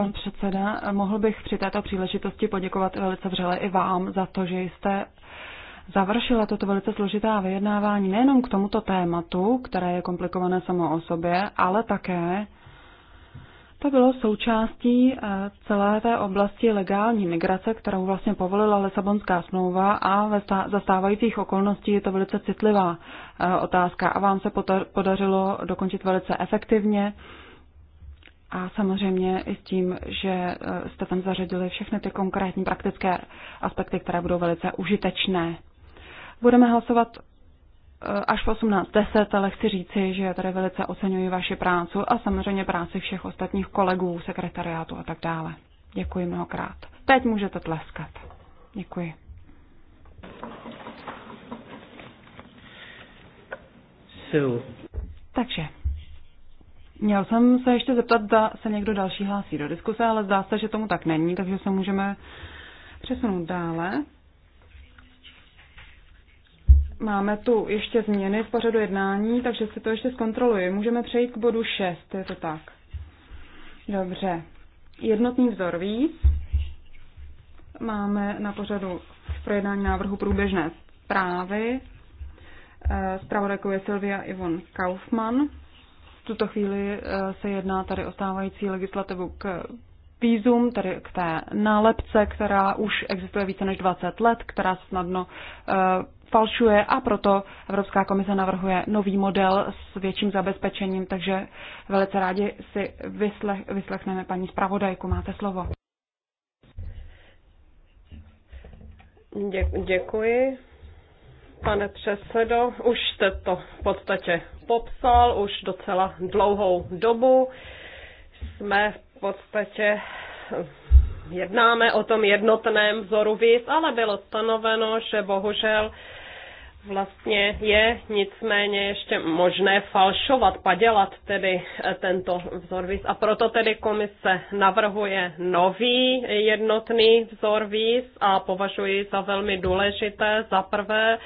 Pan předseda, mohl bych při této příležitosti poděkovat velice vřele i vám za to, že jste završila toto velice složitá vyjednávání nejenom k tomuto tématu, které je komplikované samo o sobě, ale také to bylo součástí eh, celé té oblasti legální migrace, kterou vlastně povolila Lisabonská smlouva a ve zastávajících okolností je to velice citlivá eh, otázka a vám se podařilo dokončit velice efektivně a samozřejmě i s tím, že eh, jste tam zařadili všechny ty konkrétní praktické aspekty, které budou velice užitečné. Budeme hlasovat eh, až v 18.10, ale chci říci, že já tady velice oceňuji vaši práci a samozřejmě práci všech ostatních kolegů, sekretariátu a tak dále. Děkuji mnohokrát. Teď můžete tleskat. Děkuji. So. Takže Měl jsem se ještě zeptat, zda se někdo další hlásí do diskuse, ale zdá se, že tomu tak není, takže se můžeme přesunout dále. Máme tu ještě změny v pořadu jednání, takže si to ještě zkontroluji. Můžeme přejít k bodu 6, je to tak. Dobře. Jednotný vzor víc. Máme na pořadu projednání návrhu průběžné zprávy. Eh, zpravodajkou je Silvia Ivon Kaufmann tuto chvíli eh, se jedná tady o stávající legislativu k vízum, tedy k té nálepce, která už existuje více než 20 let, která se snadno eh, falšuje a proto Evropská komise navrhuje nový model s větším zabezpečením, takže velice rádi si vyslech, vyslechneme paní zpravodajku. Máte slovo. Děkuji. Pane předsedo, už jste to v podstatě popsal, už docela dlouhou dobu. Jsme v podstatě jednáme o tom jednotném vzoru víc, ale bylo stanoveno, že bohužel vlastně je nicméně ještě možné falšovat, padělat tedy eh, tento vzor víz. A proto tedy komise navrhuje nový jednotný vzor víz a považuji za velmi důležité za prvé,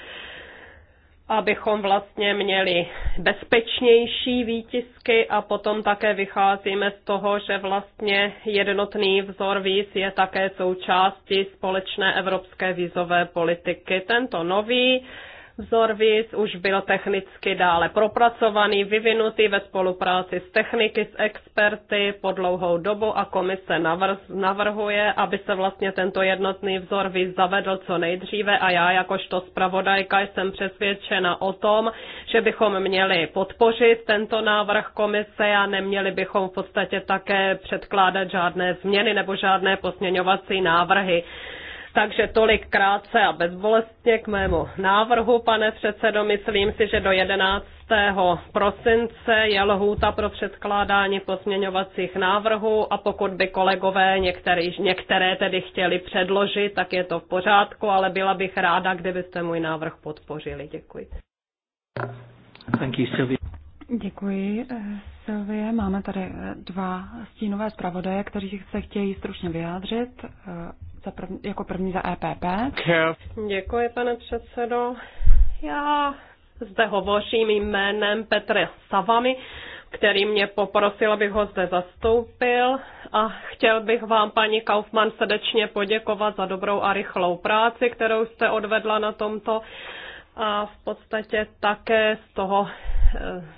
abychom vlastně měli bezpečnější výtisky a potom také vycházíme z toho, že vlastně jednotný vzor víz je také součástí společné evropské vízové politiky. Tento nový Vzor víc už byl technicky dále propracovaný, vyvinutý ve spolupráci s techniky, s experty po dlouhou dobu a komise navrhuje, aby se vlastně tento jednotný vzor víc zavedl co nejdříve a já jakožto zpravodajka jsem přesvědčena o tom, že bychom měli podpořit tento návrh komise a neměli bychom v podstatě také předkládat žádné změny nebo žádné posměňovací návrhy. Takže tolik krátce a bezbolestně k mému návrhu, pane předsedo. Myslím si, že do 11. prosince je lhůta pro předkládání pozměňovacích návrhů a pokud by kolegové některý, některé tedy chtěli předložit, tak je to v pořádku, ale byla bych ráda, kdybyste můj návrh podpořili. Děkuji. Thank you, Sylvie. Děkuji, eh, Silvie. Máme tady eh, dva stínové zpravodaje, kteří se chtějí stručně vyjádřit. Eh, za prv, jako první za EPP. Děkuji, pane předsedo. Já zde hovořím jménem Petra Savamy, který mě poprosil, abych ho zde zastoupil a chtěl bych vám, paní Kaufmann, srdečně poděkovat za dobrou a rychlou práci, kterou jste odvedla na tomto a v podstatě také z toho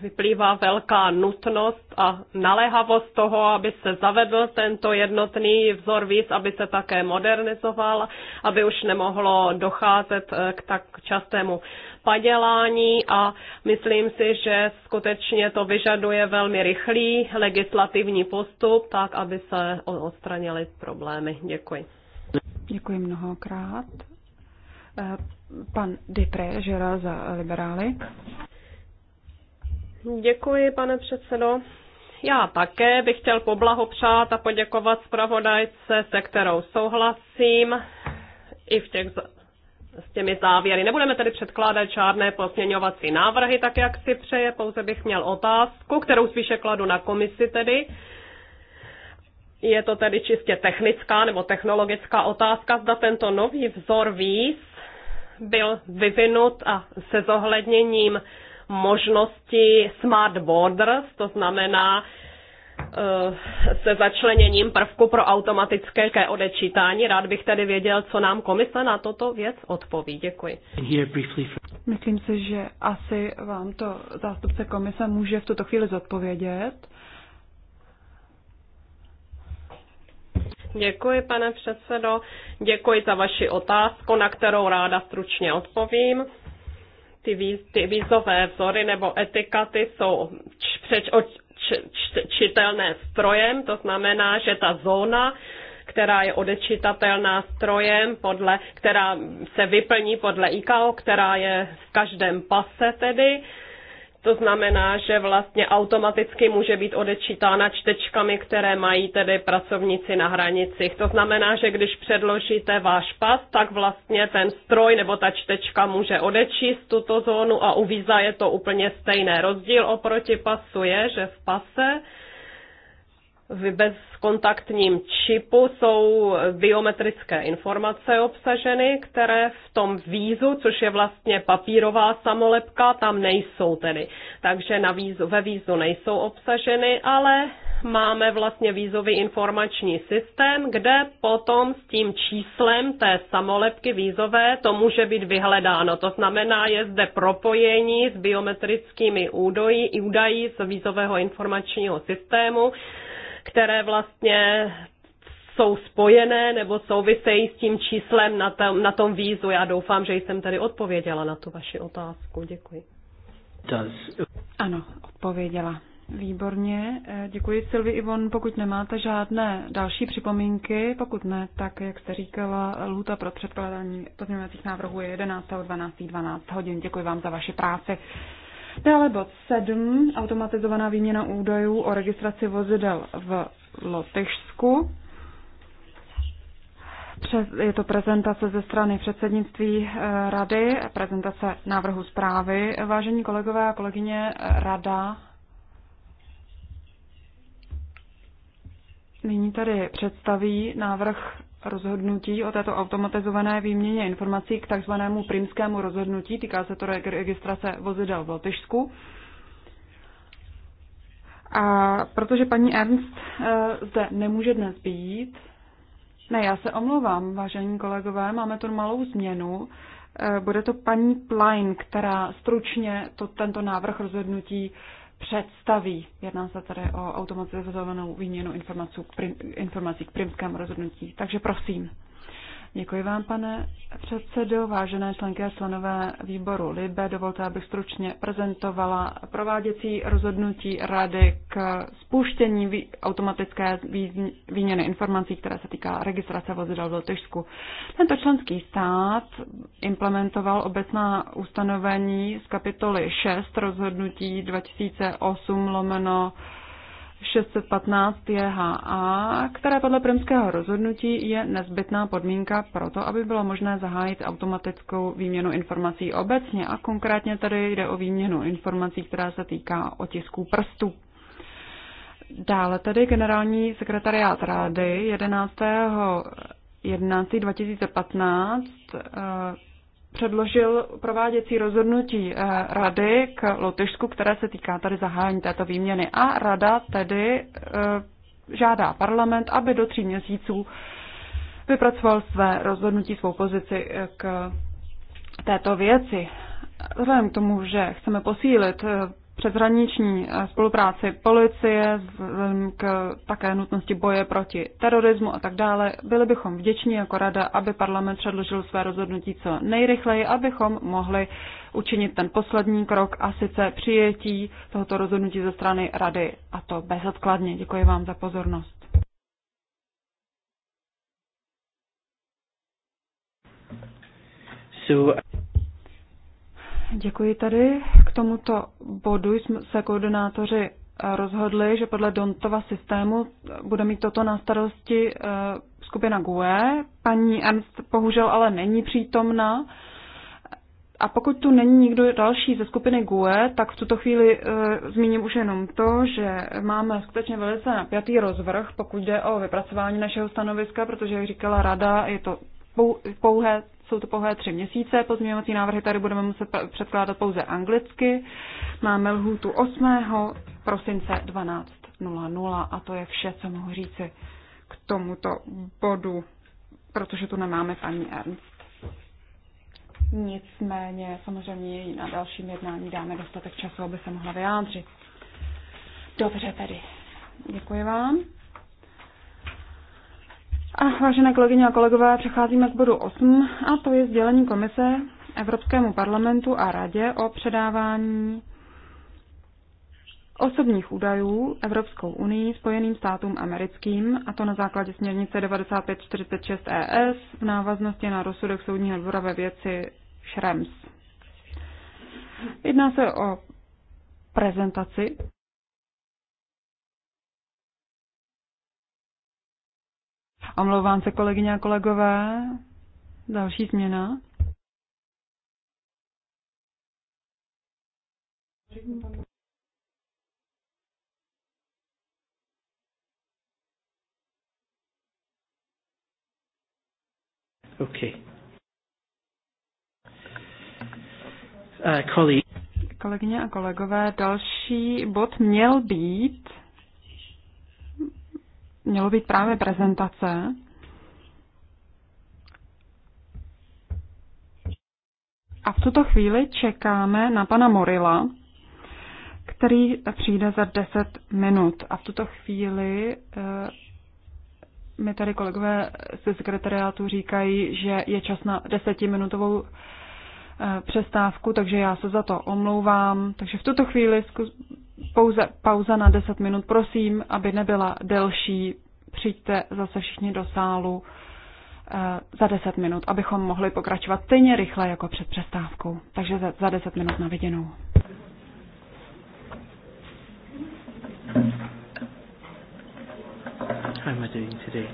vyplývá velká nutnost a naléhavost toho, aby se zavedl tento jednotný vzor víc, aby se také modernizoval, aby už nemohlo docházet eh, k tak častému padělání a myslím si, že skutečně to vyžaduje velmi rychlý legislativní postup, tak aby se odstranily problémy. Děkuji. Děkuji mnohokrát. Eh, pan Depre, žera za liberály. Děkuji, pane předsedo. Já také bych chtěl poblahopřát a poděkovat zpravodajce, se kterou souhlasím i v těch s těmi závěry. Nebudeme tedy předkládat žádné pozměňovací návrhy, tak jak si přeje, pouze bych měl otázku, kterou spíše kladu na komisi tedy. Je to tedy čistě technická nebo technologická otázka, zda tento nový vzor víz byl vyvinut a se zohledněním možnosti smart borders, to znamená eh, se začleněním prvku pro automatické ke odečítání. Rád bych tedy věděl, co nám komise na toto věc odpoví. Děkuji. Myslím si, že asi vám to zástupce komise může v tuto chvíli zodpovědět. Děkuji, pane předsedo. Děkuji za vaši otázku, na kterou ráda stručně odpovím ty, víz, ty vízové vzory nebo etikaty jsou přeč, o, č, č, čitelné strojem, to znamená, že ta zóna která je odečitatelná strojem, podle, která se vyplní podle IKO, která je v každém pase tedy, to znamená, že vlastně automaticky může být odečítána čtečkami, které mají tedy pracovníci na hranicích. To znamená, že když předložíte váš pas, tak vlastně ten stroj nebo ta čtečka může odečíst tuto zónu a u víza je to úplně stejné. Rozdíl oproti pasu je, že v pase v bezkontaktním čipu jsou biometrické informace obsaženy, které v tom vízu, což je vlastně papírová samolepka, tam nejsou tedy. Takže na vízu, ve vízu nejsou obsaženy, ale máme vlastně vízový informační systém, kde potom s tím číslem té samolepky vízové to může být vyhledáno. To znamená, je zde propojení s biometrickými údaji, údají z vízového informačního systému, které vlastně jsou spojené nebo souvisejí s tím číslem na tom, na tom vízu. Já doufám, že jsem tady odpověděla na tu vaši otázku. Děkuji. Ano, odpověděla. Výborně, eh, děkuji Silvi Ivon. Pokud nemáte žádné další připomínky, pokud ne, tak jak jste říkala, lhůta pro předkladání pozměňovacích návrhů je 11. 12. 12 hodin. Děkuji vám za vaši práci. Dále bod 7, automatizovaná výměna údajů o registraci vozidel v Lotyšsku. je to prezentace ze strany předsednictví eh, rady, prezentace návrhu zprávy. Vážení kolegové a kolegyně, eh, rada nyní tady představí návrh rozhodnutí o této automatizované výměně informací k takzvanému primskému rozhodnutí. Týká se to registrace vozidel v Lotyšsku. A protože paní Ernst eh, zde nemůže dnes být, ne, já se omlouvám, vážení kolegové, máme tu malou změnu. Eh, bude to paní Plain, která stručně to, tento návrh rozhodnutí představí. Jedná se tady o automatizovanou výměnu informací k, k primském rozhodnutí. Takže prosím. Děkuji vám, pane předsedo, vážené členky a členové výboru LIBE. Dovolte, abych stručně prezentovala prováděcí rozhodnutí Rady k spuštění automatické výměny informací, která se týká registrace vozidel v Lotyšsku. Tento členský stát implementoval obecná ustanovení z kapitoly 6 rozhodnutí 2008 lomeno 615 HA, které podle primského rozhodnutí je nezbytná podmínka pro to, aby bylo možné zahájit automatickou výměnu informací obecně a konkrétně tady jde o výměnu informací, která se týká otisků prstů. Dále tedy generální sekretariát Rady 11. 11. 2015 předložil prováděcí rozhodnutí eh, rady k Lotyšsku, které se týká tady zahájení této výměny. A rada tedy eh, žádá parlament, aby do tří měsíců vypracoval své rozhodnutí, svou pozici eh, k této věci. Vzhledem k tomu, že chceme posílit přeshraniční eh, spolupráci policie, k také nutnosti boje proti terorismu a tak dále, byli bychom vděční jako rada, aby parlament předložil své rozhodnutí co nejrychleji, abychom mohli učinit ten poslední krok a sice přijetí tohoto rozhodnutí ze strany rady a to bezodkladně. Děkuji vám za pozornost. So, Děkuji tady. K tomuto bodu jsme se koordinátoři eh, rozhodli, že podle Dontova systému eh, bude mít toto na starosti eh, skupina GUE. Paní Ernst bohužel ale není přítomna. A pokud tu není nikdo další ze skupiny GUE, tak v tuto chvíli e, zmíním už jenom to, že máme skutečně velice napjatý rozvrh, pokud jde o vypracování našeho stanoviska, protože, jak říkala rada, je to pouhé jsou to pouhé tři měsíce. Pozměňovací návrhy tady budeme muset předkládat pouze anglicky. Máme lhůtu 8. prosince 12.00 a to je vše, co mohu říci k tomuto bodu, protože tu nemáme paní Ernst. Nicméně samozřejmě i na dalším jednání dáme dostatek času, aby se mohla vyjádřit. Dobře tedy. Děkuji vám. A vážené kolegyně a kolegové, přecházíme k bodu 8 a to je sdělení komise Evropskému parlamentu a radě o předávání osobních údajů Evropskou unii Spojeným státům americkým, a to na základě směrnice 9546 ES v návaznosti na rozsudek soudního dvora ve věci Schrems. Jedná se o prezentaci Omlouvám se kolegyně a kolegové. Další změna. Okay. Uh, Kolegyně a kolegové, další bod měl být mělo být právě prezentace. A v tuto chvíli čekáme na pana Morila, který přijde za 10 minut. A v tuto chvíli eh, mi tady kolegové ze sekretariátu říkají, že je čas na desetiminutovou eh, přestávku, takže já se za to omlouvám. Takže v tuto chvíli pouze pauza na 10 minut, prosím, aby nebyla delší. Přijďte zase všichni do sálu eh, za 10 minut, abychom mohli pokračovat stejně rychle jako před přestávkou. Takže za, za 10 minut na viděnou. How am doing today?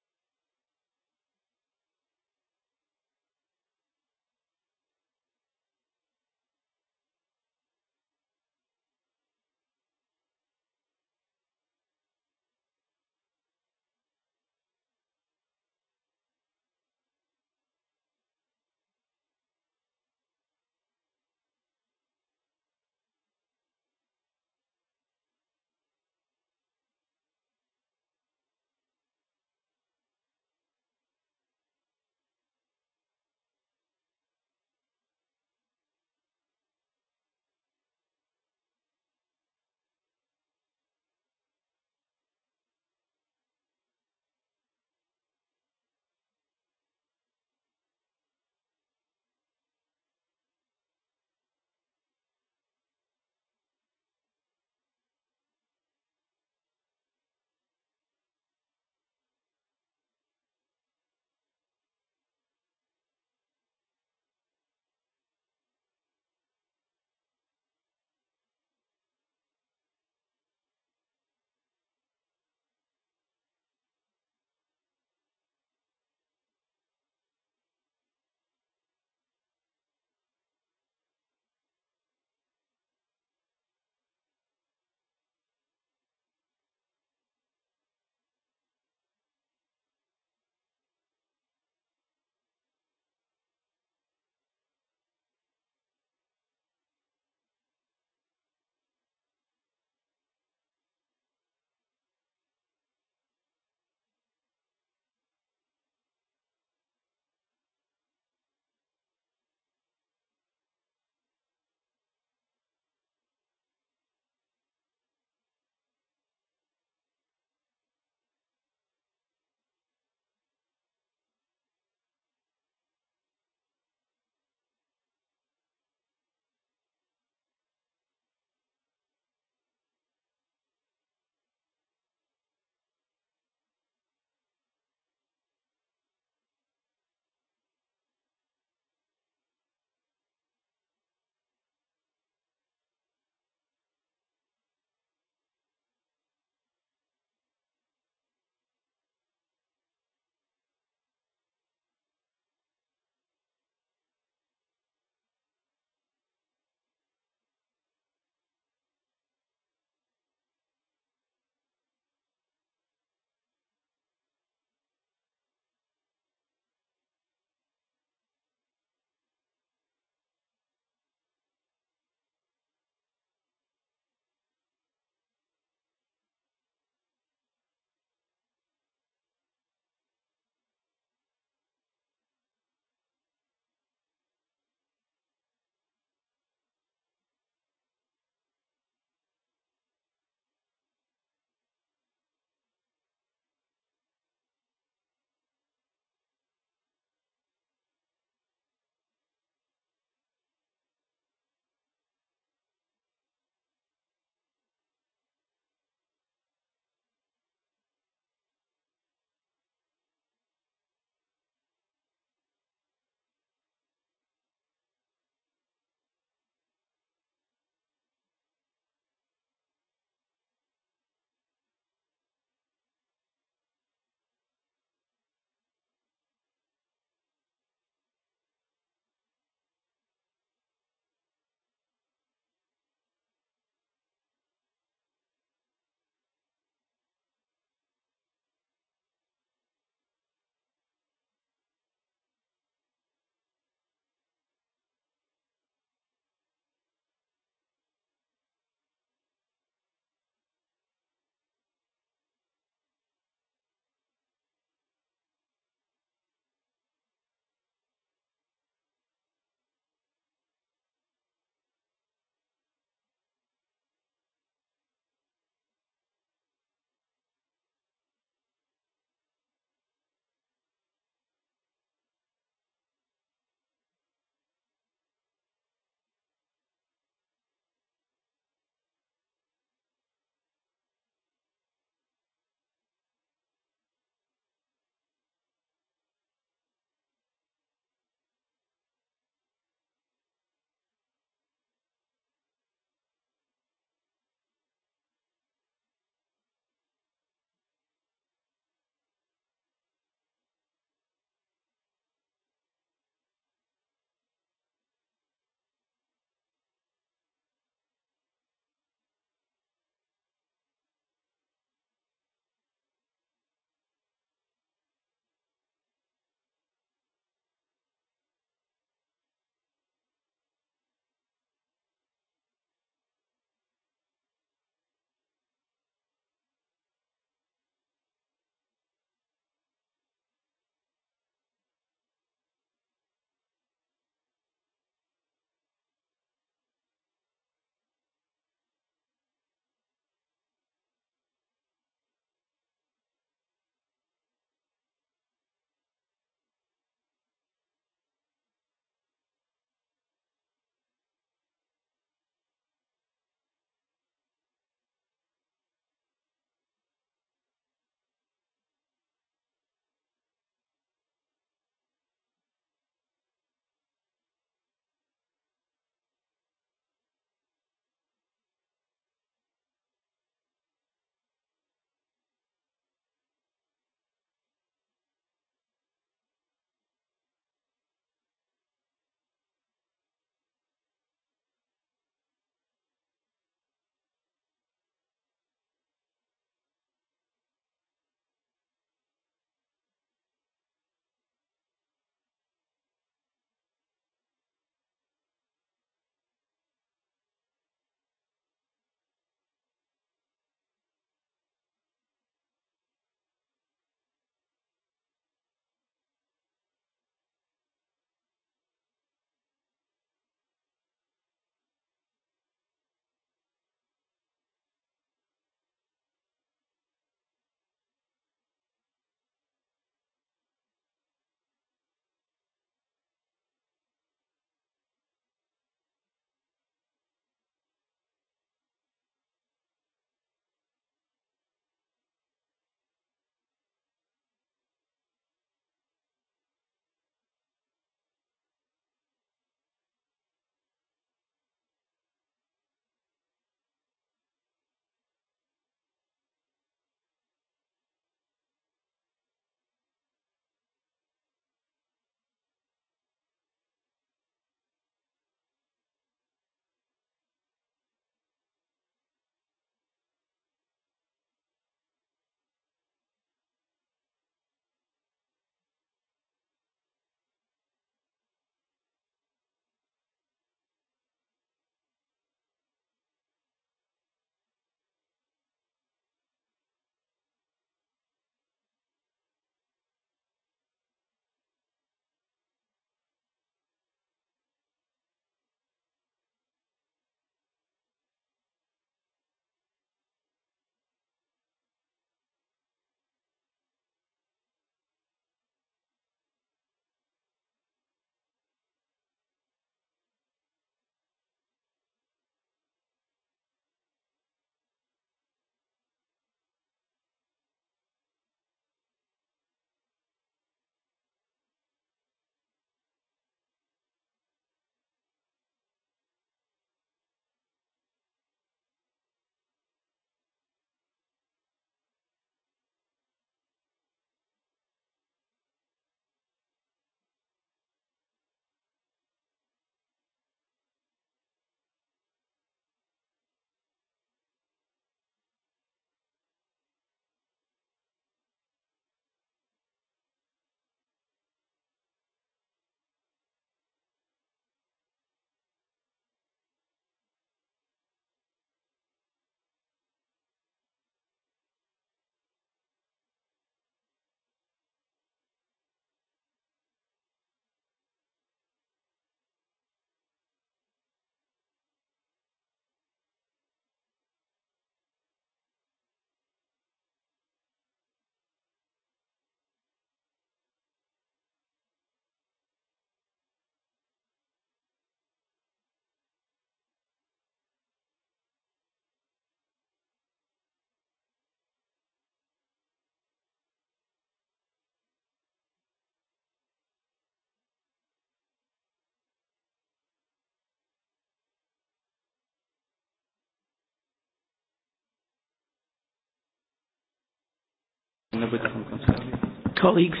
Colleagues.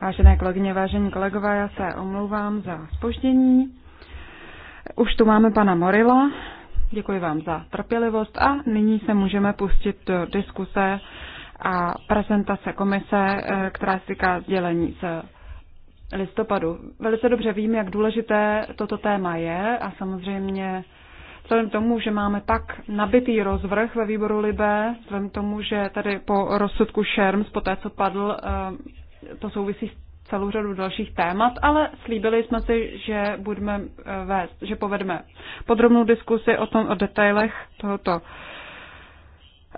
Vážené kolegyně, vážení kolegové, já se omlouvám za spoždění. Už tu máme pana Morila. Děkuji vám za trpělivost a nyní se můžeme pustit do diskuse a prezentace komise, eh, která se týká sdělení z listopadu. Velice dobře vím, jak důležité toto téma je a samozřejmě vzhledem tomu, že máme tak nabitý rozvrh ve výboru Libé, vzhledem tomu, že tady po rozsudku Šerms, po té, co padl, eh, to souvisí s celou řadu dalších témat, ale slíbili jsme si, že budeme eh, vést, že povedeme podrobnou diskusi o tom, o detailech tohoto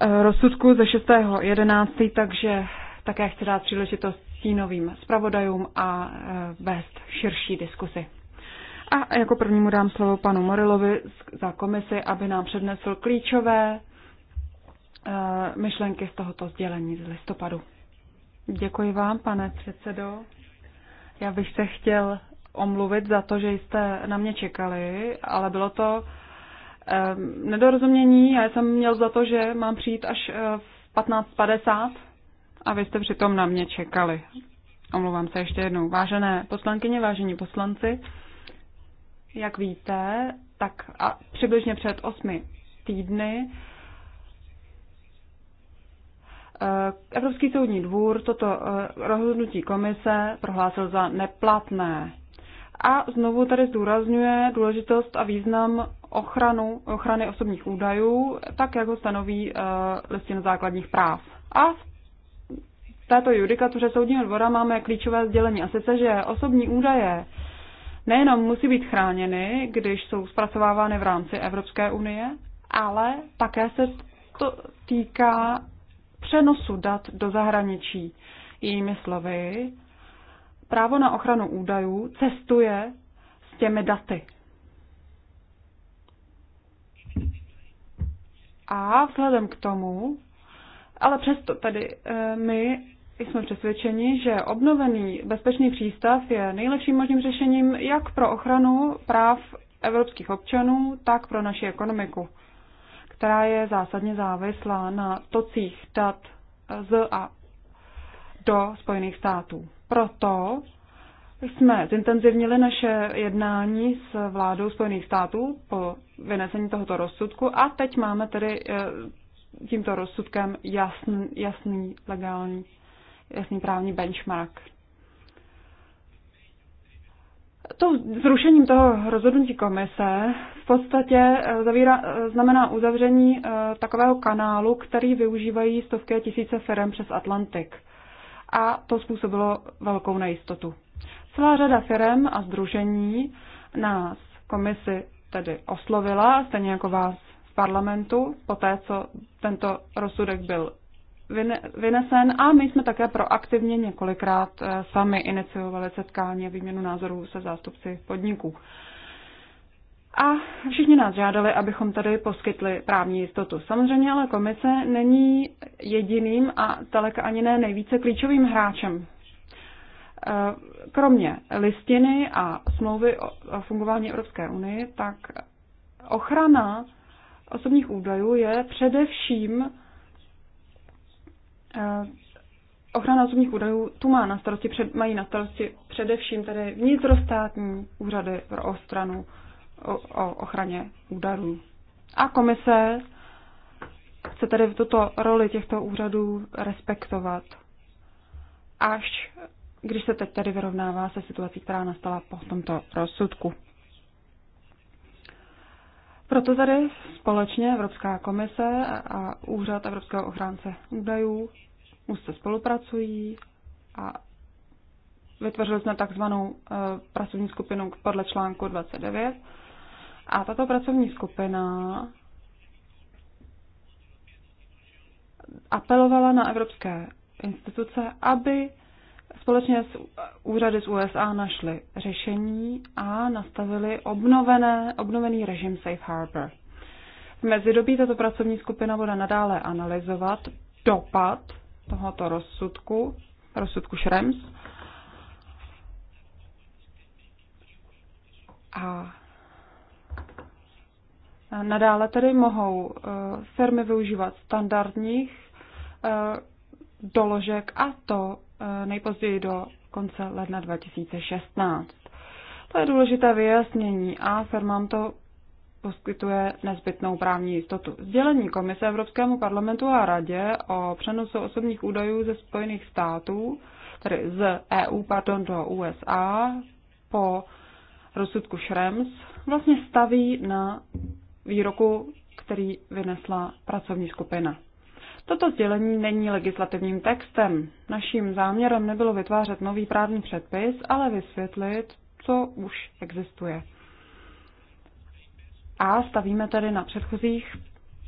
eh, rozsudku ze 6.11., takže také chci dát příležitost stínovým zpravodajům a vést širší diskusi. A jako prvnímu dám slovo panu Morilovi za komisi, aby nám přednesl klíčové eh, myšlenky z tohoto sdělení z listopadu. Děkuji vám, pane předsedo. Já bych se chtěl omluvit za to, že jste na mě čekali, ale bylo to eh, nedorozumění. Já jsem měl za to, že mám přijít až eh, v 15.50 a vy jste přitom na mě čekali. Omluvám se ještě jednou. Vážené poslankyně, vážení poslanci, jak víte, tak a přibližně před osmi týdny eh, Evropský soudní dvůr toto eh, rozhodnutí komise prohlásil za neplatné. A znovu tady zdůrazňuje důležitost a význam ochranu, ochrany osobních údajů, tak jak ho stanoví eh, listina základních práv. A v této judikatuře soudního dvora máme klíčové sdělení, a sice, že osobní údaje nejenom musí být chráněny, když jsou zpracovávány v rámci Evropské unie, ale také se to týká přenosu dat do zahraničí. Jinými slovy, právo na ochranu údajů cestuje s těmi daty. A vzhledem k tomu, ale přesto tady eh, my jsme přesvědčeni, že obnovený bezpečný přístav je nejlepším možným řešením jak pro ochranu práv evropských občanů, tak pro naši ekonomiku, která je zásadně závislá na tocích dat z a do Spojených států. Proto jsme zintenzivnili naše jednání s vládou Spojených států po vynesení tohoto rozsudku a teď máme tedy eh, tímto rozsudkem jasný, jasný legální jasný právní benchmark. To zrušením toho rozhodnutí komise v podstatě eh, zavíra, eh, znamená uzavření eh, takového kanálu, který využívají stovky tisíce firm přes Atlantik. A to způsobilo velkou nejistotu. Celá řada firm a združení nás komisi tedy oslovila, stejně jako vás v parlamentu, po té, co tento rozsudek byl vynesen a my jsme také proaktivně několikrát eh, sami iniciovali setkání a výměnu názorů se zástupci podniků. A všichni nás žádali, abychom tady poskytli právní jistotu. Samozřejmě ale komise není jediným a daleka ani ne nejvíce klíčovým hráčem. Eh, kromě listiny a smlouvy o fungování Evropské unie, tak ochrana osobních údajů je především Eh, ochrana osobních údajů tu má na starosti, před, mají na starosti především tedy vnitrostátní úřady pro ostranu o, o ochraně údajů. A komise chce tedy tuto roli těchto úřadů respektovat, až když se teď tedy vyrovnává se situací, která nastala po tomto rozsudku. Proto tady společně Evropská komise a Úřad Evropského ochránce údajů se spolupracují a vytvořili jsme takzvanou eh, pracovní skupinu podle článku 29. A tato pracovní skupina apelovala na evropské instituce, aby společně s úřady z USA našli řešení a nastavili obnovené, obnovený režim Safe Harbor. V mezidobí tato pracovní skupina bude nadále analyzovat dopad tohoto rozsudku, rozsudku Šrems. A nadále tedy mohou eh, firmy využívat standardních eh, doložek a to nejpozději do konce ledna 2016. To je důležité vyjasnění a firmám to poskytuje nezbytnou právní jistotu. Sdělení Komise Evropskému parlamentu a Radě o přenosu osobních údajů ze Spojených států, tedy z EU, pardon, do USA, po rozsudku Schrems, vlastně staví na výroku, který vynesla pracovní skupina Toto sdělení není legislativním textem. Naším záměrem nebylo vytvářet nový právní předpis, ale vysvětlit, co už existuje. A stavíme tedy na předchozích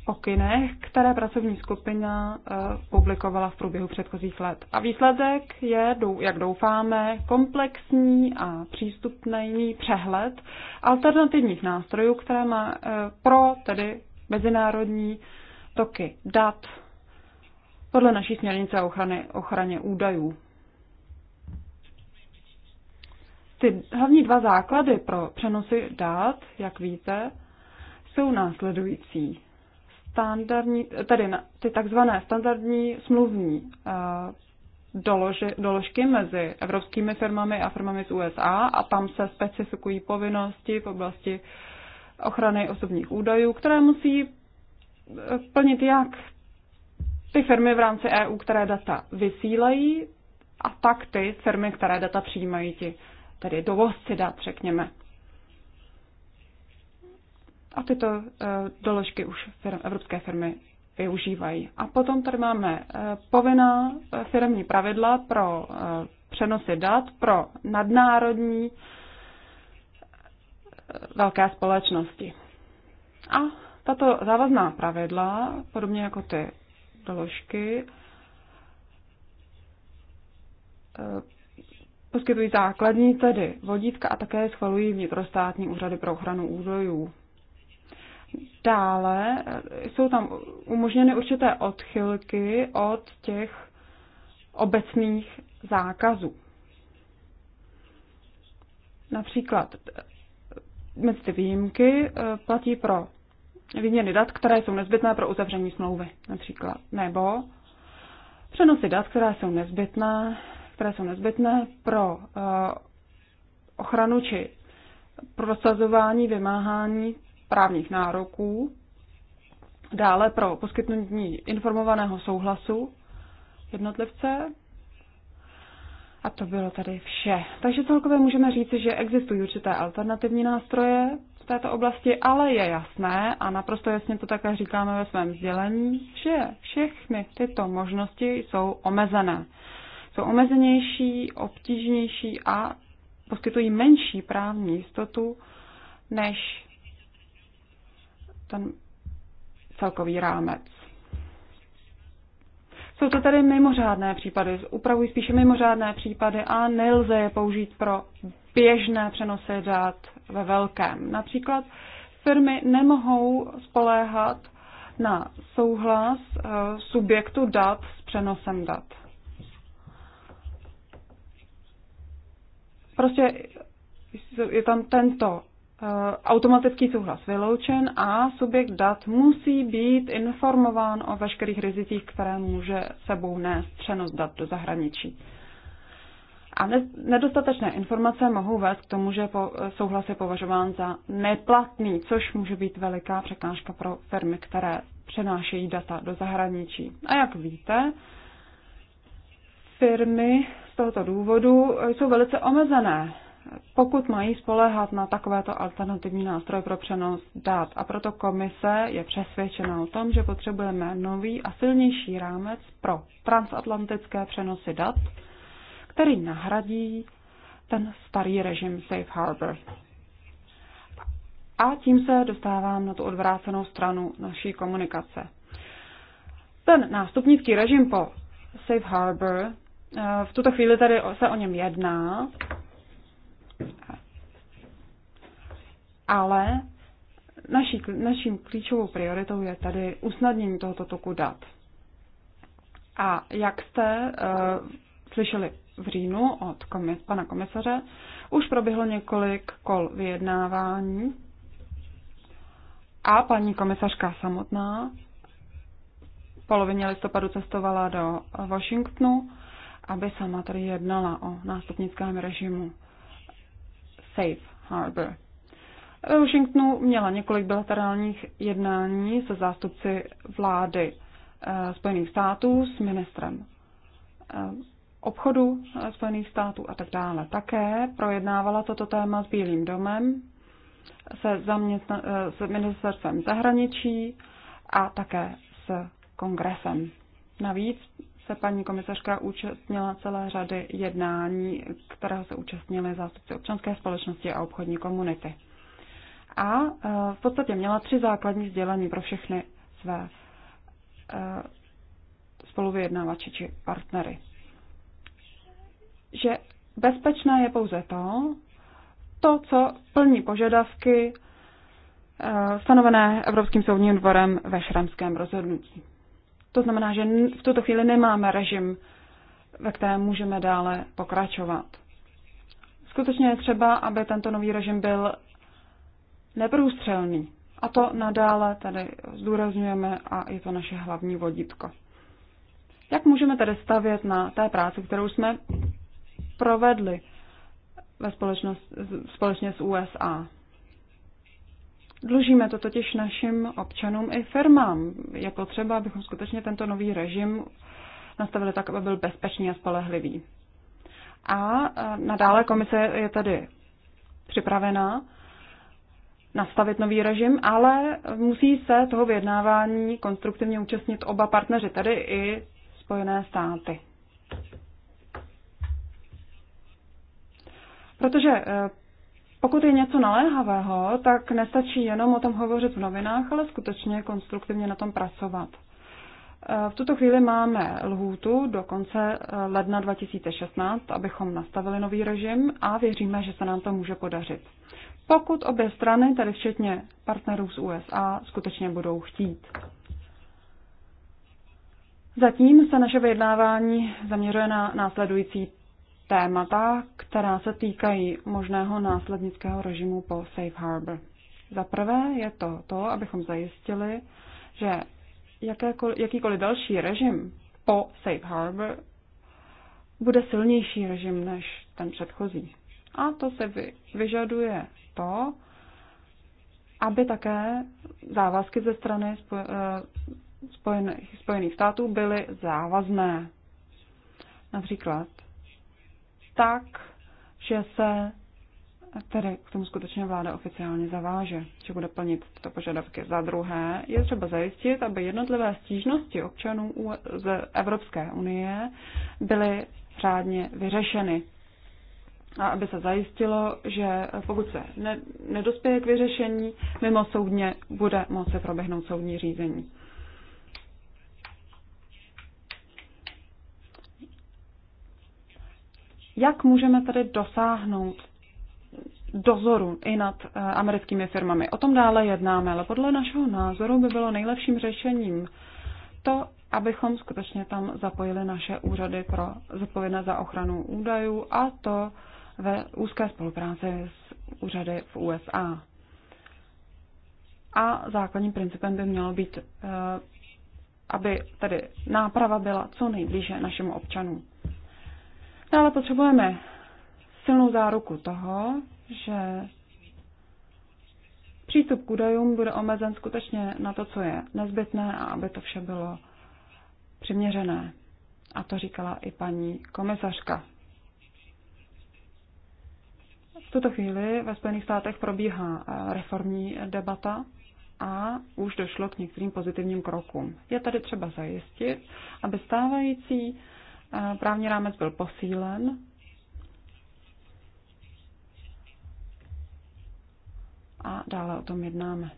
okynech, které pracovní skupina eh, publikovala v průběhu předchozích let. A výsledek je, jak doufáme, komplexní a přístupný přehled alternativních nástrojů, které má eh, pro tedy mezinárodní toky dat podle naší směrnice o ochrany, ochraně údajů. Ty hlavní dva základy pro přenosy dát, jak víte, jsou následující. Standardní, tedy ty takzvané standardní smluvní eh, doloži, doložky mezi evropskými firmami a firmami z USA a tam se specifikují povinnosti v oblasti ochrany osobních údajů, které musí eh, plnit jak ty firmy v rámci EU, které data vysílají, a pak ty firmy, které data přijímají, ti tedy dovozci dat, řekněme. A tyto uh, doložky už firm, evropské firmy využívají. A potom tady máme uh, povinná uh, eh, firmní pravidla pro uh, přenosy dat pro nadnárodní uh, velké společnosti. A tato závazná pravidla, podobně jako ty doložky e, poskytují základní tedy vodítka a také schvalují vnitrostátní úřady pro ochranu údajů. Dále e, jsou tam umožněny určité odchylky od těch obecných zákazů. Například e, mezi ty výjimky platí pro výměny dat, které jsou nezbytné pro uzavření smlouvy například, nebo přenosy dat, která jsou nezbytná, které jsou nezbytné pro uh, ochranu či prosazování vymáhání právních nároků, dále pro poskytnutí informovaného souhlasu jednotlivce. A to bylo tady vše. Takže celkově můžeme říci, že existují určité alternativní nástroje, této oblasti, ale je jasné, a naprosto jasně to také říkáme ve svém sdělení, že všechny tyto možnosti jsou omezené. Jsou omezenější, obtížnější a poskytují menší právní jistotu než ten celkový rámec. Jsou to tedy mimořádné případy, upravují spíše mimořádné případy a nelze je použít pro běžné přenosy dat ve velkém. Například firmy nemohou spoléhat na souhlas eh, subjektu dat s přenosem dat. Prostě je tam tento eh, automatický souhlas vyloučen a subjekt dat musí být informován o veškerých rizicích, které může sebou nést přenos dat do zahraničí. A nedostatečné informace mohou vést k tomu, že souhlas je považován za neplatný, což může být veliká překážka pro firmy, které přenášejí data do zahraničí. A jak víte, firmy z tohoto důvodu jsou velice omezené, pokud mají spoléhat na takovéto alternativní nástroje pro přenos dat. A proto komise je přesvědčena o tom, že potřebujeme nový a silnější rámec pro transatlantické přenosy dat, který nahradí ten starý režim Safe Harbor. A tím se dostávám na tu odvrácenou stranu naší komunikace. Ten nástupnický režim po Safe Harbor, eh, v tuto chvíli tady se o něm jedná, ale naší, naším klíčovou prioritou je tady usnadnění tohoto toku dat. A jak jste eh, slyšeli v říjnu od komis, pana komisaře, už proběhlo několik kol vyjednávání a paní komisařka samotná v polovině listopadu cestovala do Washingtonu, aby sama tady jednala o nástupnickém režimu Safe Harbor. V Washingtonu měla několik bilaterálních jednání se zástupci vlády eh, Spojených států s ministrem eh, obchodu eh, Spojených států a tak dále. Také projednávala toto téma s Bílým domem, se, zaměstna, eh, s ministerstvem zahraničí a také s kongresem. Navíc se paní komisařka účastnila celé řady jednání, kterého se účastnili zástupci občanské společnosti a obchodní komunity. A eh, v podstatě měla tři základní sdělení pro všechny své spoluvyjednávači či partnery že bezpečné je pouze to, to, co plní požadavky eh, stanovené Evropským soudním dvorem ve šramském rozhodnutí. To znamená, že v tuto chvíli nemáme režim, ve kterém můžeme dále pokračovat. Skutečně je třeba, aby tento nový režim byl neprůstřelný. A to nadále tady zdůrazňujeme a je to naše hlavní vodítko. Jak můžeme tedy stavět na té práci, kterou jsme provedli ve společně s USA. Dlužíme to totiž našim občanům i firmám. Je potřeba, abychom skutečně tento nový režim nastavili tak, aby byl bezpečný a spolehlivý. A nadále komise je tedy připravená nastavit nový režim, ale musí se toho vyjednávání konstruktivně účastnit oba partneři, tedy i Spojené státy. Protože eh, pokud je něco naléhavého, tak nestačí jenom o tom hovořit v novinách, ale skutečně konstruktivně na tom pracovat. Eh, v tuto chvíli máme lhůtu do konce eh, ledna 2016, abychom nastavili nový režim a věříme, že se nám to může podařit. Pokud obě strany, tedy včetně partnerů z USA, skutečně budou chtít. Zatím se naše vyjednávání zaměřuje na následující témata, která se týkají možného následnického režimu po Safe Harbor. Za prvé je to to, abychom zajistili, že jakékoliv, jakýkoliv další režim po Safe Harbor bude silnější režim než ten předchozí. A to se vy, vyžaduje to, aby také závazky ze strany eh, Spojených, Spojených států byly závazné. Například tak, že se tedy k tomu skutečně vláda oficiálně zaváže, že bude plnit tyto požadavky. Za druhé je třeba zajistit, aby jednotlivé stížnosti občanů z Evropské unie byly řádně vyřešeny. A aby se zajistilo, že pokud se ne, nedospěje k vyřešení, mimo soudně bude moci proběhnout soudní řízení. Jak můžeme tedy dosáhnout dozoru i nad eh, americkými firmami? O tom dále jednáme, ale podle našeho názoru by bylo nejlepším řešením to, abychom skutečně tam zapojili naše úřady pro zodpovědné za ochranu údajů a to ve úzké spolupráci s úřady v USA. A základním principem by mělo být, eh, aby tedy náprava byla co nejblíže našim občanům. Dále potřebujeme silnou záruku toho, že přístup k údajům bude omezen skutečně na to, co je nezbytné a aby to vše bylo přiměřené. A to říkala i paní komisařka. V tuto chvíli ve Spojených státech probíhá eh, reformní debata a už došlo k některým pozitivním krokům. Je tady třeba zajistit, aby stávající Právní rámec byl posílen. A dále o tom jednáme.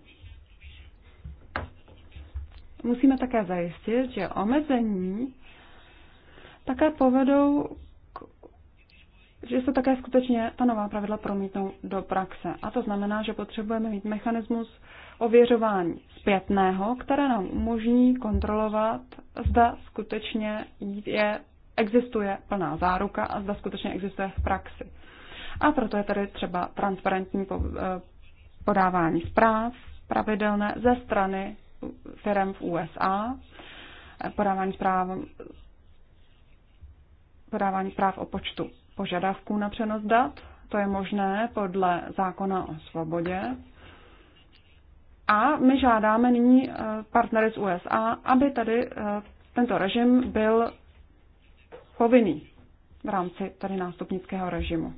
Musíme také zajistit, že omezení také povedou že se také skutečně ta nová pravidla promítnou do praxe. A to znamená, že potřebujeme mít mechanismus ověřování zpětného, které nám umožní kontrolovat, zda skutečně je existuje plná záruka a zda skutečně existuje v praxi. A proto je tady třeba transparentní eh, podávání zpráv pravidelné ze strany firm v USA, eh, podávání zpráv, podávání zpráv o počtu požadavků na přenos dat, to je možné podle zákona o svobodě. A my žádáme nyní eh, partnery z USA, aby tady tento režim byl povinný v rámci tady nástupnického režimu.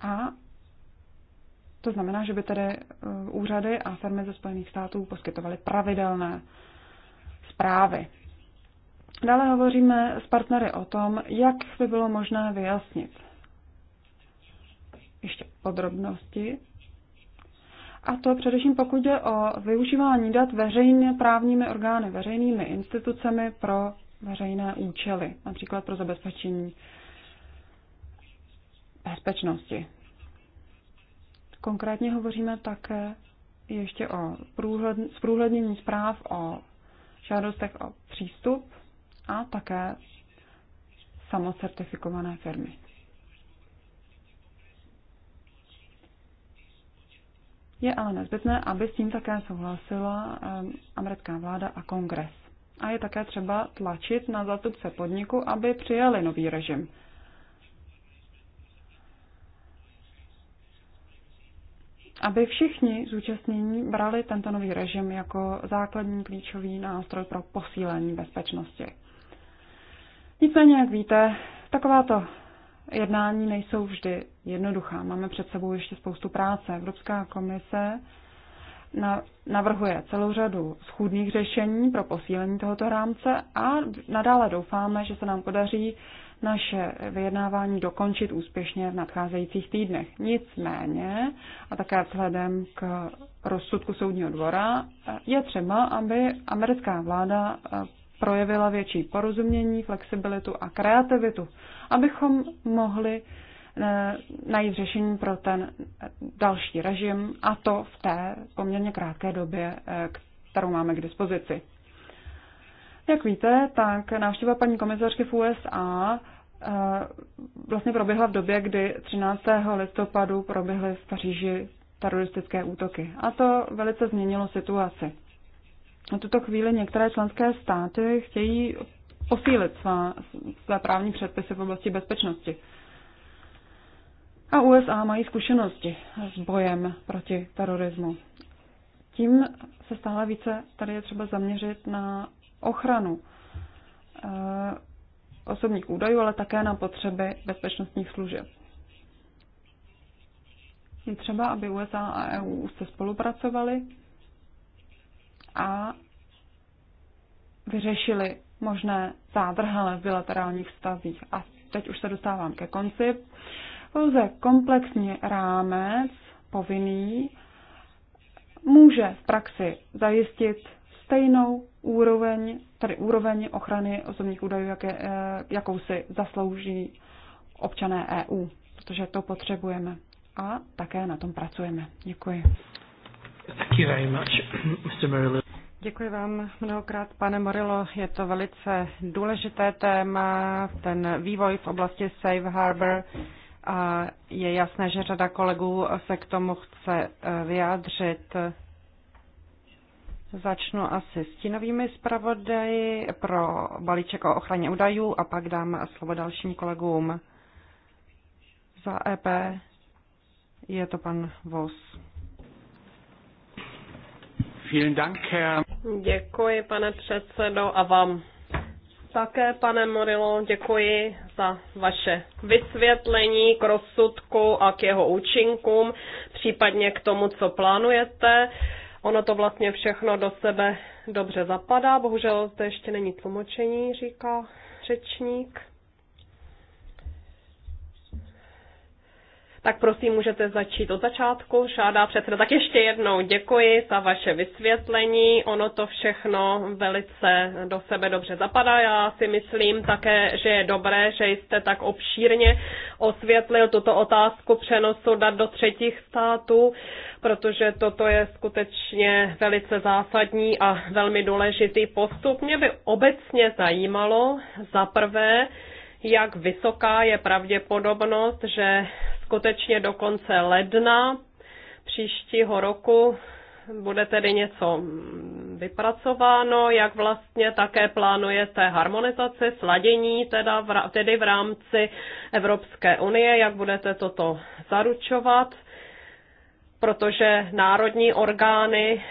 A to znamená, že by tedy e, úřady a firmy ze Spojených států poskytovaly pravidelné zprávy. Dále hovoříme s partnery o tom, jak by bylo možné vyjasnit ještě podrobnosti. A to především pokud jde o využívání dat veřejně právními orgány, veřejnými institucemi pro veřejné účely, například pro zabezpečení bezpečnosti. Konkrétně hovoříme také ještě o zprůhlednění zpráv o žádostech o přístup a také samocertifikované firmy. Je ale nezbytné, aby s tím také souhlasila eh, americká vláda a kongres a je také třeba tlačit na zástupce podniku, aby přijali nový režim. Aby všichni zúčastnění brali tento nový režim jako základní klíčový nástroj pro posílení bezpečnosti. Nicméně, jak víte, takováto jednání nejsou vždy jednoduchá. Máme před sebou ještě spoustu práce. Evropská komise navrhuje celou řadu schůdných řešení pro posílení tohoto rámce a nadále doufáme, že se nám podaří naše vyjednávání dokončit úspěšně v nadcházejících týdnech. Nicméně, a také vzhledem k rozsudku soudního dvora, je třeba, aby americká vláda projevila větší porozumění, flexibilitu a kreativitu, abychom mohli Eh, najít řešení pro ten další režim a to v té poměrně krátké době, eh, kterou máme k dispozici. Jak víte, tak návštěva paní komisařky v USA eh, vlastně proběhla v době, kdy 13. listopadu proběhly v Paříži teroristické útoky. A to velice změnilo situaci. Na tuto chvíli některé členské státy chtějí posílit své, své právní předpisy v oblasti bezpečnosti a USA mají zkušenosti s bojem proti terorismu. Tím se stále více tady je třeba zaměřit na ochranu eh, osobních údajů, ale také na potřeby bezpečnostních služeb. Je třeba, aby USA a EU už se spolupracovali a vyřešili možné zádrhele v bilaterálních vztazích. A teď už se dostávám ke konci. Pouze komplexní rámec povinný může v praxi zajistit stejnou úroveň, tedy úroveň ochrany osobních údajů, je, eh, jakou si zaslouží občané EU, protože to potřebujeme. A také na tom pracujeme. Děkuji. Thank you very much, Mr. Děkuji vám mnohokrát, pane Morilo. Je to velice důležité téma, ten vývoj v oblasti Safe Harbor a je jasné, že řada kolegů se k tomu chce eh, vyjádřit. Začnu asi s tinovými zpravodaji pro balíček o ochraně údajů a pak dám slovo dalším kolegům. Za EP je to pan Vos. Děkuji, pane předsedo, a vám také, pane Morilo, děkuji za vaše vysvětlení k rozsudku a k jeho účinkům, případně k tomu, co plánujete. Ono to vlastně všechno do sebe dobře zapadá. Bohužel to ještě není tlumočení, říká řečník. Tak prosím, můžete začít od začátku, Šádá předseda. Tak ještě jednou děkuji za vaše vysvětlení. Ono to všechno velice do sebe dobře zapadá. Já si myslím také, že je dobré, že jste tak obšírně osvětlil tuto otázku přenosu dat do třetích států, protože toto je skutečně velice zásadní a velmi důležitý postup. Mě by obecně zajímalo za prvé, jak vysoká je pravděpodobnost, že skutečně do konce ledna příštího roku bude tedy něco vypracováno, jak vlastně také plánujete harmonizaci, sladění teda v, tedy v rámci Evropské unie, jak budete toto zaručovat, protože národní orgány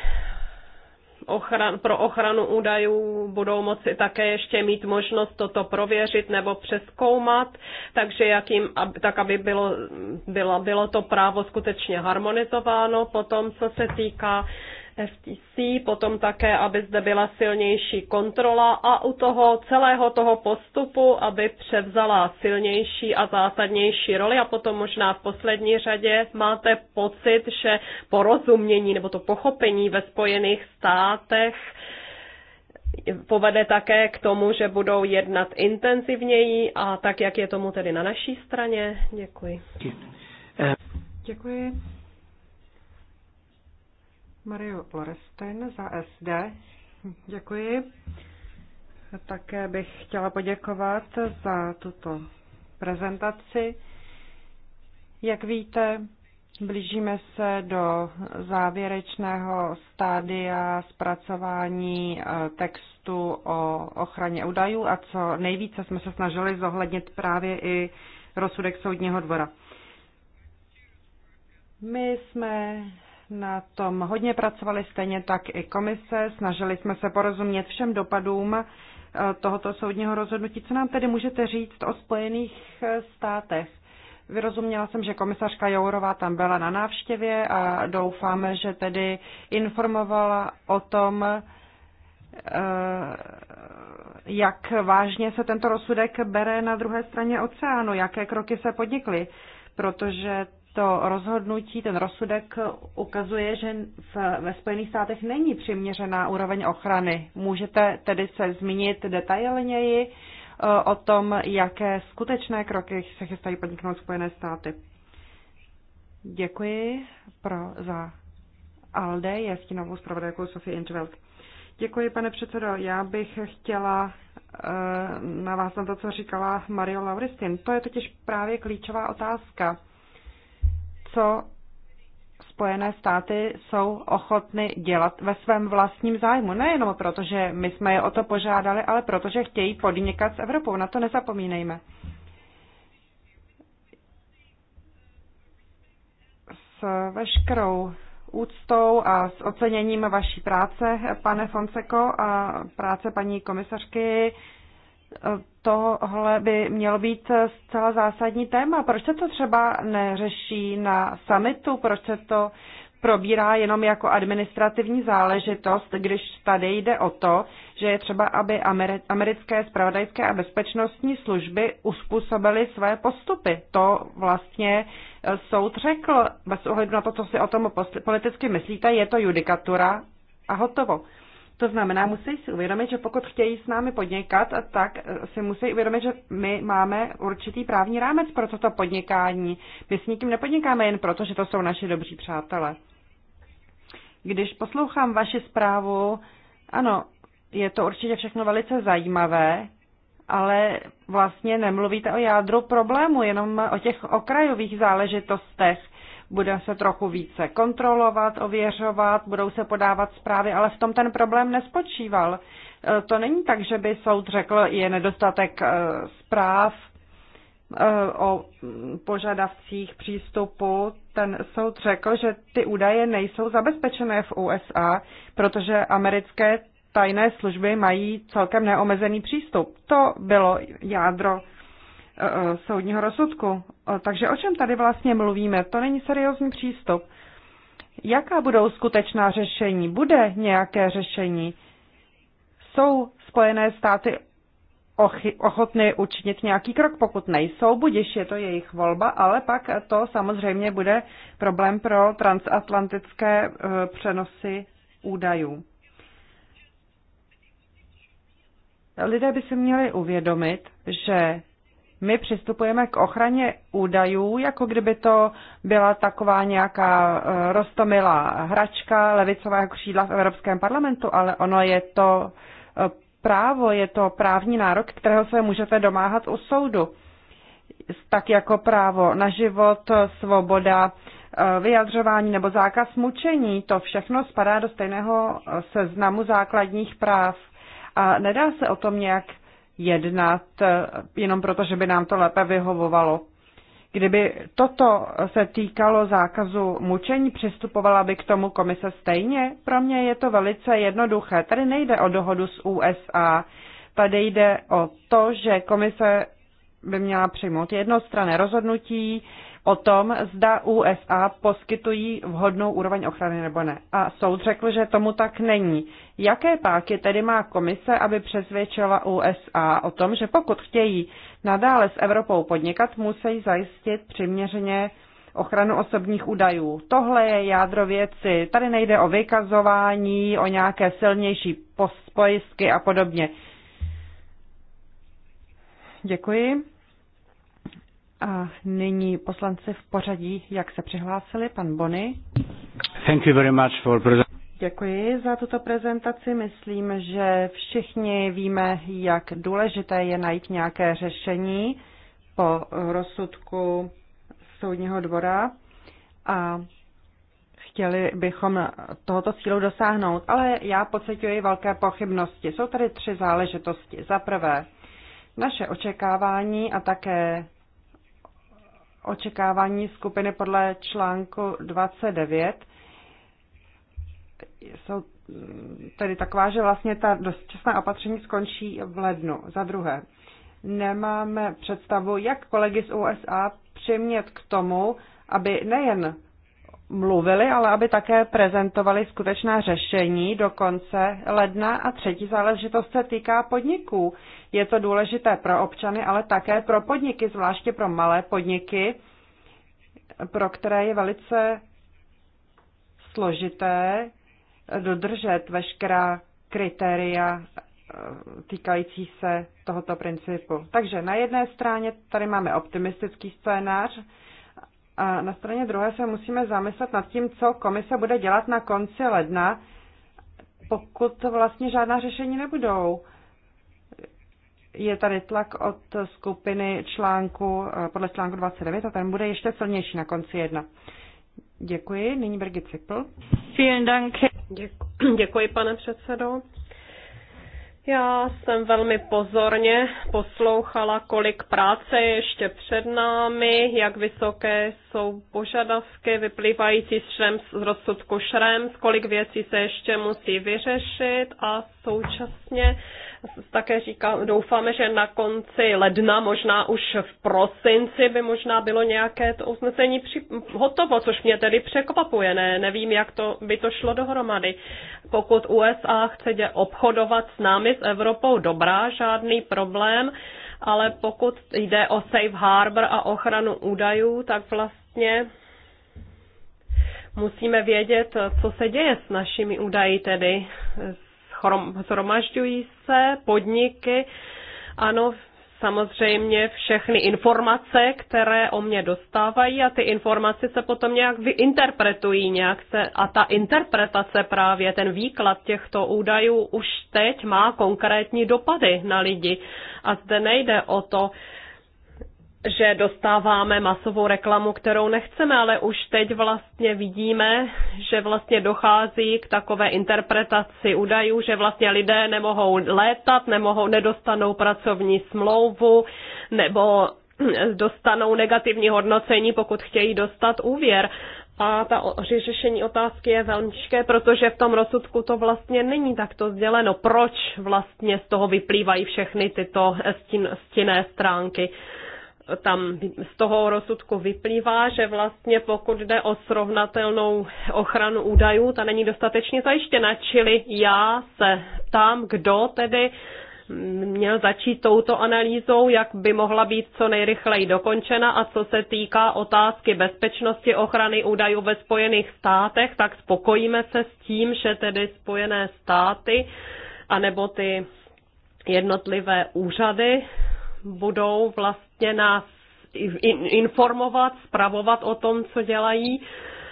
ochran, pro ochranu údajů budou moci také ještě mít možnost toto prověřit nebo přeskoumat, takže jakým, tak aby bylo, bylo, bylo to právo skutečně harmonizováno. Potom, co se týká FTC, potom také, aby zde byla silnější kontrola a u toho celého toho postupu, aby převzala silnější a zásadnější roli a potom možná v poslední řadě máte pocit, že porozumění nebo to pochopení ve Spojených státech povede také k tomu, že budou jednat intenzivněji a tak, jak je tomu tedy na naší straně. Děkuji. Děkuji. Eh, Mario Loresten za SD. Děkuji. Také bych chtěla poděkovat za tuto prezentaci. Jak víte, blížíme se do závěrečného stádia zpracování eh, textu o ochraně údajů a co nejvíce jsme se snažili zohlednit právě i rozsudek soudního dvora. My jsme na tom hodně pracovali, stejně tak i komise. Snažili jsme se porozumět všem dopadům eh, tohoto soudního rozhodnutí. Co nám tedy můžete říct o Spojených eh, státech? Vyrozuměla jsem, že komisařka Jourová tam byla na návštěvě a doufáme, že tedy informovala o tom, eh, jak vážně se tento rozsudek bere na druhé straně oceánu, jaké kroky se podnikly, protože to rozhodnutí, ten rozsudek ukazuje, že v, ve Spojených státech není přiměřená úroveň ochrany. Můžete tedy se zmínit detailněji eh, o tom, jaké skutečné kroky se chystají podniknout Spojené státy. Děkuji pro, za ALDE, je stínovou zpravodajkou Sofie Intveld. Děkuji, pane předsedo. Já bych chtěla eh, na vás na to, co říkala Mario Lauristin. To je totiž právě klíčová otázka co Spojené státy jsou ochotny dělat ve svém vlastním zájmu. Nejenom proto, že my jsme je o to požádali, ale protože chtějí podnikat s Evropou. Na to nezapomínejme. S veškerou úctou a s oceněním vaší práce, pane Fonseko, a práce paní komisařky, tohle by mělo být zcela zásadní téma. Proč se to třeba neřeší na summitu? Proč se to probírá jenom jako administrativní záležitost, když tady jde o to, že je třeba, aby americké spravodajské a bezpečnostní služby uspůsobily své postupy. To vlastně eh, soud řekl, bez ohledu na to, co si o tom politicky myslíte, je to judikatura a hotovo. To znamená, musí si uvědomit, že pokud chtějí s námi podnikat, tak eh, si musí uvědomit, že my máme určitý právní rámec pro toto podnikání. My s nikým nepodnikáme jen proto, že to jsou naši dobří přátelé. Když poslouchám vaši zprávu, ano, je to určitě všechno velice zajímavé, ale vlastně nemluvíte o jádru problému, jenom o těch okrajových záležitostech bude se trochu více kontrolovat, ověřovat, budou se podávat zprávy, ale v tom ten problém nespočíval. E, to není tak, že by soud řekl, je nedostatek e, zpráv e, o požadavcích přístupu. Ten soud řekl, že ty údaje nejsou zabezpečené v USA, protože americké tajné služby mají celkem neomezený přístup. To bylo jádro Eh, soudního rozsudku. Eh, takže o čem tady vlastně mluvíme? To není seriózní přístup. Jaká budou skutečná řešení? Bude nějaké řešení? Jsou Spojené státy ochotny učinit nějaký krok, pokud nejsou, budiš je to jejich volba, ale pak to samozřejmě bude problém pro transatlantické eh, přenosy údajů. Lidé by si měli uvědomit, že my přistupujeme k ochraně údajů, jako kdyby to byla taková nějaká eh, rostomilá hračka levicového křídla v Evropském parlamentu, ale ono je to eh, právo, je to právní nárok, kterého se můžete domáhat u soudu. Tak jako právo na život, svoboda, eh, vyjadřování nebo zákaz mučení, to všechno spadá do stejného seznamu základních práv. A nedá se o tom nějak jednat eh, jenom proto, že by nám to lépe vyhovovalo. Kdyby toto se týkalo zákazu mučení, přistupovala by k tomu komise stejně? Pro mě je to velice jednoduché. Tady nejde o dohodu s USA, tady jde o to, že komise by měla přijmout jednostranné rozhodnutí, o tom, zda USA poskytují vhodnou úroveň ochrany nebo ne. A soud řekl, že tomu tak není. Jaké páky tedy má komise, aby přesvědčila USA o tom, že pokud chtějí nadále s Evropou podnikat, musí zajistit přiměřeně ochranu osobních údajů. Tohle je jádro věci. Tady nejde o vykazování, o nějaké silnější pospojisky a podobně. Děkuji. A nyní poslanci v pořadí, jak se přihlásili, pan Bony. Thank you very much for Děkuji za tuto prezentaci. Myslím, že všichni víme, jak důležité je najít nějaké řešení po rozsudku soudního dvora a chtěli bychom tohoto cílu dosáhnout, ale já pocituji velké pochybnosti. Jsou tady tři záležitosti. Za prvé, naše očekávání a také očekávání skupiny podle článku 29 jsou mm, tedy taková, že vlastně ta dočasná opatření skončí v lednu. Za druhé, nemáme představu, jak kolegy z USA přimět k tomu, aby nejen mluvili, ale aby také prezentovali skutečná řešení do konce ledna. A třetí záležitost se týká podniků. Je to důležité pro občany, ale také pro podniky, zvláště pro malé podniky, pro které je velice složité dodržet veškerá kritéria eh, týkající se tohoto principu. Takže na jedné straně tady máme optimistický scénář, a na straně druhé se musíme zamyslet nad tím, co komise bude dělat na konci ledna, pokud vlastně žádná řešení nebudou. Je tady tlak od skupiny článku, eh, podle článku 29 a ten bude ještě silnější na konci jedna. Děkuji. Nyní Birgit Cipl. Děkuji, pane předsedo. Já jsem velmi pozorně poslouchala, kolik práce je ještě před námi, jak vysoké jsou požadavky vyplývající z, šrem, z rozsudku Šrems, kolik věcí se ještě musí vyřešit a současně také říkám, doufáme, že na konci ledna, možná už v prosinci by možná bylo nějaké to usnesení při, hotovo, což mě tedy překvapuje. Ne, nevím, jak to by to šlo dohromady. Pokud USA chce dě obchodovat s námi, s Evropou, dobrá, žádný problém, ale pokud jde o safe harbor a ochranu údajů, tak vlastně musíme vědět, co se děje s našimi údaji, tedy zhromažďují se podniky, ano, samozřejmě všechny informace, které o mě dostávají a ty informace se potom nějak interpretují nějak se, a ta interpretace právě, ten výklad těchto údajů už teď má konkrétní dopady na lidi. A zde nejde o to, že dostáváme masovou reklamu, kterou nechceme, ale už teď vlastně vidíme, že vlastně dochází k takové interpretaci údajů, že vlastně lidé nemohou létat, nemohou, nedostanou pracovní smlouvu nebo dostanou negativní hodnocení, pokud chtějí dostat úvěr. A ta řešení otázky je velmi těžké, protože v tom rozsudku to vlastně není takto sděleno. Proč vlastně z toho vyplývají všechny tyto stin, stinné stránky? tam z toho rozsudku vyplývá, že vlastně pokud jde o srovnatelnou ochranu údajů, ta není dostatečně zajištěna, čili já se ptám, kdo tedy měl začít touto analýzou, jak by mohla být co nejrychleji dokončena a co se týká otázky bezpečnosti ochrany údajů ve Spojených státech, tak spokojíme se s tím, že tedy Spojené státy anebo ty jednotlivé úřady budou vlastně vlastně nás informovat, zpravovat o tom, co dělají.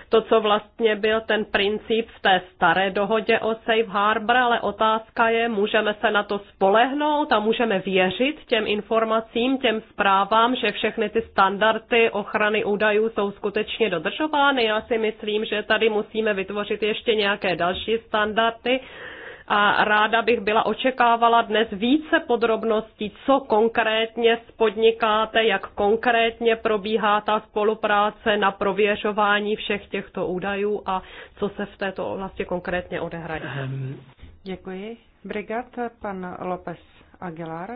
To, co vlastně byl ten princip v té staré dohodě o Safe Harbor, ale otázka je, můžeme se na to spolehnout a můžeme věřit těm informacím, těm zprávám, že všechny ty standardy ochrany údajů jsou skutečně dodržovány. Já si myslím, že tady musíme vytvořit ještě nějaké další standardy a ráda bych byla očekávala dnes více podrobností, co konkrétně spodnikáte, jak konkrétně probíhá ta spolupráce na prověřování všech těchto údajů a co se v této oblasti konkrétně odehraje. Ehm. Děkuji. Brigad pan López Aguilar.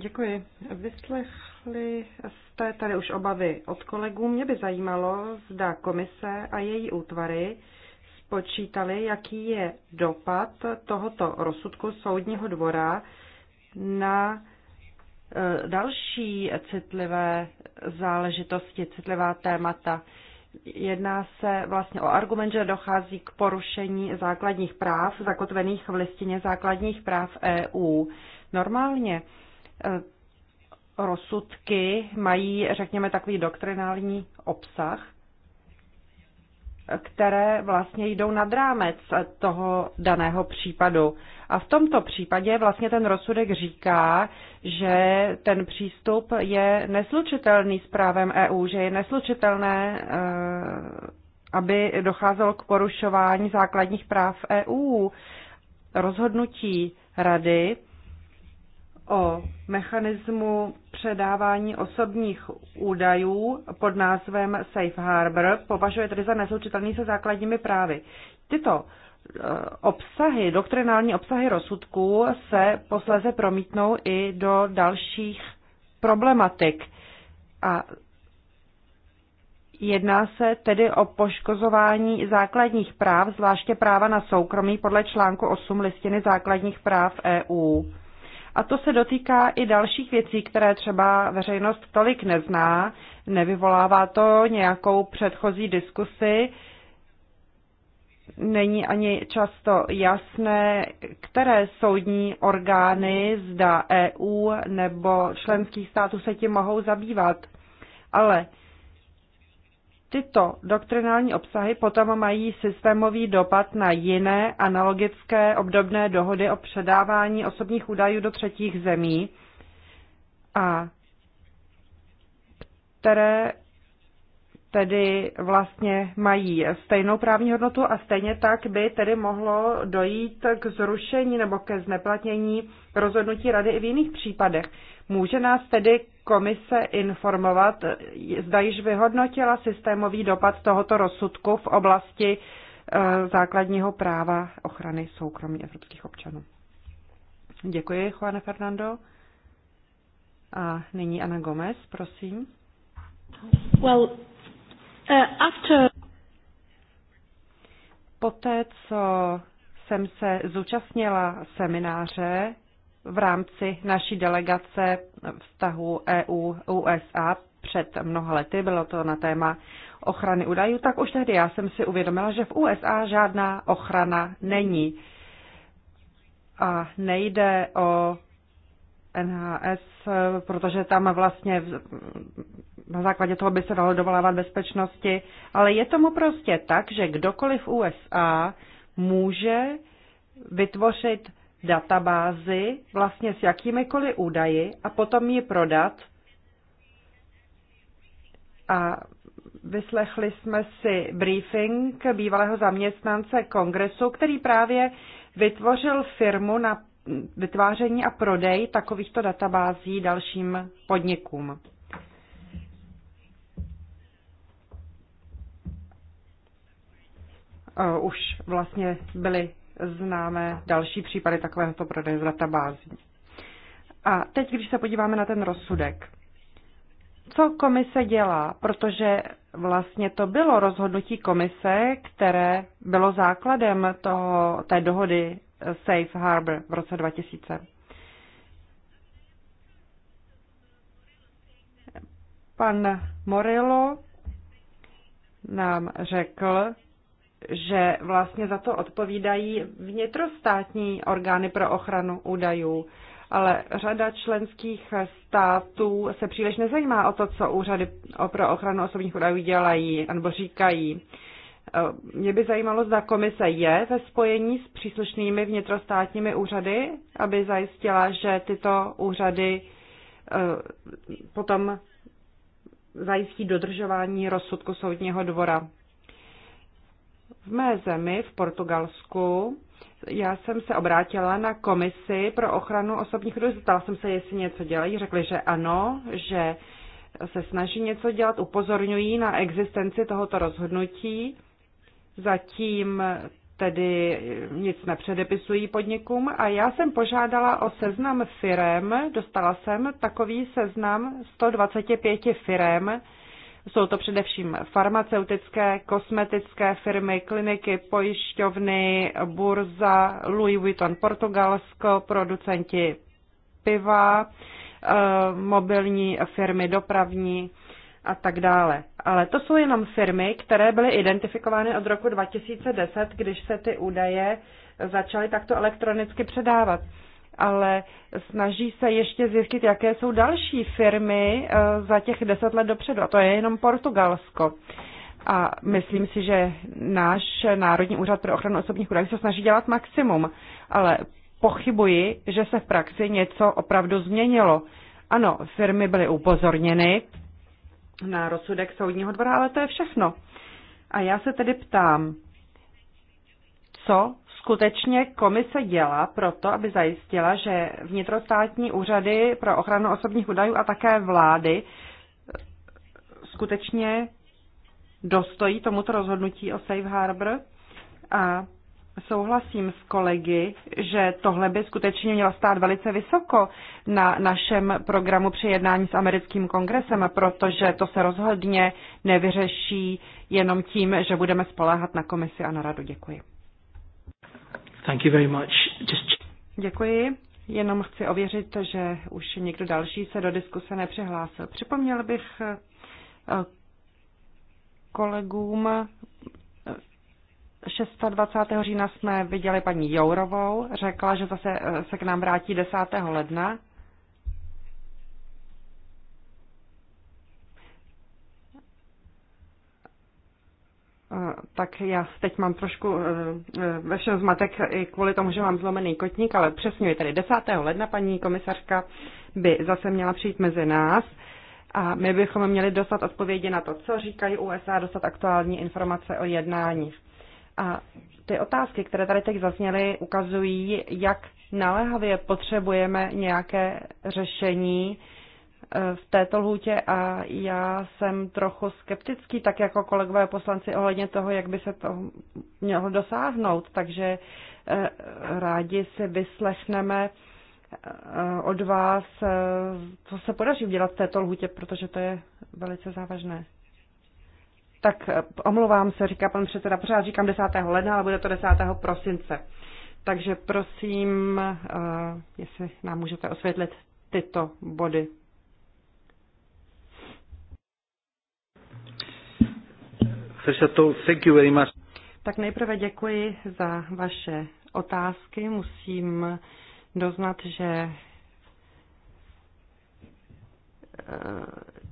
Děkuji. Vyslech Jestli jste tady už obavy od kolegů, mě by zajímalo, zda komise a její útvary spočítali, jaký je dopad tohoto rozsudku soudního dvora na e, další citlivé záležitosti, citlivá témata. Jedná se vlastně o argument, že dochází k porušení základních práv zakotvených v listině základních práv EU. Normálně e, rozsudky mají, řekněme, takový doktrinální obsah, které vlastně jdou nad rámec toho daného případu. A v tomto případě vlastně ten rozsudek říká, že ten přístup je neslučitelný s právem EU, že je neslučitelné, eh, aby docházelo k porušování základních práv EU. Rozhodnutí rady o mechanismu předávání osobních údajů pod názvem Safe Harbor považuje tedy za neslučitelný se základními právy. Tyto e, obsahy, doktrinální obsahy rozsudků se posléze promítnou i do dalších problematik. A jedná se tedy o poškozování základních práv, zvláště práva na soukromí podle článku 8 listiny základních práv EU. A to se dotýká i dalších věcí, které třeba veřejnost tolik nezná, nevyvolává to nějakou předchozí diskusi, není ani často jasné, které soudní orgány, zda EU nebo členských států se tím mohou zabývat. Ale Tyto doktrinální obsahy potom mají systémový dopad na jiné analogické obdobné dohody o předávání osobních údajů do třetích zemí, a které tedy vlastně mají stejnou právní hodnotu a stejně tak by tedy mohlo dojít k zrušení nebo ke zneplatnění rozhodnutí rady i v jiných případech. Může nás tedy komise informovat, zda již vyhodnotila systémový dopad tohoto rozsudku v oblasti eh, základního práva ochrany soukromí evropských občanů. Děkuji, Juana Fernando. A nyní Ana Gomez, prosím. Well, uh, after... Poté, co jsem se zúčastnila semináře v rámci naší delegace vztahu EU-USA před mnoha lety, bylo to na téma ochrany údajů, tak už tehdy já jsem si uvědomila, že v USA žádná ochrana není. A nejde o NHS, protože tam vlastně na základě toho by se dalo dovolávat bezpečnosti, ale je tomu prostě tak, že kdokoliv v USA může vytvořit databázi vlastně s jakýmikoliv údaji a potom ji prodat. A vyslechli jsme si briefing bývalého zaměstnance kongresu, který právě vytvořil firmu na vytváření a prodej takovýchto databází dalším podnikům. Eh, už vlastně byly známe další případy takovéhoto prodeje z databází. A teď, když se podíváme na ten rozsudek, co komise dělá, protože vlastně to bylo rozhodnutí komise, které bylo základem toho, té dohody Safe Harbor v roce 2000. Pan Morillo nám řekl, že vlastně za to odpovídají vnitrostátní orgány pro ochranu údajů. Ale řada členských států se příliš nezajímá o to, co úřady pro ochranu osobních údajů dělají nebo říkají. Eh, mě by zajímalo, zda komise je ve spojení s příslušnými vnitrostátními úřady, aby zajistila, že tyto úřady eh, potom zajistí dodržování rozsudku soudního dvora. V mé zemi, v Portugalsku, já jsem se obrátila na komisi pro ochranu osobních údajů. Zeptala jsem se, jestli něco dělají. Řekli, že ano, že se snaží něco dělat, upozorňují na existenci tohoto rozhodnutí. Zatím tedy nic nepředepisují podnikům a já jsem požádala o seznam firem, dostala jsem takový seznam 125 firem, jsou to především farmaceutické, kosmetické firmy, kliniky, pojišťovny, burza, Louis Vuitton Portugalsko, producenti piva, eh, mobilní firmy, dopravní a tak dále. Ale to jsou jenom firmy, které byly identifikovány od roku 2010, když se ty údaje začaly takto elektronicky předávat ale snaží se ještě zjistit, jaké jsou další firmy eh, za těch deset let dopředu. A to je jenom Portugalsko. A myslím si, že náš Národní úřad pro ochranu osobních údajů se snaží dělat maximum, ale pochybuji, že se v praxi něco opravdu změnilo. Ano, firmy byly upozorněny na rozsudek soudního dvora, ale to je všechno. A já se tedy ptám, co skutečně komise dělá pro to, aby zajistila, že vnitrostátní úřady pro ochranu osobních údajů a také vlády skutečně dostojí tomuto rozhodnutí o Safe Harbor a souhlasím s kolegy, že tohle by skutečně mělo stát velice vysoko na našem programu při jednání s americkým kongresem, protože to se rozhodně nevyřeší jenom tím, že budeme spoléhat na komisi a na radu. Děkuji. Thank you very much. Just... Děkuji. Jenom chci ověřit, že už někdo další se do diskuse nepřihlásil. Připomněl bych eh, kolegům, eh, 26. října jsme viděli paní Jourovou, řekla, že zase eh, se k nám vrátí 10. ledna Tak já teď mám trošku eh, eh, ve zmatek i kvůli tomu, že mám zlomený kotník, ale přesně tady 10. ledna paní komisařka by zase měla přijít mezi nás a my bychom měli dostat odpovědi na to, co říkají USA, dostat aktuální informace o jednání. A ty otázky, které tady teď zazněly, ukazují, jak naléhavě potřebujeme nějaké řešení, v této lhůtě a já jsem trochu skeptický, tak jako kolegové poslanci, ohledně toho, jak by se to mělo dosáhnout. Takže eh, rádi si vyslechneme eh, od vás, eh, co se podaří udělat v této lhůtě, protože to je velice závažné. Tak omlouvám se, říká pan předseda, pořád říkám 10. ledna, ale bude to 10. prosince. Takže prosím, jestli nám můžete osvětlit tyto body. Tak nejprve děkuji za vaše otázky. Musím doznat, že eh,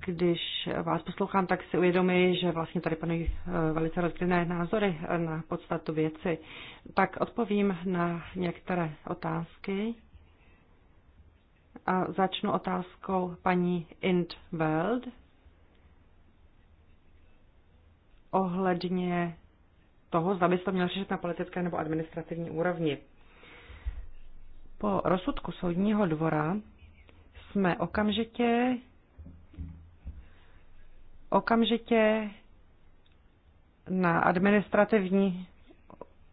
když vás poslouchám, tak si uvědomuji, že vlastně tady panují eh, velice rozdílné názory na podstatu věci. Tak odpovím na některé otázky. A začnu otázkou paní Intveld ohledně toho, zda by se to měl řešit na politické nebo administrativní úrovni. Po rozsudku soudního dvora jsme okamžitě okamžitě na administrativní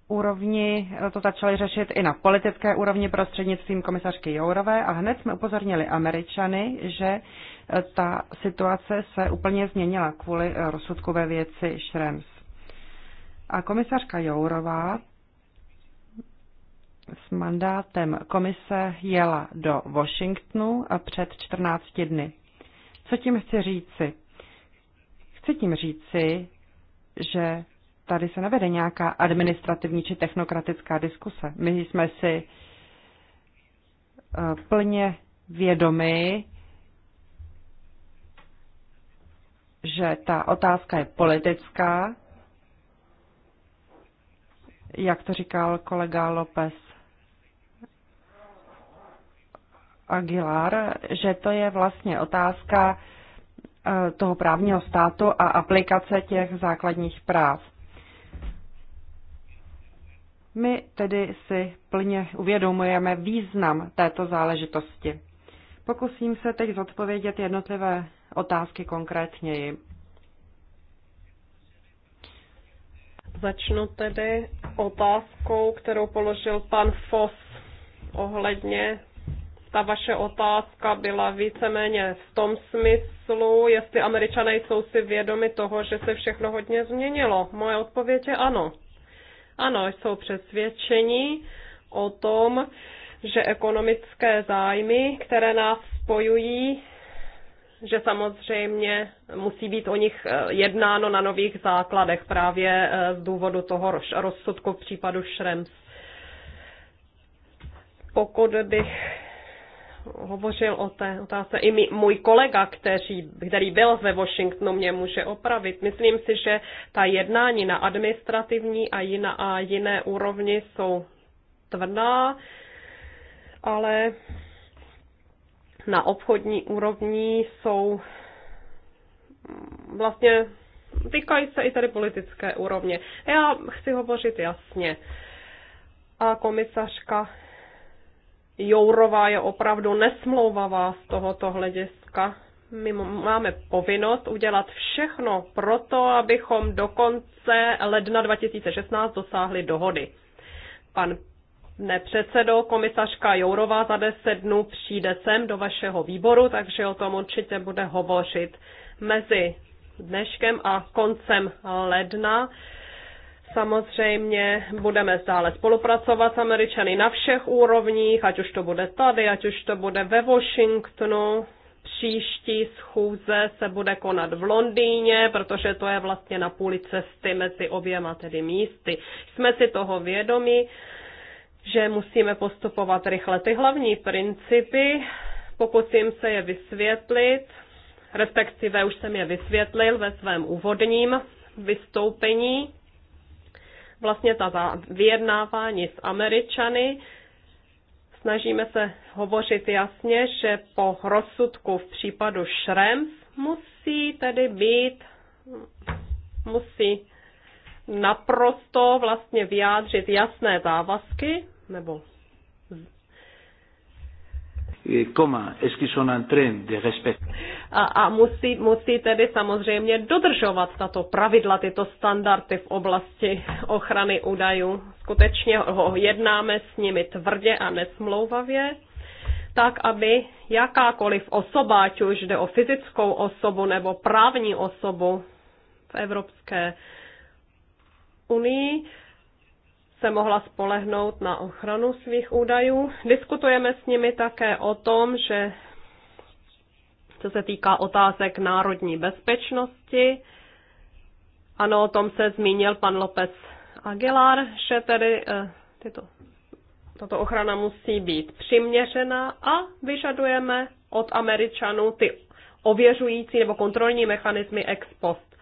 úrovni eh, to začali řešit i na politické úrovni prostřednictvím komisařky Jourové a hned jsme upozornili Američany, že eh, ta situace se úplně změnila kvůli eh, rozsudku ve věci Schrems. A komisařka Jourová s mandátem komise jela do Washingtonu před 14 dny. Co tím chci říci? Chci tím říci, že tady se nevede nějaká administrativní či technokratická diskuse. My jsme si eh, plně vědomi, že ta otázka je politická, jak to říkal kolega López Aguilar, že to je vlastně otázka eh, toho právního státu a aplikace těch základních práv. My tedy si plně uvědomujeme význam této záležitosti. Pokusím se teď zodpovědět jednotlivé otázky konkrétněji. Začnu tedy otázkou, kterou položil pan Fos ohledně. Ta vaše otázka byla víceméně v tom smyslu, jestli američané jsou si vědomi toho, že se všechno hodně změnilo. Moje odpověď je ano. Ano, jsou přesvědčeni o tom, že ekonomické zájmy, které nás spojují, že samozřejmě musí být o nich eh, jednáno na nových základech právě eh, z důvodu toho rozsudku v případu Šrems. Pokud bych hovořil o té otázce. I můj kolega, kteří, který byl ve Washingtonu, mě může opravit. Myslím si, že ta jednání na administrativní a, jiná, a jiné úrovni jsou tvrdá, ale na obchodní úrovni jsou mm, vlastně týkají se i tady politické úrovně. Já chci hovořit jasně. A komisařka Jourová je opravdu nesmlouvavá z tohoto hlediska. My máme povinnost udělat všechno pro to, abychom do konce ledna 2016 dosáhli dohody. Pan nepředsedo, komisařka Jourová za 10 dnů přijde sem do vašeho výboru, takže o tom určitě bude hovořit mezi dneškem a koncem ledna Samozřejmě budeme stále spolupracovat s Američany na všech úrovních, ať už to bude tady, ať už to bude ve Washingtonu. Příští schůze se bude konat v Londýně, protože to je vlastně na půli cesty mezi oběma tedy místy. Jsme si toho vědomi, že musíme postupovat rychle. Ty hlavní principy, pokusím se je vysvětlit, respektive už jsem je vysvětlil ve svém úvodním vystoupení vlastně ta vyjednávání s Američany. Snažíme se hovořit jasně, že po rozsudku v případu Šrems musí tedy být, musí naprosto vlastně vyjádřit jasné závazky nebo E, koma, esky son en tren de respect. A, a musí, musí tedy samozřejmě dodržovat tato pravidla, tyto standardy v oblasti ochrany údajů. Skutečně ho jednáme s nimi tvrdě a nesmlouvavě, tak aby jakákoliv osoba, ať už jde o fyzickou osobu nebo právní osobu v Evropské unii, se mohla spolehnout na ochranu svých údajů. Diskutujeme s nimi také o tom, že co se týká otázek národní bezpečnosti, ano, o tom se zmínil pan López Aguilar, že tedy eh, tyto, tato ochrana musí být přiměřená a vyžadujeme od Američanů ty ověřující nebo kontrolní mechanismy ex post.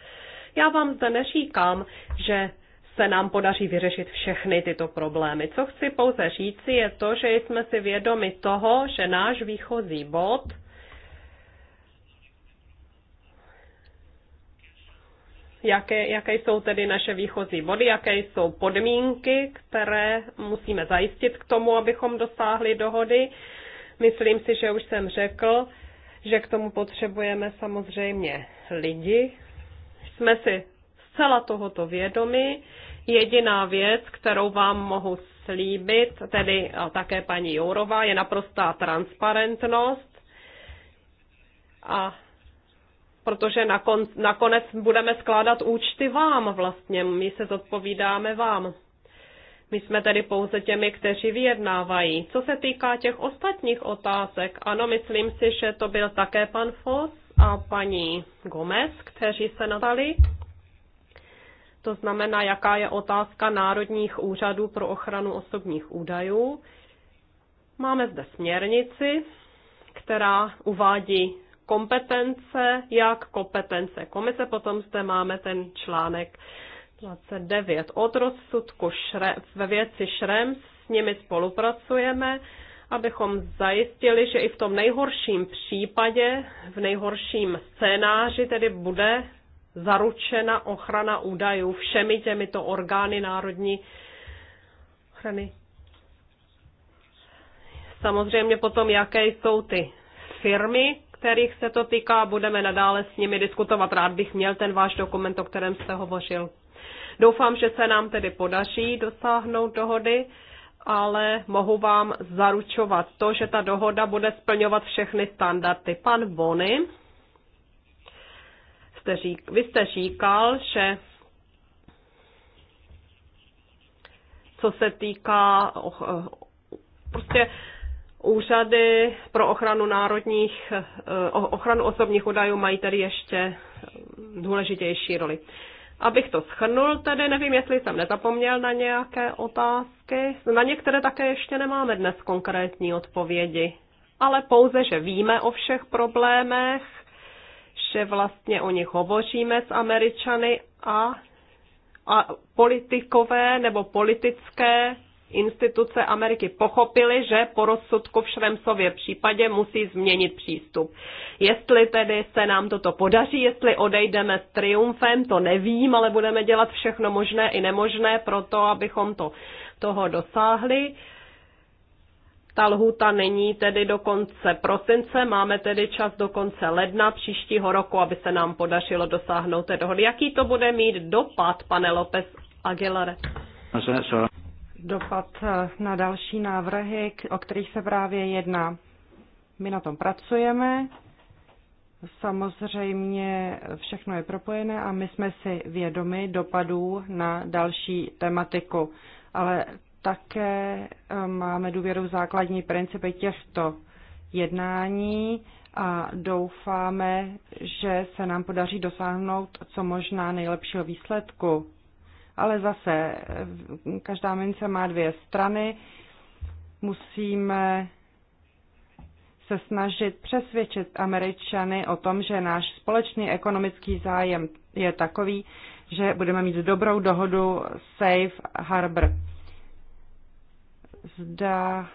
Já vám zde neříkám, že se nám podaří vyřešit všechny tyto problémy. Co chci pouze říci, je to, že jsme si vědomi toho, že náš výchozí bod jaké, jaké jsou tedy naše výchozí body, jaké jsou podmínky, které musíme zajistit k tomu, abychom dosáhli dohody. Myslím si, že už jsem řekl, že k tomu potřebujeme samozřejmě lidi. Jsme si zcela tohoto vědomi. Jediná věc, kterou vám mohu slíbit, tedy také paní Jourová, je naprostá transparentnost a protože nakon, nakonec budeme skládat účty vám vlastně, my se zodpovídáme vám. My jsme tedy pouze těmi, kteří vyjednávají. Co se týká těch ostatních otázek, ano, myslím si, že to byl také pan Foss a paní Gomez, kteří se nadali. To znamená, jaká je otázka Národních úřadů pro ochranu osobních údajů. Máme zde směrnici, která uvádí kompetence, jak kompetence komise. Potom zde máme ten článek 29. Od rozsudku šre, ve věci šrem, s nimi spolupracujeme, abychom zajistili, že i v tom nejhorším případě, v nejhorším scénáři tedy bude zaručena ochrana údajů všemi těmito orgány národní ochrany. Samozřejmě potom, jaké jsou ty firmy, kterých se to týká, budeme nadále s nimi diskutovat. Rád bych měl ten váš dokument, o kterém jste hovořil. Doufám, že se nám tedy podaří dosáhnout dohody, ale mohu vám zaručovat to, že ta dohoda bude splňovat všechny standardy. Pan Bony jste řík, vy jste říkal, že co se týká eh, prostě úřady pro ochranu národních, eh, ochranu osobních údajů mají tady ještě eh, důležitější roli. Abych to schrnul, tedy nevím, jestli jsem nezapomněl na nějaké otázky. Na některé také ještě nemáme dnes konkrétní odpovědi, ale pouze, že víme o všech problémech, že vlastně o nich hovoříme s Američany a, a politikové nebo politické instituce Ameriky pochopily, že po rozsudku v Šremsově případě musí změnit přístup. Jestli tedy se nám toto podaří, jestli odejdeme s triumfem, to nevím, ale budeme dělat všechno možné i nemožné pro to, abychom to, toho dosáhli. Ta lhuta není tedy do konce prosince, máme tedy čas do konce ledna příštího roku, aby se nám podařilo dosáhnout té dohody. Jaký to bude mít dopad, pane López Aguilar? Dopad eh, na další návrhy, o kterých se právě jedná. My na tom pracujeme, Samozřejmě všechno je propojené a my jsme si vědomi dopadů na další tematiku. Ale také eh, máme důvěru v základní principy těchto jednání a doufáme, že se nám podaří dosáhnout co možná nejlepšího výsledku. Ale zase, eh, každá mince má dvě strany. Musíme se snažit přesvědčit Američany o tom, že náš společný ekonomický zájem je takový, že budeme mít dobrou dohodu Safe Harbor Zda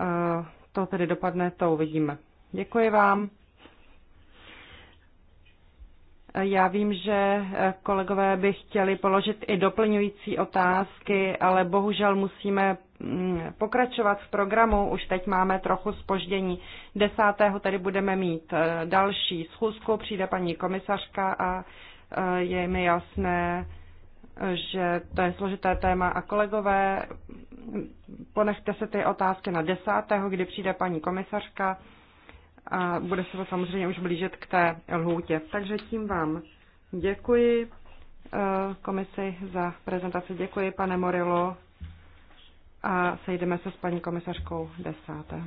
eh, to tedy dopadne, to uvidíme. Děkuji vám. Já vím, že eh, kolegové by chtěli položit i doplňující otázky, ale bohužel musíme mm, pokračovat v programu. Už teď máme trochu spoždění. 10. tedy budeme mít eh, další schůzku, přijde paní komisařka a je mi jasné, že to je složité téma a kolegové, ponechte se ty otázky na desátého, kdy přijde paní komisařka a bude se to samozřejmě už blížit k té lhůtě. Takže tím vám děkuji eh, komisi za prezentaci. Děkuji, pane Morilo, a sejdeme se s paní komisařkou 10.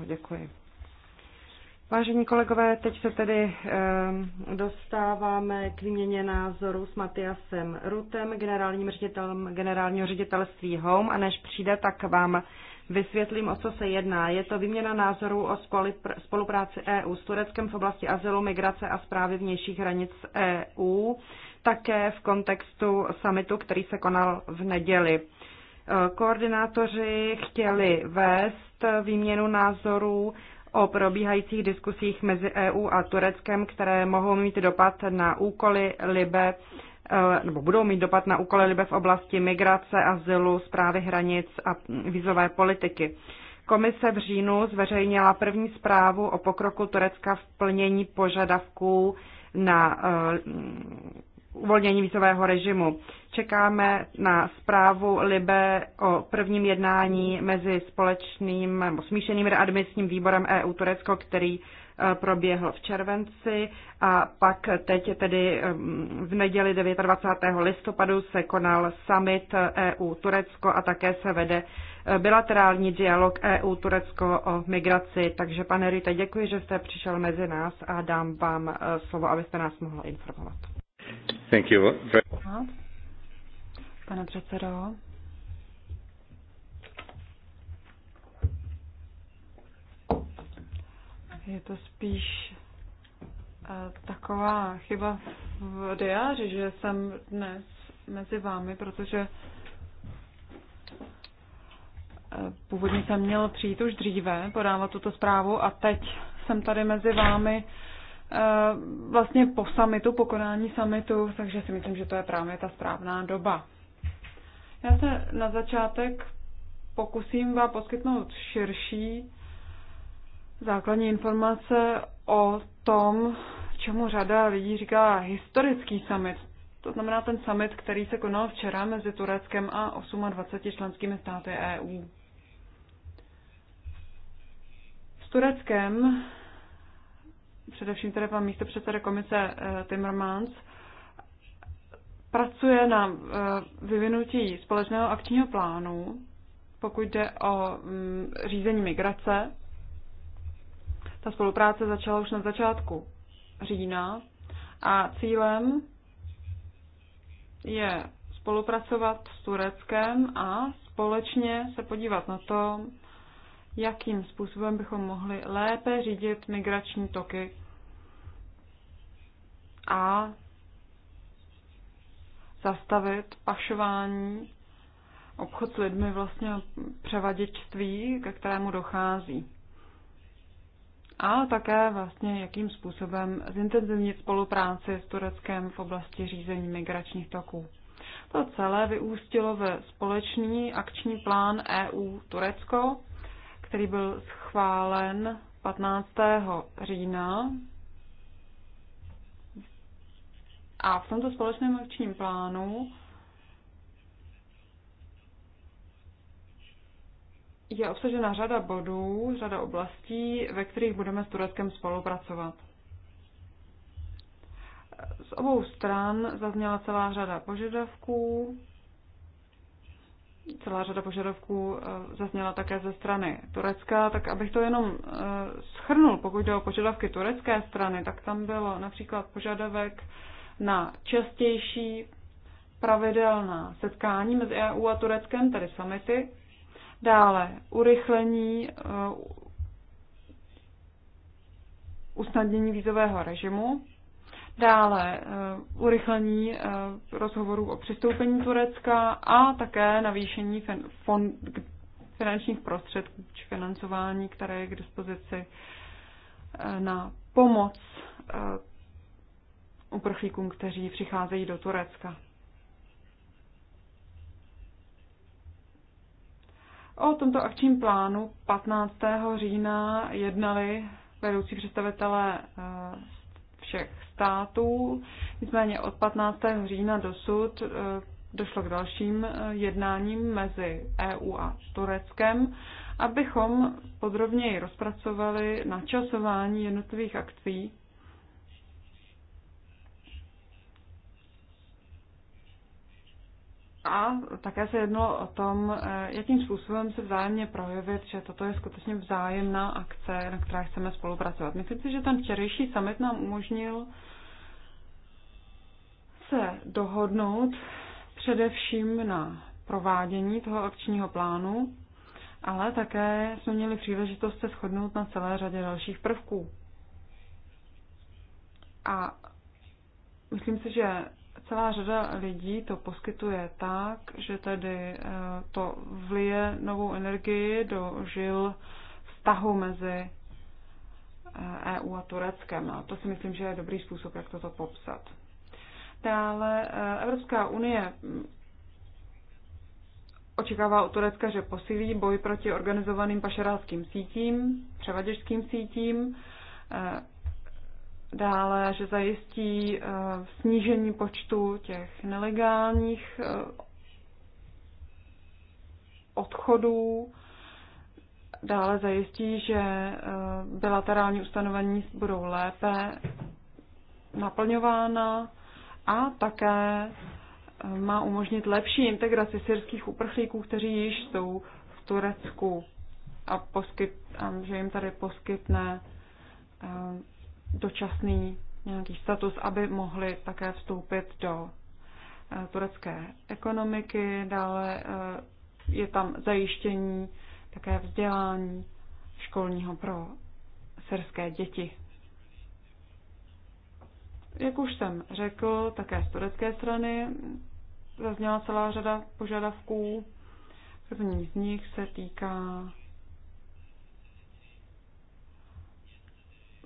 Děkuji. Vážení kolegové, teď se tedy ehm, dostáváme k výměně názoru s Matiasem Rutem, generálním ředitelem generálního ředitelství Home a než přijde, tak vám vysvětlím, o co se jedná. Je to výměna názorů o spolupráci EU s Tureckem v oblasti azylu, migrace a zprávy vnějších hranic EU, také v kontextu samitu, který se konal v neděli. Ehm, koordinátoři chtěli vést výměnu názorů o probíhajících diskusích mezi EU a Tureckem, které mohou mít dopad na úkoly Libe, eh, nebo budou mít dopad na úkoly Libe v oblasti migrace, azylu, zprávy hranic a vízové politiky. Komise v říjnu zveřejnila první zprávu o pokroku Turecka v plnění požadavků na eh, uvolnění vízového režimu. Čekáme na zprávu Libe o prvním jednání mezi společným nebo smíšeným readmisním výborem EU Turecko, který e, proběhl v červenci a pak teď tedy e, v neděli 29. listopadu se konal summit EU Turecko a také se vede e, bilaterální dialog EU Turecko o migraci. Takže pane Rita, děkuji, že jste přišel mezi nás a dám vám slovo, abyste nás mohl informovat. Thank you. Pane předsedo. Je to spíš eh, taková chyba v diáři, že jsem dnes mezi vámi, protože eh, původně jsem měl přijít už dříve, podávat tuto zprávu a teď jsem tady mezi vámi Eh, vlastně po samitu, po konání samitu, takže si myslím, že to je právě ta správná doba. Já se na začátek pokusím vám poskytnout širší základní informace o tom, čemu řada lidí říká historický summit. To znamená ten summit, který se konal včera mezi Tureckem a 28 členskými státy EU. S Tureckem především tedy pan předseda komise eh, Timmermans, pracuje na eh, vyvinutí společného akčního plánu, pokud jde o mm, řízení migrace. Ta spolupráce začala už na začátku října a cílem je spolupracovat s Tureckem a společně se podívat na to, jakým způsobem bychom mohli lépe řídit migrační toky a zastavit pašování, obchod s lidmi, vlastně převaděčství, ke kterému dochází. A také vlastně, jakým způsobem zintenzivnit spolupráci s Tureckem v oblasti řízení migračních toků. To celé vyústilo ve společný akční plán EU-Turecko, který byl schválen 15. října A v tomto společném akčním plánu je obsažena řada bodů, řada oblastí, ve kterých budeme s Tureckem spolupracovat. Z obou stran zazněla celá řada požadavků. Celá řada požadavků eh, zazněla také ze strany Turecka, tak abych to jenom eh, schrnul, pokud jde o požadavky turecké strany, tak tam bylo například požadavek na častější pravidelná setkání mezi EU a Tureckem, tedy samity. Dále urychlení eh, usnadnění vízového režimu. Dále eh, urychlení eh, rozhovorů o přistoupení Turecka a také navýšení fond, finančních prostředků či financování, které je k dispozici na pomoc uprchlíkům, kteří přicházejí do Turecka. O tomto akčním plánu 15. října jednali vedoucí představitelé eh, všech států. Nicméně od 15. října dosud eh, došlo k dalším eh, jednáním mezi EU a Tureckem, abychom podrobněji rozpracovali načasování jednotlivých akcí A také se jednalo o tom, e, jakým způsobem se vzájemně projevit, že toto je skutečně vzájemná akce, na které chceme spolupracovat. Myslím si, že ten včerejší summit nám umožnil se dohodnout především na provádění toho akčního plánu, ale také jsme měli příležitost se shodnout na celé řadě dalších prvků. A myslím si, že celá řada lidí to poskytuje tak, že tedy eh, to vlije novou energii do žil vztahu mezi EU eh, e a Tureckem. A to si myslím, že je dobrý způsob, jak toto popsat. Dále eh, Evropská unie mm, očekává od Turecka, že posílí boj proti organizovaným pašeráckým sítím, převaděčským sítím, dále, že zajistí eh, snížení počtu těch nelegálních eh, odchodů, dále zajistí, že eh, bilaterální ustanovení budou lépe naplňována a také má umožnit lepší integraci syrských uprchlíků, kteří již jsou v Turecku a, poskyt, a že jim tady poskytne dočasný nějaký status, aby mohli také vstoupit do eh, turecké ekonomiky. Dále eh, je tam zajištění také vzdělání školního pro syrské děti. Jak už jsem řekl, také z turecké strany zazněla celá řada požadavků. První z nich se týká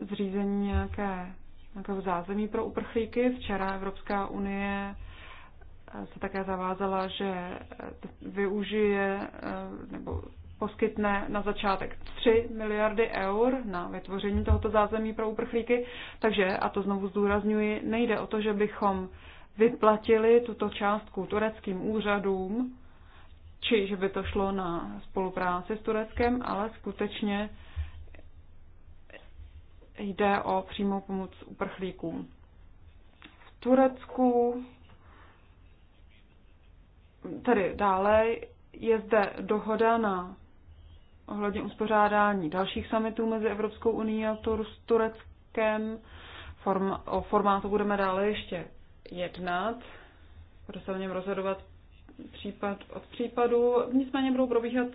zřízení nějaké, nějakého zázemí pro uprchlíky. Včera Evropská unie eh, se také zavázala, že eh, využije eh, nebo poskytne na začátek 3 miliardy eur na vytvoření tohoto zázemí pro uprchlíky. Takže, a to znovu zdůrazňuji, nejde o to, že bychom vyplatili tuto částku tureckým úřadům, či že by to šlo na spolupráci s Tureckem, ale skutečně jde o přímou pomoc uprchlíkům. V Turecku, tedy dále, je zde dohoda na ohledně uspořádání dalších summitů mezi Evropskou unii a Tureckem. Form, o formátu budeme dále ještě jednat, bude se o něm rozhodovat případ od případu. Nicméně budou probíhat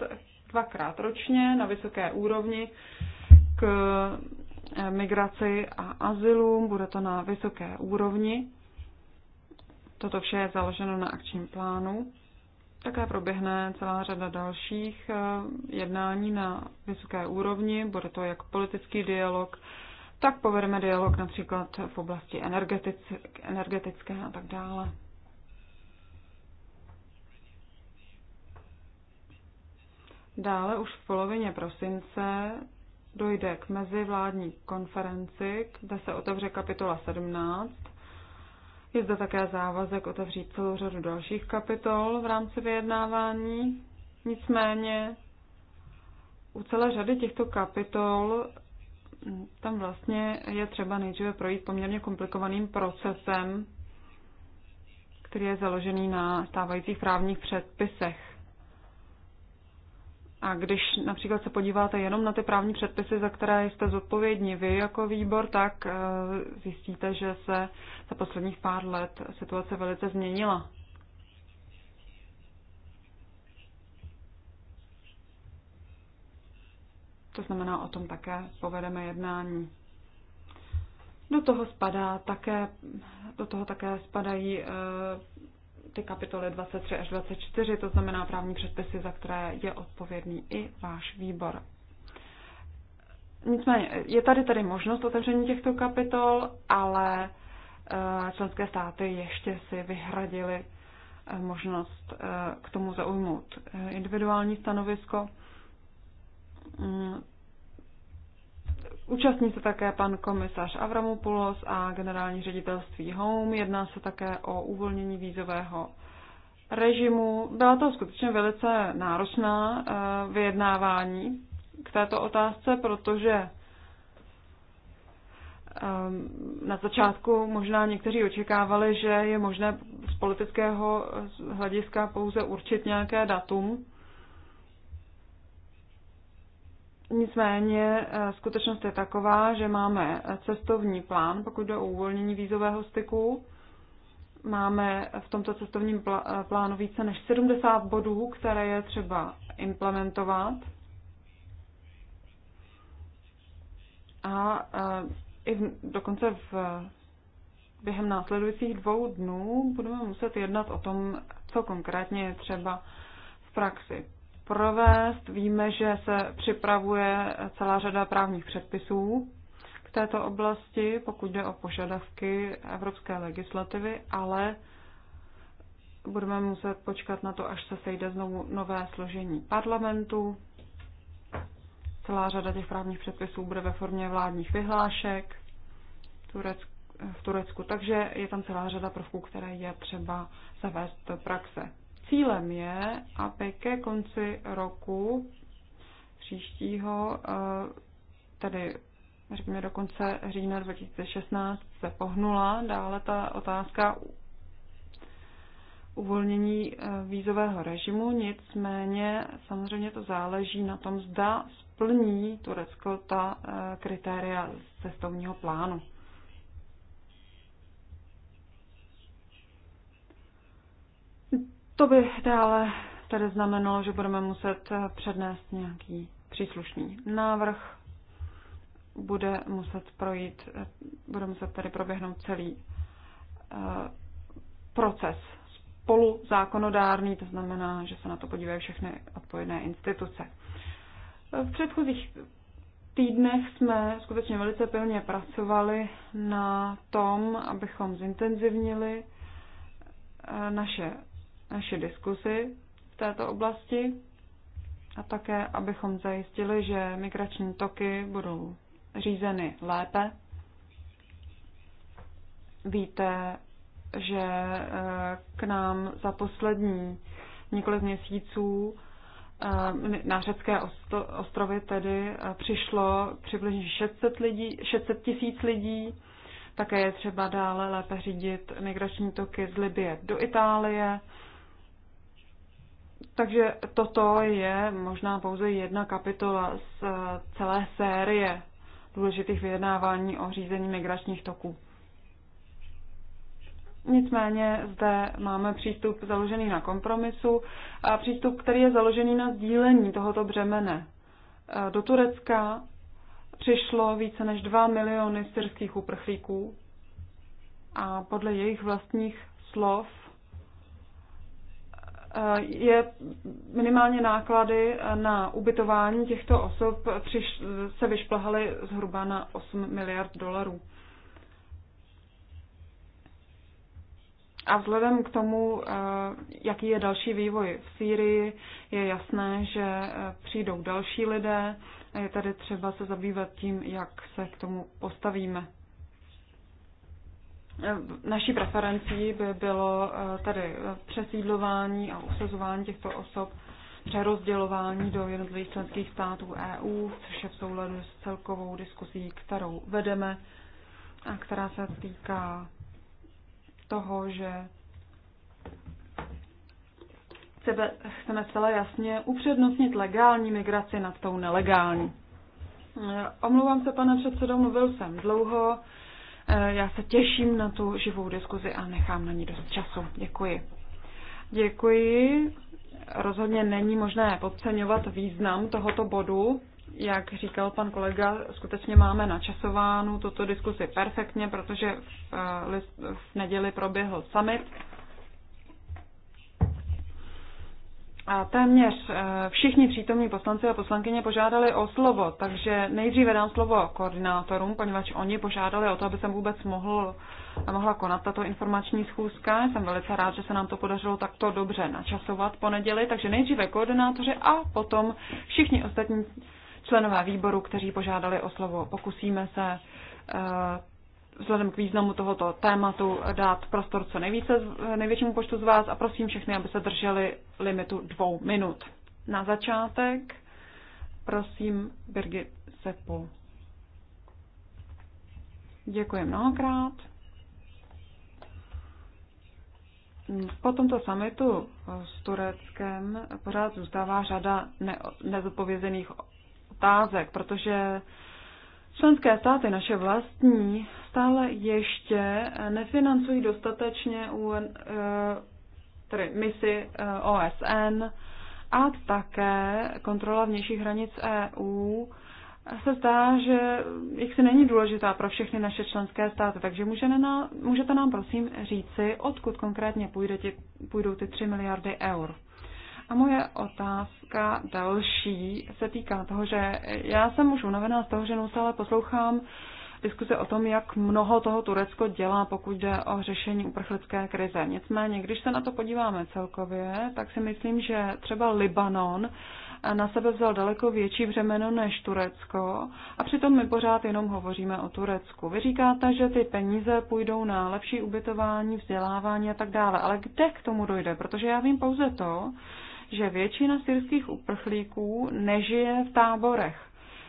dvakrát ročně na vysoké úrovni k Eh, migraci a azylům, bude to na vysoké úrovni. Toto vše je založeno na akčním plánu. Také proběhne celá řada dalších eh, jednání na vysoké úrovni, bude to jak politický dialog, tak povedeme dialog například v oblasti energetické a tak dále. Dále už v polovině prosince dojde k mezivládní konferenci, kde se otevře kapitola 17. Je zde také závazek otevřít celou řadu dalších kapitol v rámci vyjednávání. Nicméně u celé řady těchto kapitol mm, tam vlastně je třeba nejdříve projít poměrně komplikovaným procesem, který je založený na stávajících právních předpisech. A když například se podíváte jenom na ty právní předpisy, za které jste zodpovědní vy jako výbor, tak eh, zjistíte, že se za posledních pár let situace velice změnila. To znamená, o tom také povedeme jednání. Do toho spadá také, do toho také spadají eh, ty kapitoly 23 až 24, to znamená právní předpisy, za které je odpovědný i váš výbor. Nicméně, je tady tady možnost otevření těchto kapitol, ale eh, členské státy ještě si vyhradili eh, možnost eh, k tomu zaujmout individuální stanovisko. Mm, Účastní se také pan komisař Avramopoulos a generální ředitelství Home. Jedná se také o uvolnění vízového režimu. Byla to skutečně velice náročná eh, vyjednávání k této otázce, protože eh, na začátku možná někteří očekávali, že je možné z politického eh, hlediska pouze určit nějaké datum, Nicméně eh, skutečnost je taková, že máme cestovní plán, pokud jde o uvolnění vízového styku. Máme v tomto cestovním eh, plánu více než 70 bodů, které je třeba implementovat. A eh, i v, dokonce v, během následujících dvou dnů budeme muset jednat o tom, co konkrétně je třeba v praxi provést. Víme, že se připravuje celá řada právních předpisů k této oblasti, pokud jde o požadavky evropské legislativy, ale budeme muset počkat na to, až se sejde znovu nové složení parlamentu. Celá řada těch právních předpisů bude ve formě vládních vyhlášek v Turecku, takže je tam celá řada prvků, které je třeba zavést do praxe. Cílem je, aby ke konci roku příštího, eh, tedy řekněme do konce října 2016, se pohnula dále ta otázka uvolnění eh, vízového režimu, nicméně samozřejmě to záleží na tom, zda splní Turecko ta eh, kritéria cestovního plánu. To by dále tedy znamenalo, že budeme muset eh, přednést nějaký příslušný návrh. Bude muset projít, eh, bude muset tady proběhnout celý eh, proces spolu zákonodárný, to znamená, že se na to podívají všechny odpovědné instituce. V předchozích týdnech jsme skutečně velice pilně pracovali na tom, abychom zintenzivnili naše naše diskusy v této oblasti a také, abychom zajistili, že migrační toky budou řízeny lépe. Víte, že eh, k nám za poslední několik měsíců eh, na řecké ostrovy tedy eh, přišlo přibližně 600, lidí, 600 tisíc lidí. Také je třeba dále lépe řídit migrační toky z Libie do Itálie. Takže toto je možná pouze jedna kapitola z eh, celé série důležitých vyjednávání o řízení migračních toků. Nicméně zde máme přístup založený na kompromisu a přístup, který je založený na sdílení tohoto břemene. Eh, do Turecka přišlo více než 2 miliony syrských uprchlíků a podle jejich vlastních slov Eh, je minimálně náklady na ubytování těchto osob přiš, se vyšplhaly zhruba na 8 miliard dolarů. A vzhledem k tomu, eh, jaký je další vývoj v Sýrii, je jasné, že eh, přijdou další lidé. Je tady třeba se zabývat tím, jak se k tomu postavíme. Naší preferencí by bylo eh, tady eh, přesídlování a usazování těchto osob, přerozdělování do jednotlivých členských států EU, což je v souladu s celkovou diskusí, kterou vedeme a která se týká toho, že chceme, chceme celé jasně upřednostnit legální migraci nad tou nelegální. Eh, omlouvám se, pane předsedo, mluvil jsem dlouho. Eh, já se těším na tu živou diskuzi a nechám na ní dost času. Děkuji. Děkuji. Rozhodně není možné podceňovat význam tohoto bodu. Jak říkal pan kolega, skutečně máme načasovánu tuto diskusi perfektně, protože v, eh, v neděli proběhl summit A téměř eh, všichni přítomní poslanci a poslankyně požádali o slovo, takže nejdříve dám slovo koordinátorům, poněvadž oni požádali o to, aby jsem vůbec mohl, mohla konat tato informační schůzka. Jsem velice rád, že se nám to podařilo takto dobře načasovat po neděli, takže nejdříve koordinátoři a potom všichni ostatní členové výboru, kteří požádali o slovo. Pokusíme se eh, vzhledem k významu tohoto tématu dát prostor co nejvíce, největšímu počtu z vás a prosím všechny, aby se drželi limitu dvou minut. Na začátek prosím Birgit Sepu. Děkuji mnohokrát. Po tomto samitu s Tureckem pořád zůstává řada ne- nezodpovězených otázek, protože Členské státy, naše vlastní, stále ještě nefinancují dostatečně UN, eh, tedy misi eh, OSN a také kontrola vnějších hranic EU se zdá, že si není důležitá pro všechny naše členské státy, takže můžete nám, můžete nám prosím říci, odkud konkrétně půjde ti, půjdou ty 3 miliardy eur. A moje otázka další se týká toho, že já jsem už unavená z toho, že neustále poslouchám diskuse o tom, jak mnoho toho Turecko dělá, pokud jde o řešení uprchlické krize. Nicméně, když se na to podíváme celkově, tak si myslím, že třeba Libanon na sebe vzal daleko větší břemeno než Turecko a přitom my pořád jenom hovoříme o Turecku. Vy říkáte, že ty peníze půjdou na lepší ubytování, vzdělávání a tak dále, ale kde k tomu dojde? Protože já vím pouze to, že většina syrských uprchlíků nežije v táborech,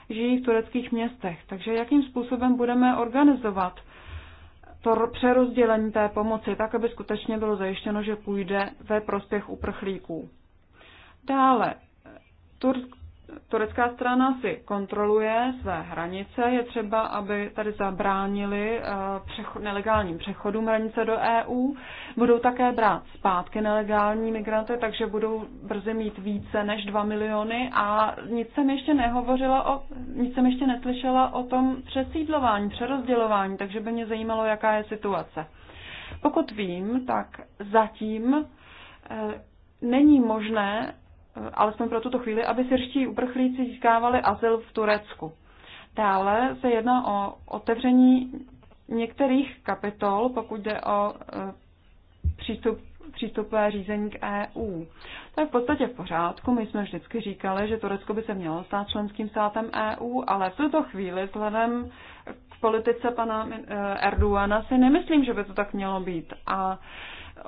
žijí v tureckých městech. Takže jakým způsobem budeme organizovat to přerozdělení té pomoci, tak aby skutečně bylo zajištěno, že půjde ve prospěch uprchlíků. Dále, turecká strana si kontroluje své hranice, je třeba, aby tady zabránili eh, přechod, nelegálním přechodům hranice do EU, budou také brát zpátky nelegální migranty, takže budou brzy mít více než 2 miliony a nic jsem ještě nehovořila o, nic jsem ještě neslyšela o tom přesídlování, přerozdělování, takže by mě zajímalo, jaká je situace. Pokud vím, tak zatím eh, není možné Eh, alespoň pro tuto chvíli, aby syrští uprchlíci získávali azyl v Turecku. Dále se jedná o otevření některých kapitol, pokud jde o eh, přístup přístupové řízení k EU. To je v podstatě v pořádku. My jsme vždycky říkali, že Turecko by se mělo stát členským státem EU, ale v tuto chvíli vzhledem k politice pana eh, Erduana si nemyslím, že by to tak mělo být. A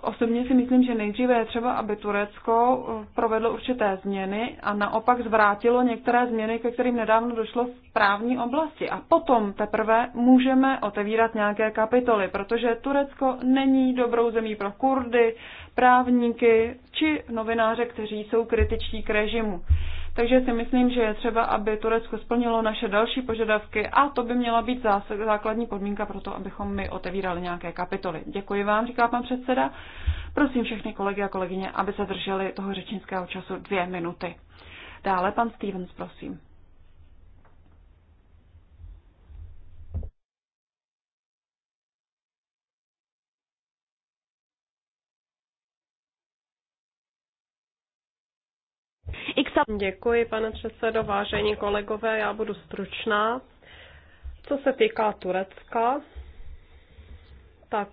Osobně si myslím, že nejdříve je třeba, aby Turecko eh, provedlo určité změny a naopak zvrátilo některé změny, ke kterým nedávno došlo v právní oblasti. A potom teprve můžeme otevírat nějaké kapitoly, protože Turecko není dobrou zemí pro Kurdy, právníky či novináře, kteří jsou kritičtí k režimu. Takže si myslím, že je třeba, aby Turecko splnilo naše další požadavky a to by měla být základní podmínka pro to, abychom my otevírali nějaké kapitoly. Děkuji vám, říká pan předseda. Prosím všechny kolegy a kolegyně, aby se drželi toho řečnického času dvě minuty. Dále pan Stevens, prosím. Děkuji, pane předsedo, vážení kolegové, já budu stručná. Co se týká Turecka, tak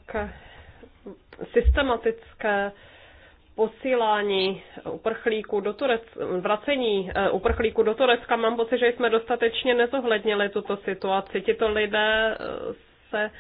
systematické posílání uprchlíků do Turecka, vracení eh, uprchlíků do Turecka, mám pocit, že jsme dostatečně nezohlednili tuto situaci. Tito lidé eh, se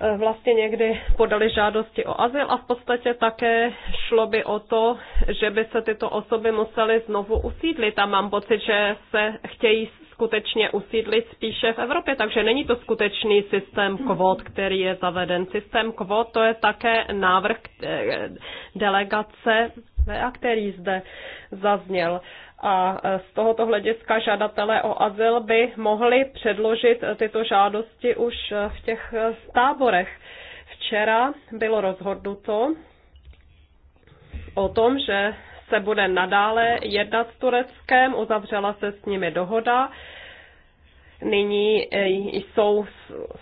Eh, vlastně někdy podali žádosti o azyl a v podstatě také šlo by o to, že by se tyto osoby musely znovu usídlit a mám pocit, že se chtějí skutečně usídlit spíše v Evropě, takže není to skutečný systém kvót, který je zaveden. Systém kvót to je také návrh eh, delegace, eh, který zde zazněl a e, z tohoto hlediska žadatelé o azyl by mohli předložit e, tyto žádosti už e, v těch táborech. Včera bylo rozhodnuto o tom, že se bude nadále jednat s Tureckem, uzavřela se s nimi dohoda nyní eh, jsou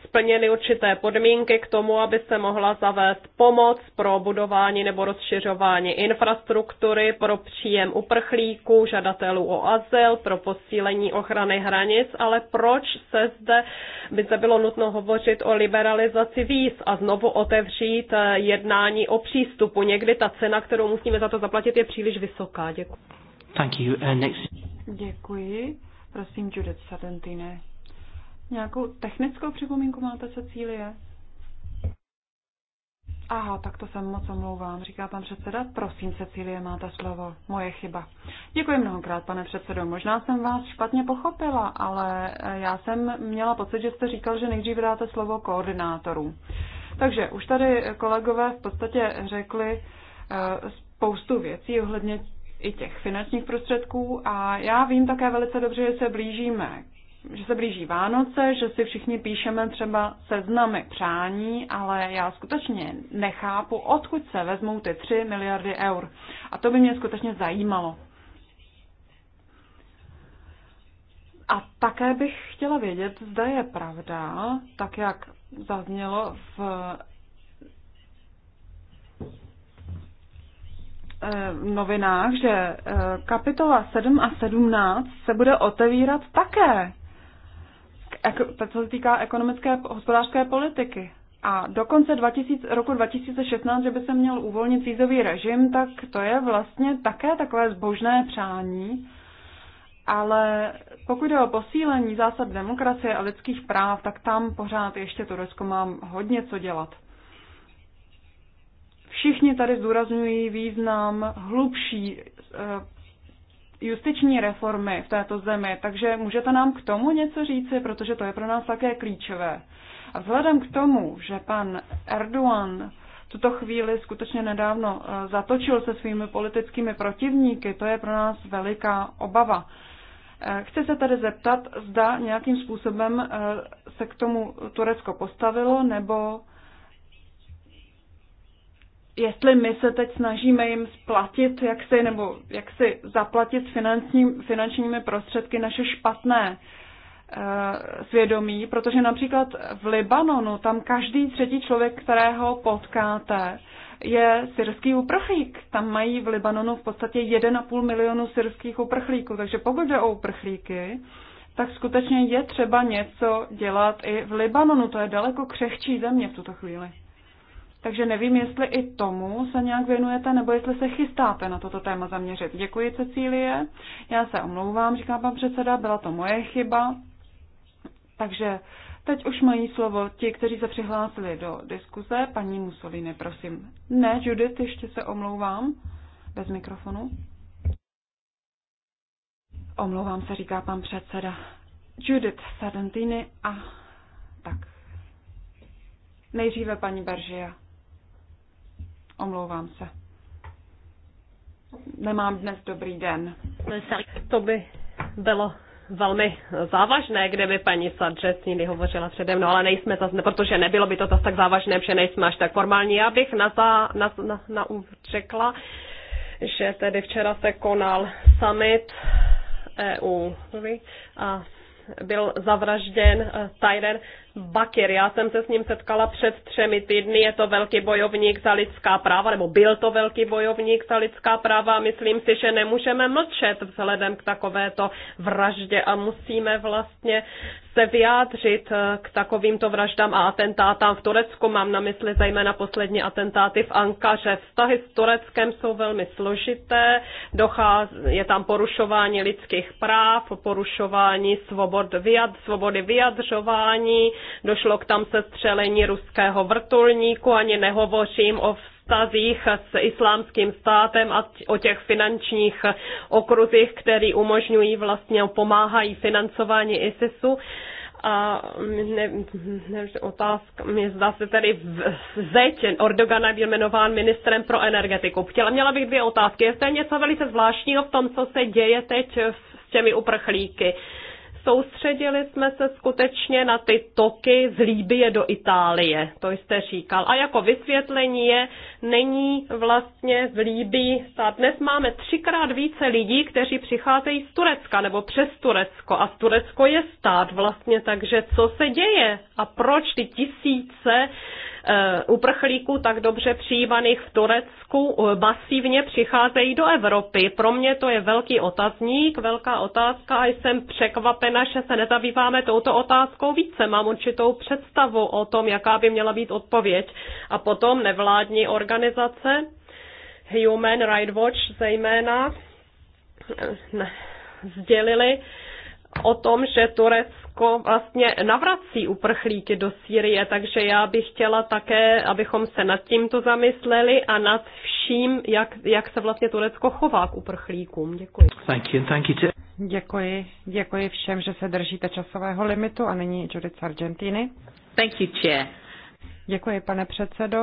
splněny určité podmínky k tomu, aby se mohla zavést pomoc pro budování nebo rozšiřování infrastruktury pro příjem uprchlíků, žadatelů o azyl, pro posílení ochrany hranic, ale proč se zde by se bylo nutno hovořit o liberalizaci víz a znovu otevřít eh, jednání o přístupu. Někdy ta cena, kterou musíme za to zaplatit, je příliš vysoká. Děkuji. Thank you. Uh, next... Děkuji. Prosím, Judith Sargentine. Nějakou technickou připomínku máte, Cecílie? Aha, tak to jsem moc omlouvám, říká pan předseda. Prosím, Cecílie, máte slovo. Moje chyba. Děkuji mnohokrát, pane předsedo. Možná jsem vás špatně pochopila, ale eh, já jsem měla pocit, že jste říkal, že nejdříve dáte slovo koordinátorů. Takže už tady kolegové v podstatě řekli eh, spoustu věcí ohledně i těch finančních prostředků a já vím také velice dobře, že se blížíme že se blíží Vánoce, že si všichni píšeme třeba seznamy přání, ale já skutečně nechápu, odkud se vezmou ty 3 miliardy eur. A to by mě skutečně zajímalo. A také bych chtěla vědět, zda je pravda, tak jak zaznělo v Eh, v novinách, že eh, kapitola 7 a 17 se bude otevírat také, co se týká ekonomické a hospodářské politiky. A do konce 2000, roku 2016, že by se měl uvolnit vízový režim, tak to je vlastně také takové zbožné přání. Ale pokud jde o posílení zásad demokracie a lidských práv, tak tam pořád ještě Turecko má hodně co dělat. Všichni tady zdůrazňují význam hlubší eh, justiční reformy v této zemi, takže můžete nám k tomu něco říci, protože to je pro nás také klíčové. A vzhledem k tomu, že pan Erdogan tuto chvíli skutečně nedávno eh, zatočil se svými politickými protivníky, to je pro nás veliká obava. Eh, chci se tedy zeptat, zda nějakým způsobem se k tomu Turecko postavilo, nebo jestli my se teď snažíme jim splatit, jak si, nebo jak si zaplatit finanční, finančními prostředky naše špatné eh, svědomí, protože například v Libanonu tam každý třetí člověk, kterého potkáte, je syrský uprchlík. Tam mají v Libanonu v podstatě 1,5 milionu syrských uprchlíků. Takže pokud jde o uprchlíky, tak skutečně je třeba něco dělat i v Libanonu. To je daleko křehčí země v tuto chvíli. Takže nevím, jestli i tomu se nějak věnujete, nebo jestli se chystáte na toto téma zaměřit. Děkuji, Cecílie. Já se omlouvám, říká pan předseda, byla to moje chyba. Takže teď už mají slovo ti, kteří se přihlásili do diskuze. Paní Mussolini, prosím. Ne, Judith, ještě se omlouvám. Bez mikrofonu. Omlouvám se, říká pan předseda. Judith Sarantini a tak. Nejdříve paní Beržia. Omlouvám se. Nemám dnes dobrý den. To by bylo velmi závažné, kdyby paní Sargentini hovořila přede mnou, ale nejsme to, protože nebylo by to zase tak závažné, že nejsme až tak formální. Já bych na, za, na, na, na řekla, že tedy včera se konal summit EU a byl zavražděn eh, Tyren Bakir, já jsem se s ním setkala před třemi týdny, je to velký bojovník za lidská práva, nebo byl to velký bojovník za lidská práva a myslím si, že nemůžeme mlčet vzhledem k takovéto vraždě a musíme vlastně se vyjádřit eh, k takovýmto vraždám a atentátám v Turecku. Mám na mysli zejména poslední atentáty v Ankaře. Vztahy s Tureckem jsou velmi složité, dochází, je tam porušování lidských práv, porušování svobod vyjad, svobody vyjadřování, Došlo k tam se střelení ruského vrtulníku, ani nehovořím o vztazích s islámským státem a o těch finančních okruzích, které umožňují vlastně, pomáhají financování ISISu a mm, ne, ne, otázka, mě zdá se tedy zeď, Erdogan byl jmenován ministrem pro energetiku. Chtěla, měla bych dvě otázky. Je to něco velice zvláštního v tom, co se děje teď s těmi uprchlíky. Uh, Soustředili jsme se skutečně na ty toky z Líbie do Itálie, to jste říkal. A jako vysvětlení je, není vlastně v Líbii stát. Dnes máme třikrát více lidí, kteří přicházejí z Turecka nebo přes Turecko. A Turecko je stát vlastně, takže co se děje a proč ty tisíce Eh, uprchlíků tak dobře přijímaných v Turecku eh, masivně přicházejí do Evropy. Pro mě to je velký otazník, velká otázka a jsem překvapena, že se nezabýváme touto otázkou více. Mám určitou představu o tom, jaká by měla být odpověď. A potom nevládní organizace, Human Rights Watch zejména, eh, sdělili o tom, že Turecko jako vlastně navrací uprchlíky do Sýrie, takže já bych chtěla také, abychom se nad tímto zamysleli a nad vším, jak, jak se vlastně Turecko chová k uprchlíkům. Děkuji. Thank you, thank you too. Děkuji, děkuji všem, že se držíte časového limitu a nyní Judith Sargentini. Thank you, chair. Děkuji, pane předsedo.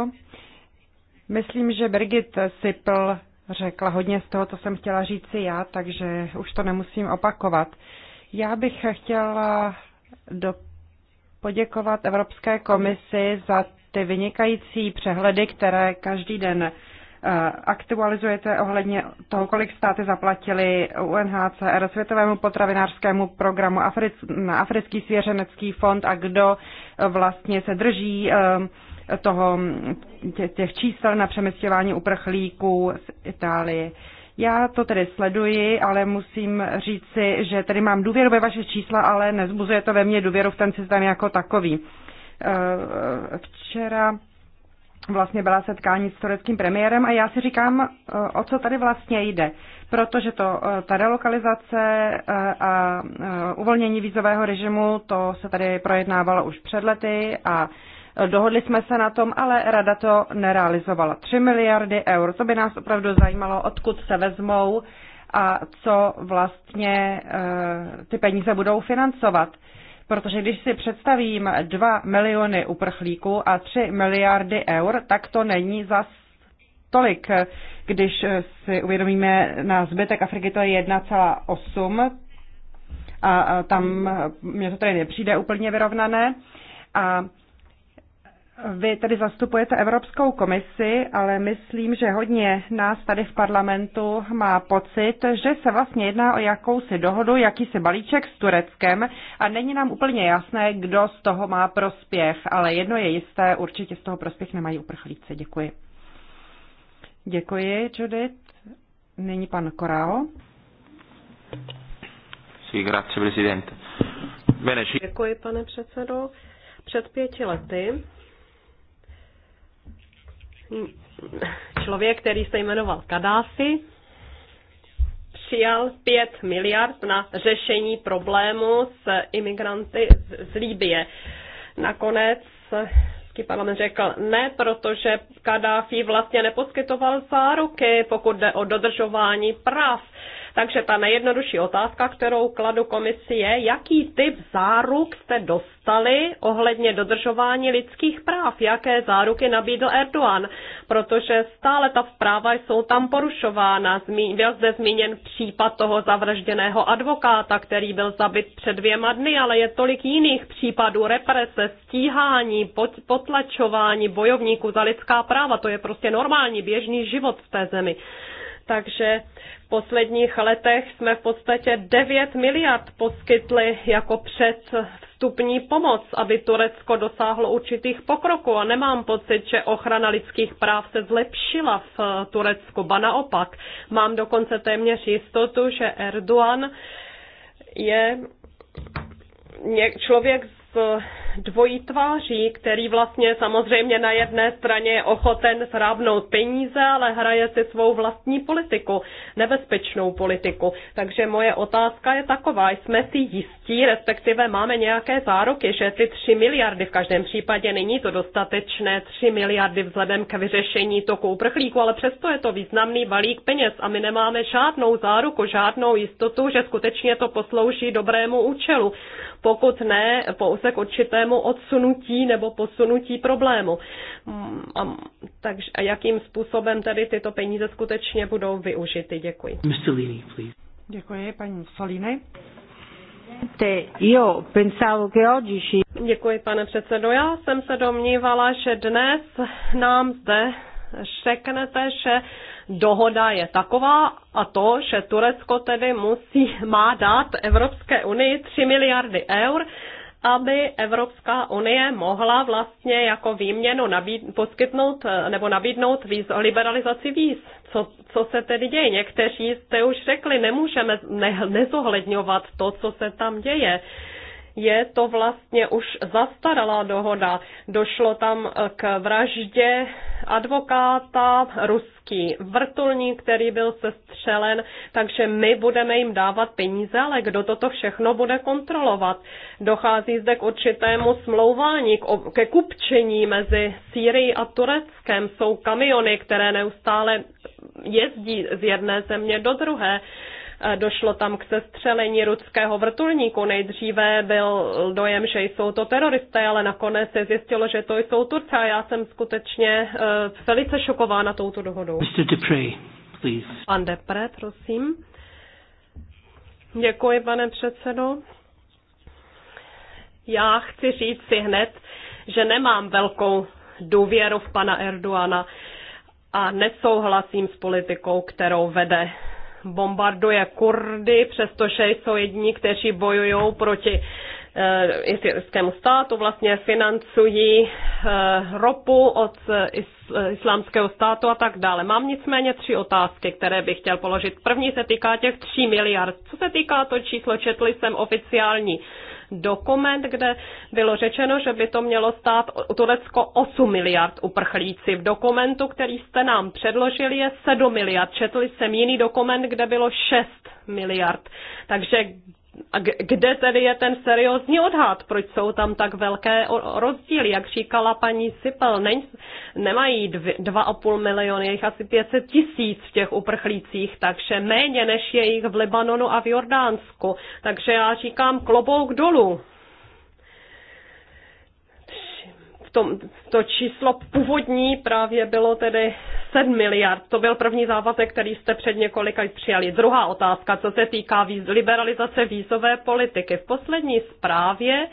Myslím, že Brigit Sipl řekla hodně z toho, co jsem chtěla říci já, takže už to nemusím opakovat. Já bych chtěla do poděkovat Evropské komisi za ty vynikající přehledy, které každý den eh, aktualizujete ohledně toho, kolik státy zaplatili UNHCR, Světovému potravinářskému programu, Afric, na Africký svěřenecký fond a kdo eh, vlastně se drží eh, toho, těch čísel na přeměstěvání uprchlíků z Itálie. Já to tedy sleduji, ale musím říci, že tedy mám důvěru ve vaše čísla, ale nezbuzuje to ve mně důvěru v ten systém jako takový. Eh, včera vlastně byla setkání s tureckým premiérem a já si říkám, eh, o co tady vlastně jde. Protože to, eh, ta relokalizace a uvolnění vízového režimu, to se tady projednávalo už před lety a Dohodli jsme se na tom, ale rada to nerealizovala. 3 miliardy eur, to by nás opravdu zajímalo, odkud se vezmou a co vlastně eh, ty peníze budou financovat. Protože když si představím 2 miliony uprchlíků a 3 miliardy eur, tak to není zas tolik. Když si uvědomíme na zbytek Afriky, to je 1,8 a tam mě to tady nepřijde úplně vyrovnané. A vy tedy zastupujete Evropskou komisi, ale myslím, že hodně nás tady v parlamentu má pocit, že se vlastně jedná o jakousi dohodu, jakýsi balíček s Tureckem a není nám úplně jasné, kdo z toho má prospěch, ale jedno je jisté, určitě z toho prospěch nemají uprchlíci. Děkuji. Děkuji, Judith. Nyní pan Korao. Děkuji, pane předsedo. Před pěti lety člověk, který se jmenoval Kadáfi, přijal 5 miliard na řešení problému s imigranty z Líbie. Nakonec Evropský parlament řekl ne, protože Kadáfi vlastně neposkytoval záruky, pokud jde o dodržování práv takže ta nejjednodušší otázka, kterou kladu komisi je, jaký typ záruk jste dostali ohledně dodržování lidských práv, jaké záruky nabídl Erdogan, protože stále ta zpráva jsou tam porušována. Zmí, byl zde zmíněn případ toho zavražděného advokáta, který byl zabit před dvěma dny, ale je tolik jiných případů represe, stíhání, potlačování bojovníků za lidská práva. To je prostě normální běžný život v té zemi. Takže v posledních letech jsme v podstatě 9 miliard poskytli jako vstupní pomoc, aby Turecko dosáhlo určitých pokroků. A nemám pocit, že ochrana lidských práv se zlepšila v eh, Turecku, ba naopak. Mám dokonce téměř jistotu, že Erdogan je člověk z dvojí tváří, který vlastně samozřejmě na jedné straně je ochoten zhrábnout peníze, ale hraje si svou vlastní politiku, nebezpečnou politiku. Takže moje otázka je taková, jsme si jistí, respektive máme nějaké záruky, že ty 3 miliardy, v každém případě není to dostatečné 3 miliardy vzhledem k vyřešení toku uprchlíku, ale přesto je to významný balík peněz a my nemáme žádnou záruku, žádnou jistotu, že skutečně to poslouží dobrému účelu. Pokud ne, pouze k určité systému odsunutí nebo posunutí problému. Mm, a, takže, a jakým způsobem tedy tyto peníze skutečně budou využity? Děkuji. Mr. please. Děkuji, paní Salini. Děkuji, pane předsedo. Já jsem se domnívala, že dnes nám zde řeknete, že dohoda je taková a to, že Turecko tedy musí, má dát Evropské unii 3 miliardy eur aby Evropská unie mohla vlastně jako výměnu nabíd, poskytnout nebo nabídnout víz, liberalizaci víz. Co, co se tedy děje? Někteří jste už řekli, nemůžeme ne, nezohledňovat to, co se tam děje je to vlastně už zastaralá dohoda. Došlo tam eh, k vraždě advokáta, ruský vrtulník, který byl sestřelen, takže my budeme jim dávat peníze, ale kdo toto všechno bude kontrolovat? Dochází zde k určitému smlouvání, ke kupčení mezi Sýrií a Tureckem. Jsou kamiony, které neustále jezdí z jedné země do druhé E, došlo tam k sestřelení ruského vrtulníku. Nejdříve byl dojem, že jsou to teroristé, ale nakonec se zjistilo, že to jsou Turci. A já jsem skutečně e, velice šokována touto dohodou. Mr. Dupré, please. Pan Depré, prosím. Děkuji, pane předsedo. Já chci říct si hned, že nemám velkou důvěru v pana Erduana a nesouhlasím s politikou, kterou vede bombarduje Kurdy, přestože jsou jedni, kteří bojují proti eh, islámskému státu, vlastně financují eh, ropu od eh, islámského státu a tak dále. Mám nicméně tři otázky, které bych chtěl položit. První se týká těch tří miliard. Co se týká to číslo, četli jsem oficiální dokument, kde bylo řečeno, že by to mělo stát Turecko 8 miliard uprchlíci. V dokumentu, který jste nám předložili, je 7 miliard. Četli jsem jiný dokument, kde bylo 6 miliard. Takže a kde tedy je ten seriózní odhad? Proč jsou tam tak velké rozdíly? Jak říkala paní Sipel, ne, nemají 2,5 miliony, je jich asi 500 tisíc v těch uprchlících, takže méně než je jich v Libanonu a v Jordánsku. Takže já říkám klobouk dolů to, to číslo původní právě bylo tedy 7 miliard. To byl první závazek, který jste před několika přijali. Druhá otázka, co se týká víz, liberalizace vízové politiky. V poslední zprávě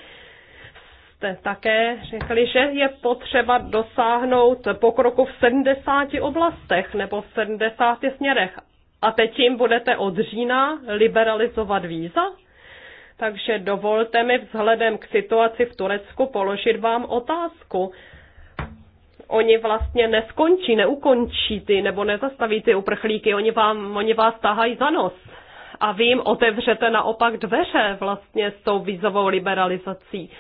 jste také řekli, že je potřeba dosáhnout pokroku v 70 oblastech nebo v 70 směrech. A teď jim budete od října liberalizovat víza? Takže dovolte mi vzhledem k situaci v Turecku položit vám otázku. Oni vlastně neskončí, neukončí ty nebo nezastaví ty uprchlíky, oni, vám, oni vás tahají za nos. A vy jim otevřete naopak dveře vlastně s tou vízovou liberalizací.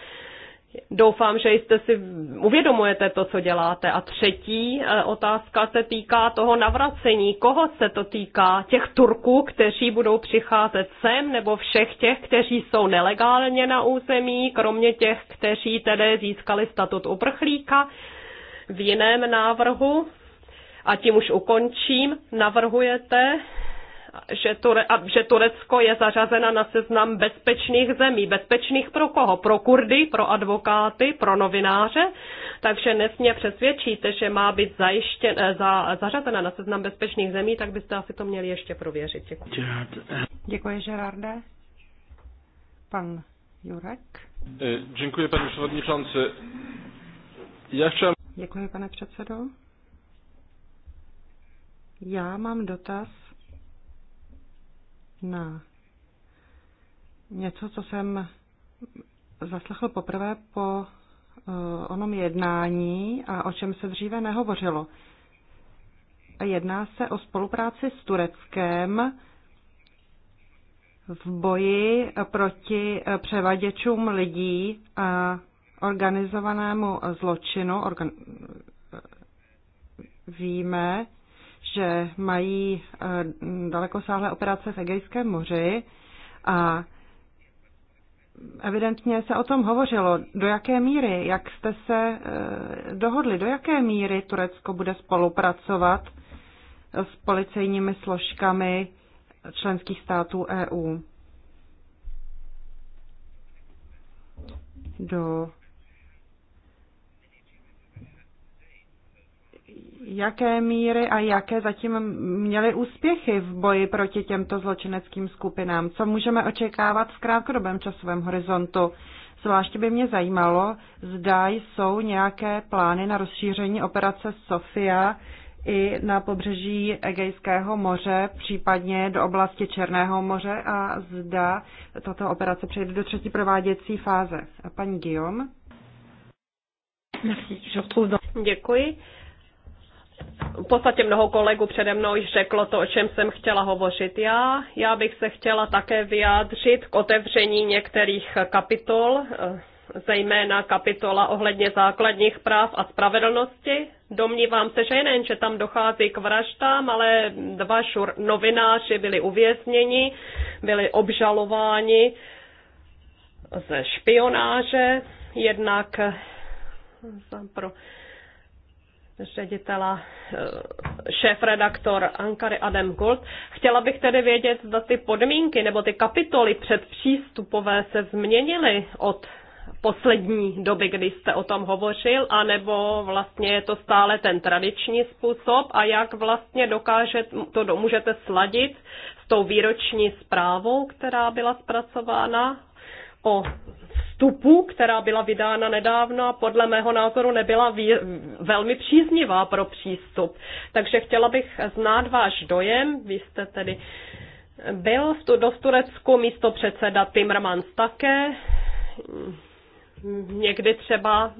Doufám, že jste si uvědomujete to, co děláte. A třetí eh, otázka se týká toho navracení. Koho se to týká? Těch Turků, kteří budou přicházet sem, nebo všech těch, kteří jsou nelegálně na území, kromě těch, kteří tedy získali statut uprchlíka? V jiném návrhu, a tím už ukončím, navrhujete, že, Ture, a, že Turecko je zařazena na seznam bezpečných zemí. Bezpečných pro koho? Pro Kurdy, pro advokáty, pro novináře. Takže dnes mě přesvědčíte, že má být zajištěn, eh, za, zařazena na seznam bezpečných zemí, tak byste asi to měli ještě prověřit. Děkuji. Eh. Děkuji, Gerarde. Pan Jurek. Eh, děkuji, pane předsedající. Já chcel... Děkuji, pane předsedo. Já mám dotaz na něco, co jsem zaslechl poprvé po eh, onom jednání a o čem se dříve nehovořilo. Jedná se o spolupráci s Tureckem v boji proti eh, převaděčům lidí a organizovanému zločinu. Organ... Eh, víme, že mají eh, dalekosáhlé operace v Egejském moři a evidentně se o tom hovořilo. Do jaké míry, jak jste se eh, dohodli, do jaké míry Turecko bude spolupracovat s policejními složkami členských států EU? Do jaké míry a jaké zatím měly úspěchy v boji proti těmto zločineckým skupinám? Co můžeme očekávat v krátkodobém časovém horizontu? Zvláště by mě zajímalo, zda jsou nějaké plány na rozšíření operace Sofia i na pobřeží Egejského moře, případně do oblasti Černého moře a zda tato operace přejde do třetí prováděcí fáze. A paní Guillaume? Děkuji v podstatě mnoho kolegů přede mnou již řeklo to, o čem jsem chtěla hovořit já. Já bych se chtěla také vyjádřit k otevření některých kapitol, eh, zejména kapitola ohledně základních práv a spravedlnosti. Domnívám se, že nejen, že tam dochází k vraždám, ale dva šur- novináři byli uvězněni, byli obžalováni ze špionáže, jednak eh, pro ředitela, eh, šéf-redaktor Ankary Adam Gold. Chtěla bych tedy vědět, zda ty podmínky nebo ty kapitoly předpřístupové se změnily od poslední doby, kdy jste o tom hovořil, anebo vlastně je to stále ten tradiční způsob a jak vlastně dokáže, to můžete sladit s tou výroční zprávou, která byla zpracována o vstupu, která byla vydána nedávno, podle mého názoru nebyla velmi příznivá pro přístup. Takže chtěla bych znát váš dojem. Vy jste tedy byl do Turecku místo předseda Timmermans také. Někdy třeba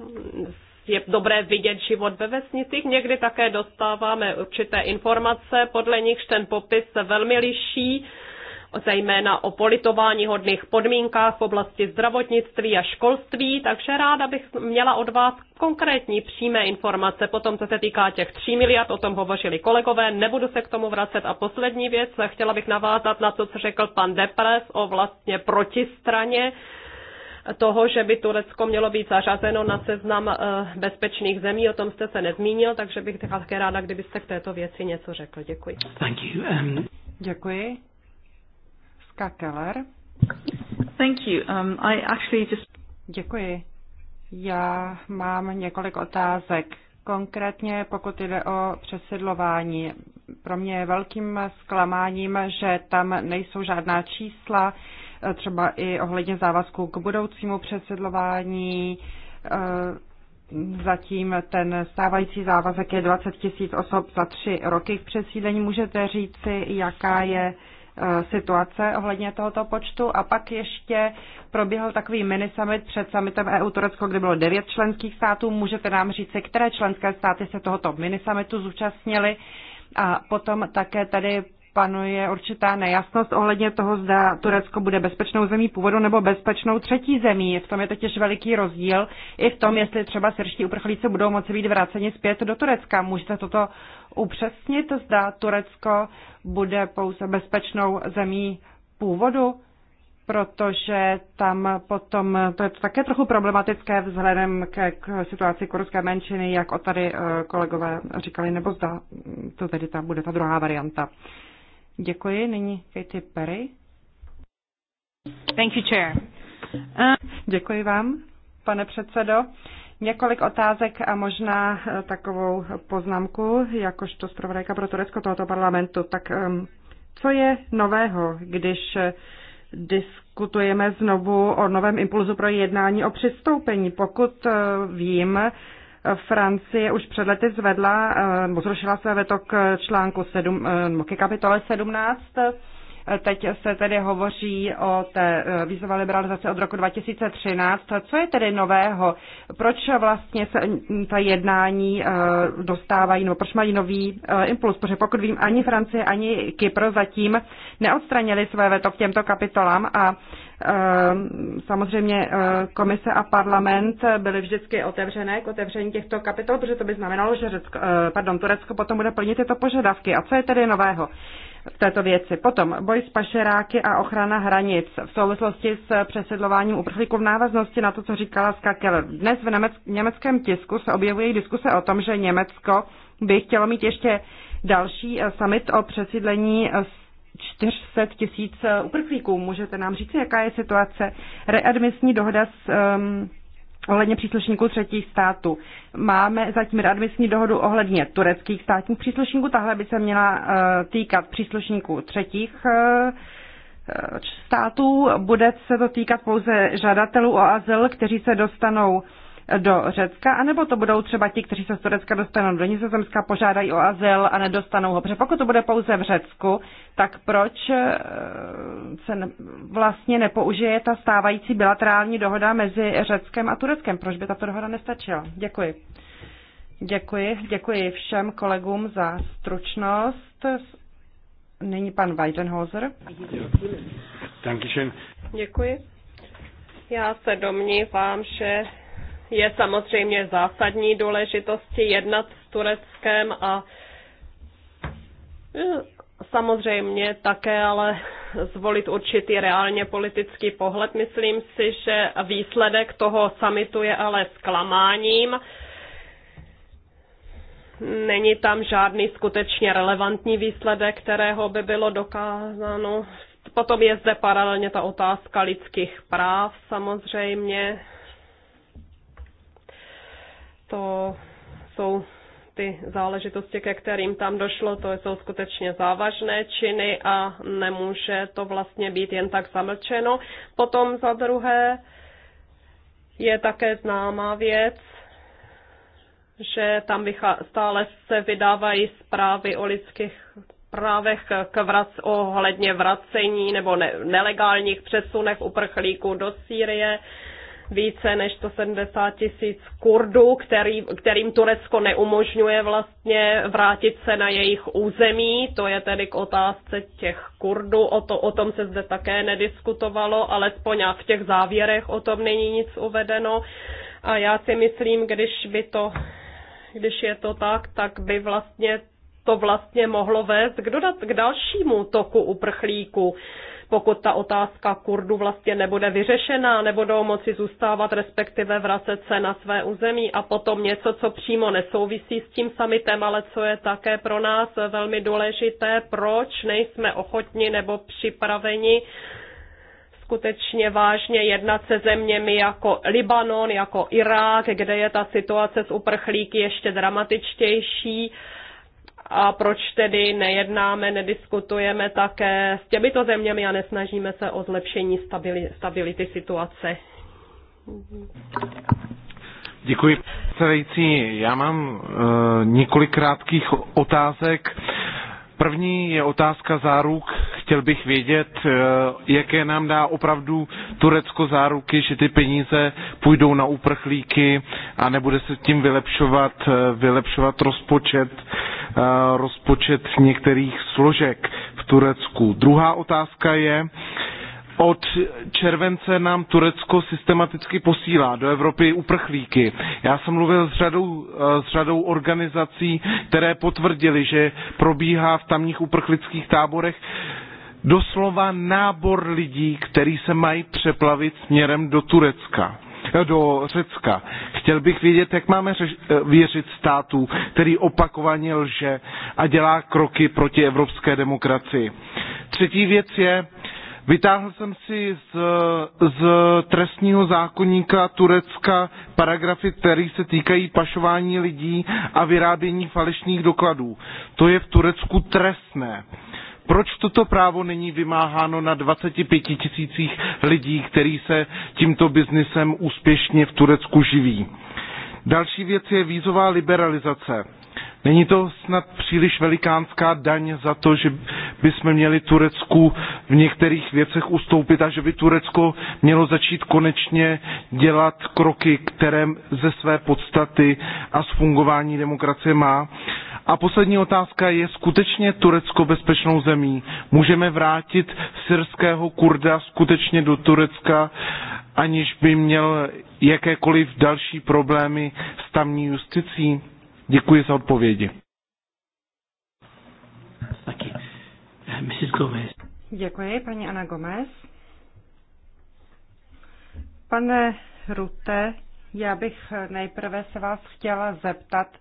je dobré vidět život ve vesnicích. Někdy také dostáváme určité informace, podle nichž ten popis se velmi liší zejména o politování hodných podmínkách v oblasti zdravotnictví a školství, takže ráda bych měla od vás konkrétní přímé informace. Potom, co se týká těch 3 miliard, o tom hovořili kolegové, nebudu se k tomu vracet. A poslední věc, chtěla bych navázat na to, co řekl pan Depres o vlastně protistraně toho, že by Turecko mělo být zařazeno na seznam eh, bezpečných zemí. O tom jste se nezmínil, takže bych také ráda, kdybyste k této věci něco řekl. Děkuji. Thank you. Um... Děkuji. Ska Keller. Thank you. Um, I actually just... Děkuji. Já mám několik otázek. Konkrétně pokud jde o přesidlování. Pro mě je velkým zklamáním, že tam nejsou žádná čísla, třeba i ohledně závazků k budoucímu přesidlování. Eh, zatím ten stávající závazek je 20 tisíc osob za tři roky k přesídlení. Můžete říci, jaká je Eh, situace ohledně tohoto počtu. A pak ještě proběhl takový mini summit před summitem EU Turecko, kde bylo devět členských států. Můžete nám říct, které členské státy se tohoto mini summitu zúčastnily? A potom také tady panuje určitá nejasnost ohledně toho, zda Turecko bude bezpečnou zemí původu nebo bezpečnou třetí zemí. V tom je totiž veliký rozdíl i v tom, jestli třeba syrští uprchlíci budou moci být vráceni zpět do Turecka. Můžete toto upřesnit, zda Turecko bude pouze bezpečnou zemí původu? protože tam potom to je to také trochu problematické vzhledem k, k situaci kurské menšiny, jak o tady eh, kolegové říkali, nebo zda to tedy ta, bude ta druhá varianta. Děkuji. Nyní Katy Perry. Thank you, Chair. Děkuji vám, pane předsedo. Několik otázek a možná eh, takovou poznámku, jakožto zpravodajka pro Turecko tohoto parlamentu. Tak ehm, co je nového, když eh, diskutujeme znovu o novém impulzu pro jednání o přistoupení? Pokud eh, vím, Francie už před lety zvedla, eh, zrušila své veto k článku 7, eh, ke kapitole 17 Eh, teď se tedy hovoří o té eh, vízové liberalizaci od roku 2013. Co je tedy nového? Proč vlastně se ta jednání eh, dostávají, nebo proč mají nový impuls? Protože pokud vím, ani Francie, ani Kypr zatím neodstranili své veto k těmto kapitolám a samozřejmě komise a parlament byly vždycky otevřené k otevření těchto kapitol, protože to by znamenalo, že Řecko, pardon, Turecko potom bude plnit tyto požadavky. A co je tedy nového? v této věci. Potom boj s pašeráky a ochrana hranic v souvislosti s přesedlováním uprchlíků v návaznosti na to, co říkala Skakel. Dnes v německém tisku se objevují diskuse o tom, že Německo by chtělo mít ještě další eh, summit o přesídlení 400 eh, tisíc eh, uprchlíků. Můžete nám říct, jaká je situace? Readmisní dohoda s um, ohledně příslušníků třetích států. Máme zatím readmisní dohodu ohledně tureckých státních příslušníků, tahle by se měla eh, týkat příslušníků třetích eh, eh, států. Bude se to týkat pouze žadatelů o azyl, kteří se dostanou do Řecka, anebo to budou třeba ti, kteří se z Turecka dostanou do Nizozemska, požádají o azyl a nedostanou ho. Protože pokud to bude pouze v Řecku, tak proč eh, se vlastně nepoužije ta stávající bilaterální dohoda mezi Řeckem a Tureckem? Proč by tato dohoda nestačila? Děkuji. Děkuji. Děkuji všem kolegům za stručnost. Nyní pan Weidenhauser. Děkuji. Já se domnívám, že je samozřejmě zásadní důležitosti jednat s Tureckem a eh, samozřejmě také ale zvolit určitý reálně politický pohled. Myslím si, že výsledek toho samitu je ale zklamáním. Není tam žádný skutečně relevantní výsledek, kterého by bylo dokázáno. Potom je zde paralelně ta otázka lidských práv samozřejmě to jsou ty záležitosti, ke kterým tam došlo, to jsou skutečně závažné činy a nemůže to vlastně být jen tak zamlčeno. Potom za druhé je také známá věc, že tam stále se vydávají zprávy o lidských právech k vrac, ohledně vracení nebo ne, nelegálních přesunech uprchlíků do Sýrie více než 170 tisíc Kurdů, který, kterým Turecko neumožňuje vlastně vrátit se na jejich území. To je tedy k otázce těch Kurdů. O, to, o tom se zde také nediskutovalo, alespoň a v těch závěrech o tom není nic uvedeno. A já si myslím, když by to když je to tak, tak by vlastně to vlastně mohlo vést k, dodat, k dalšímu toku uprchlíků pokud ta otázka Kurdu vlastně nebude vyřešena, nebudou moci zůstávat, respektive vracet se na své území a potom něco, co přímo nesouvisí s tím samitem, ale co je také pro nás velmi důležité, proč nejsme ochotni nebo připraveni skutečně vážně jednat se zeměmi jako Libanon, jako Irák, kde je ta situace s uprchlíky ještě dramatičtější a proč tedy nejednáme, nediskutujeme také s těmito zeměmi a nesnažíme se o zlepšení stability, stability situace. Děkuji, předsedající. Já mám uh, několik krátkých otázek. První je otázka záruk. Chtěl bych vědět, eh, jaké nám dá opravdu Turecko záruky, že ty peníze půjdou na uprchlíky a nebude se tím vylepšovat, eh, vylepšovat rozpočet, eh, rozpočet některých složek v Turecku. Druhá otázka je, od července nám Turecko systematicky posílá do Evropy uprchlíky. Já jsem mluvil s řadou, eh, s řadou organizací, které potvrdili, že probíhá v tamních uprchlických táborech doslova nábor lidí, který se mají přeplavit směrem do Turecka eh, do Řecka. Chtěl bych vědět, jak máme řeš, eh, věřit státu, který opakovaně lže a dělá kroky proti evropské demokracii. Třetí věc je, Vytáhl jsem si z, z trestního zákonníka Turecka paragrafy, které se týkají pašování lidí a vyrábění falešných dokladů. To je v Turecku trestné. Proč toto právo není vymáháno na 25 tisících lidí, kteří se tímto biznesem úspěšně v Turecku živí? Další věc je vízová liberalizace Není to snad příliš velikánská daň za to, že jsme měli Turecku v některých věcech ustoupit a že by Turecko mělo začít konečně dělat kroky, které ze své podstaty a z fungování demokracie má. A poslední otázka je skutečně Turecko bezpečnou zemí. Můžeme vrátit syrského kurda skutečně do Turecka, aniž by měl jakékoliv další problémy s tamní justicí? Děkuji za odpovědi. Taky. Eh, Mrs. Gomez. Děkuji, paní Ana Gomez. Pane Rute, já bych nejprve se vás chtěla zeptat,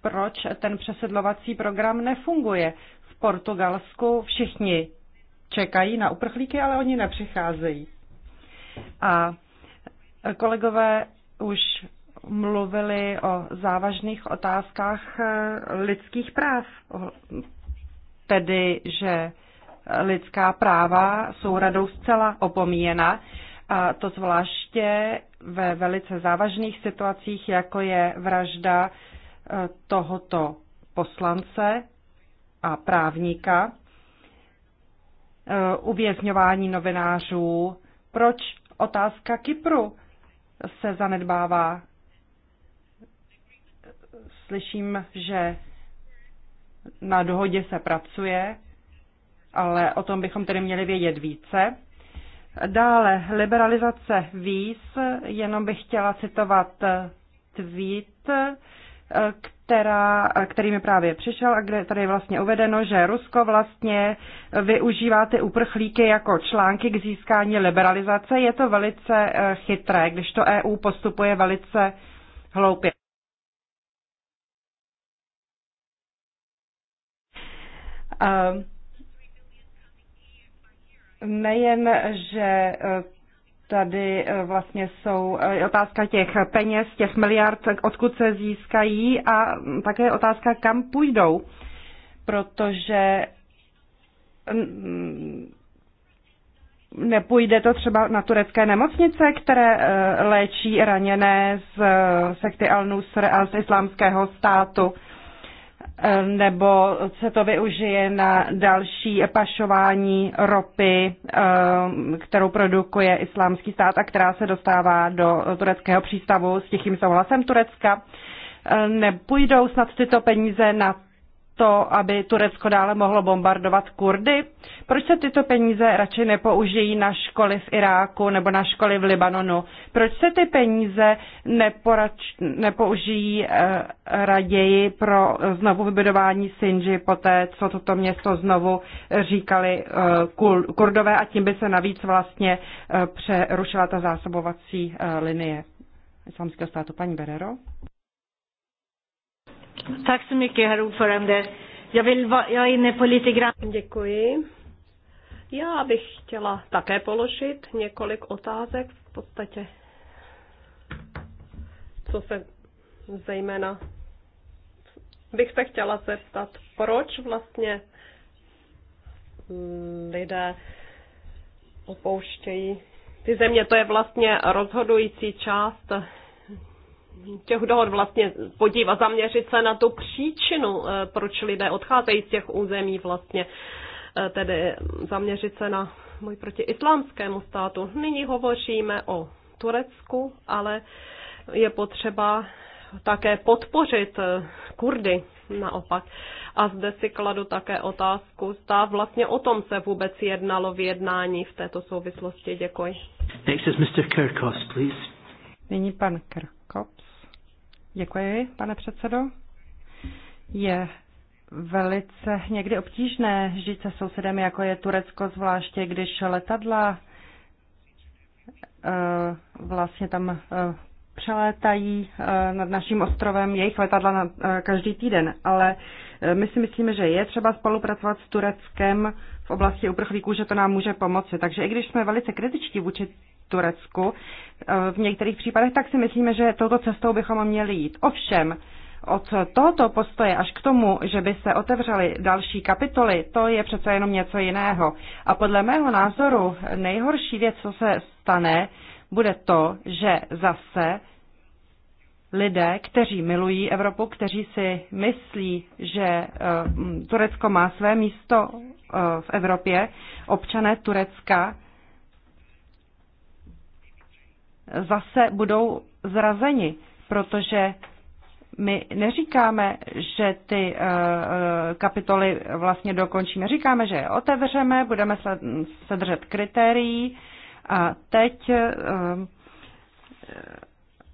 proč ten přesedlovací program nefunguje. V Portugalsku všichni čekají na uprchlíky, ale oni nepřicházejí. A kolegové už mluvili o závažných otázkách eh, lidských práv. Tedy, že lidská práva jsou radou zcela opomíjena, a to zvláště ve velice závažných situacích, jako je vražda eh, tohoto poslance a právníka, eh, uvězňování novinářů. Proč otázka Kypru se zanedbává? slyším, že na dohodě se pracuje, ale o tom bychom tedy měli vědět více. Dále liberalizace víz, jenom bych chtěla citovat tweet, která, který mi právě přišel a kde tady je vlastně uvedeno, že Rusko vlastně využívá ty uprchlíky jako články k získání liberalizace. Je to velice eh, chytré, když to EU postupuje velice hloupě. A ehm, nejen, že eh, tady eh, vlastně jsou eh, otázka těch peněz, těch miliard, odkud se získají a hm, také otázka, kam půjdou, protože hm, hm, nepůjde to třeba na turecké nemocnice, které léčí raněné z sekty Al-Nusr a z islámského státu nebo se to využije na další pašování ropy, kterou produkuje islámský stát a která se dostává do tureckého přístavu s tichým souhlasem Turecka. Nepůjdou snad tyto peníze na to, aby Turecko dále mohlo bombardovat Kurdy? Proč se tyto peníze radši nepoužijí na školy v Iráku nebo na školy v Libanonu? Proč se ty peníze neporač, nepoužijí eh, raději pro znovu vybudování Sinji po té, co toto město znovu říkali eh, kurdové a tím by se navíc vlastně eh, přerušila ta zásobovací eh, linie islamského státu? Paní Berero? Tack så mycket, herr ordförande. Jag, vill, jag är inne på lite grann... Děkuji. Já bych chtěla také položit několik otázek v podstatě, co se zejména bych se chtěla zeptat, proč vlastně lidé opouštějí ty země. To je vlastně rozhodující část těch dohod vlastně podívat, zaměřit se na tu příčinu, eh, proč lidé odcházejí z těch území vlastně, eh, tedy zaměřit se na můj proti islámskému státu. Nyní hovoříme o Turecku, ale je potřeba také podpořit eh, Kurdy naopak. A zde si kladu také otázku, zda vlastně o tom se vůbec jednalo v jednání v této souvislosti. Děkuji. Next is Mr. Kirkos, please. Nyní pan Kirk. Kops. Děkuji, pane předsedo. Je velice někdy obtížné žít se sousedem, jako je Turecko, zvláště když letadla eh, vlastně tam eh, přelétají eh, nad naším ostrovem jejich letadla na, každý týden, ale my si myslíme, že je třeba spolupracovat s Tureckem v oblasti uprchlíků, že to nám může pomoci. Takže i když jsme velice kritičtí vůči Turecku e, v některých případech, tak si myslíme, že touto cestou bychom měli jít. Ovšem, od tohoto postoje až k tomu, že by se otevřely další kapitoly, to je přece jenom něco jiného. A podle mého názoru nejhorší věc, co se stane, bude to, že zase lidé, kteří milují Evropu, kteří si myslí, že e, Turecko má své místo e, v Evropě, občané Turecka zase budou zrazeni, protože my neříkáme, že ty eh, eh, kapitoly vlastně dokončíme. Říkáme, že je otevřeme, budeme se držet kritérií a teď eh,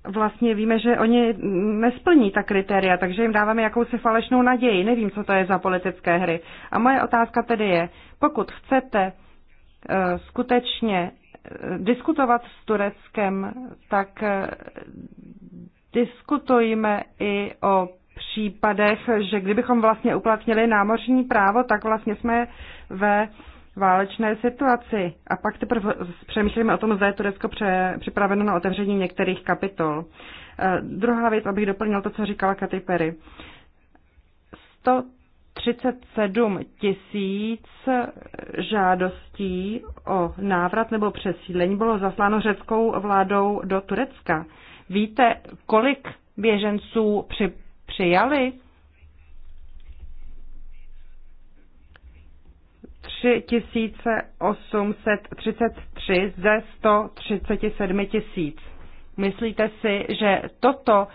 vlastně víme, že oni nesplní ta kritéria, takže jim dáváme jakousi falešnou naději. Nevím, co to je za politické hry. A moje otázka tedy je, pokud chcete skutečně diskutovat s Tureckem, tak diskutujme i o případech, že kdybychom vlastně uplatnili námořní právo, tak vlastně jsme ve válečné situaci. A pak teprve přemýšlíme o tom, zda je Turecko pře- připraveno na otevření některých kapitol. Uh, druhá věc, abych doplnil to, co říkala Katy Perry. 100 37 tisíc žádostí o návrat nebo přesídlení bylo zasláno řeckou vládou do Turecka. Víte, kolik běženců při, přijali? 3833 ze 137 tisíc. Myslíte si, že toto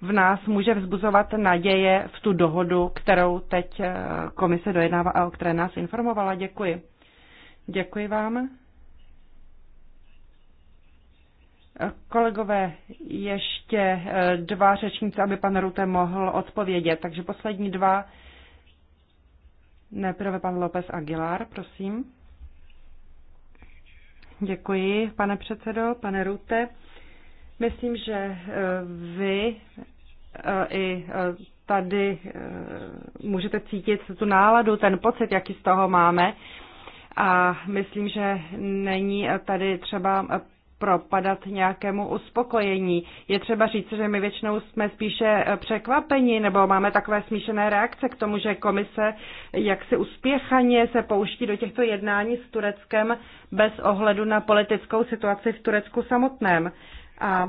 v nás může vzbuzovat naděje v tu dohodu, kterou teď eh, komise dojednává a o které nás informovala. Děkuji. Děkuji vám. Kolegové, ještě eh, dva řečníci, aby pan Rute mohl odpovědět. Takže poslední dva. Nejprve pan López Aguilar, prosím. Děkuji, pane předsedo, pane Rute. Myslím, že eh, vy eh, i eh, tady můžete cítit tu náladu, ten pocit, jaký z toho máme. A myslím, že není tady třeba propadat nějakému uspokojení. Je třeba říct, že my většinou jsme spíše překvapeni nebo máme takové smíšené reakce k tomu, že komise jaksi uspěchaně se pouští do těchto jednání s Tureckem bez ohledu na politickou situaci v Turecku samotném. A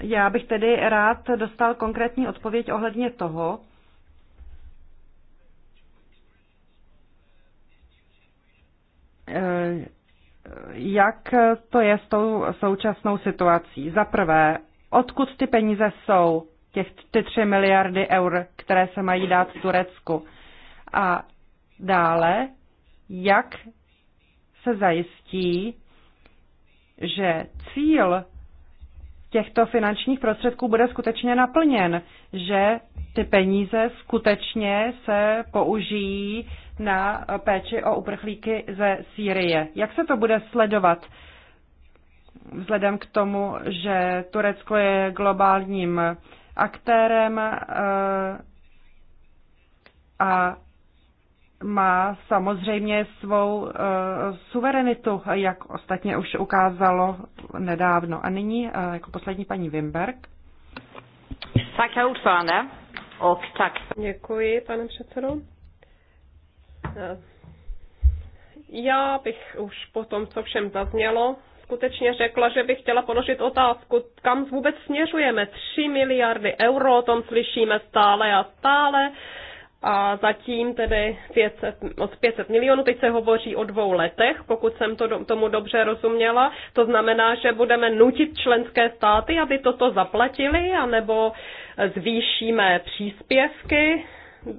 já bych tedy rád dostal konkrétní odpověď ohledně toho, eh, jak to je s tou současnou situací. Za prvé, odkud ty peníze jsou, těch, ty 3 miliardy eur, které se mají dát Turecku. A dále, jak se zajistí, že cíl těchto finančních prostředků bude skutečně naplněn, že ty peníze skutečně se použijí na péči o uprchlíky ze Sýrie. Jak se to bude sledovat? Vzhledem k tomu, že Turecko je globálním aktérem eh, a má samozřejmě svou uh, suverenitu, jak ostatně už ukázalo nedávno. A nyní uh, jako poslední paní Wimberg. Tak, ordförande. Ok, tak. Děkuji, pane předsedo. Eh, já bych už po tom, co všem zaznělo, skutečně řekla, že bych chtěla položit otázku, kam vůbec směřujeme. 3 miliardy euro, o tom slyšíme stále a stále. Uh, a zatím tedy 500, od 500 milionů, teď se hovoří o dvou letech, pokud jsem to, tomu dobře rozuměla, to znamená, že budeme nutit členské státy, aby toto zaplatili, anebo zvýšíme příspěvky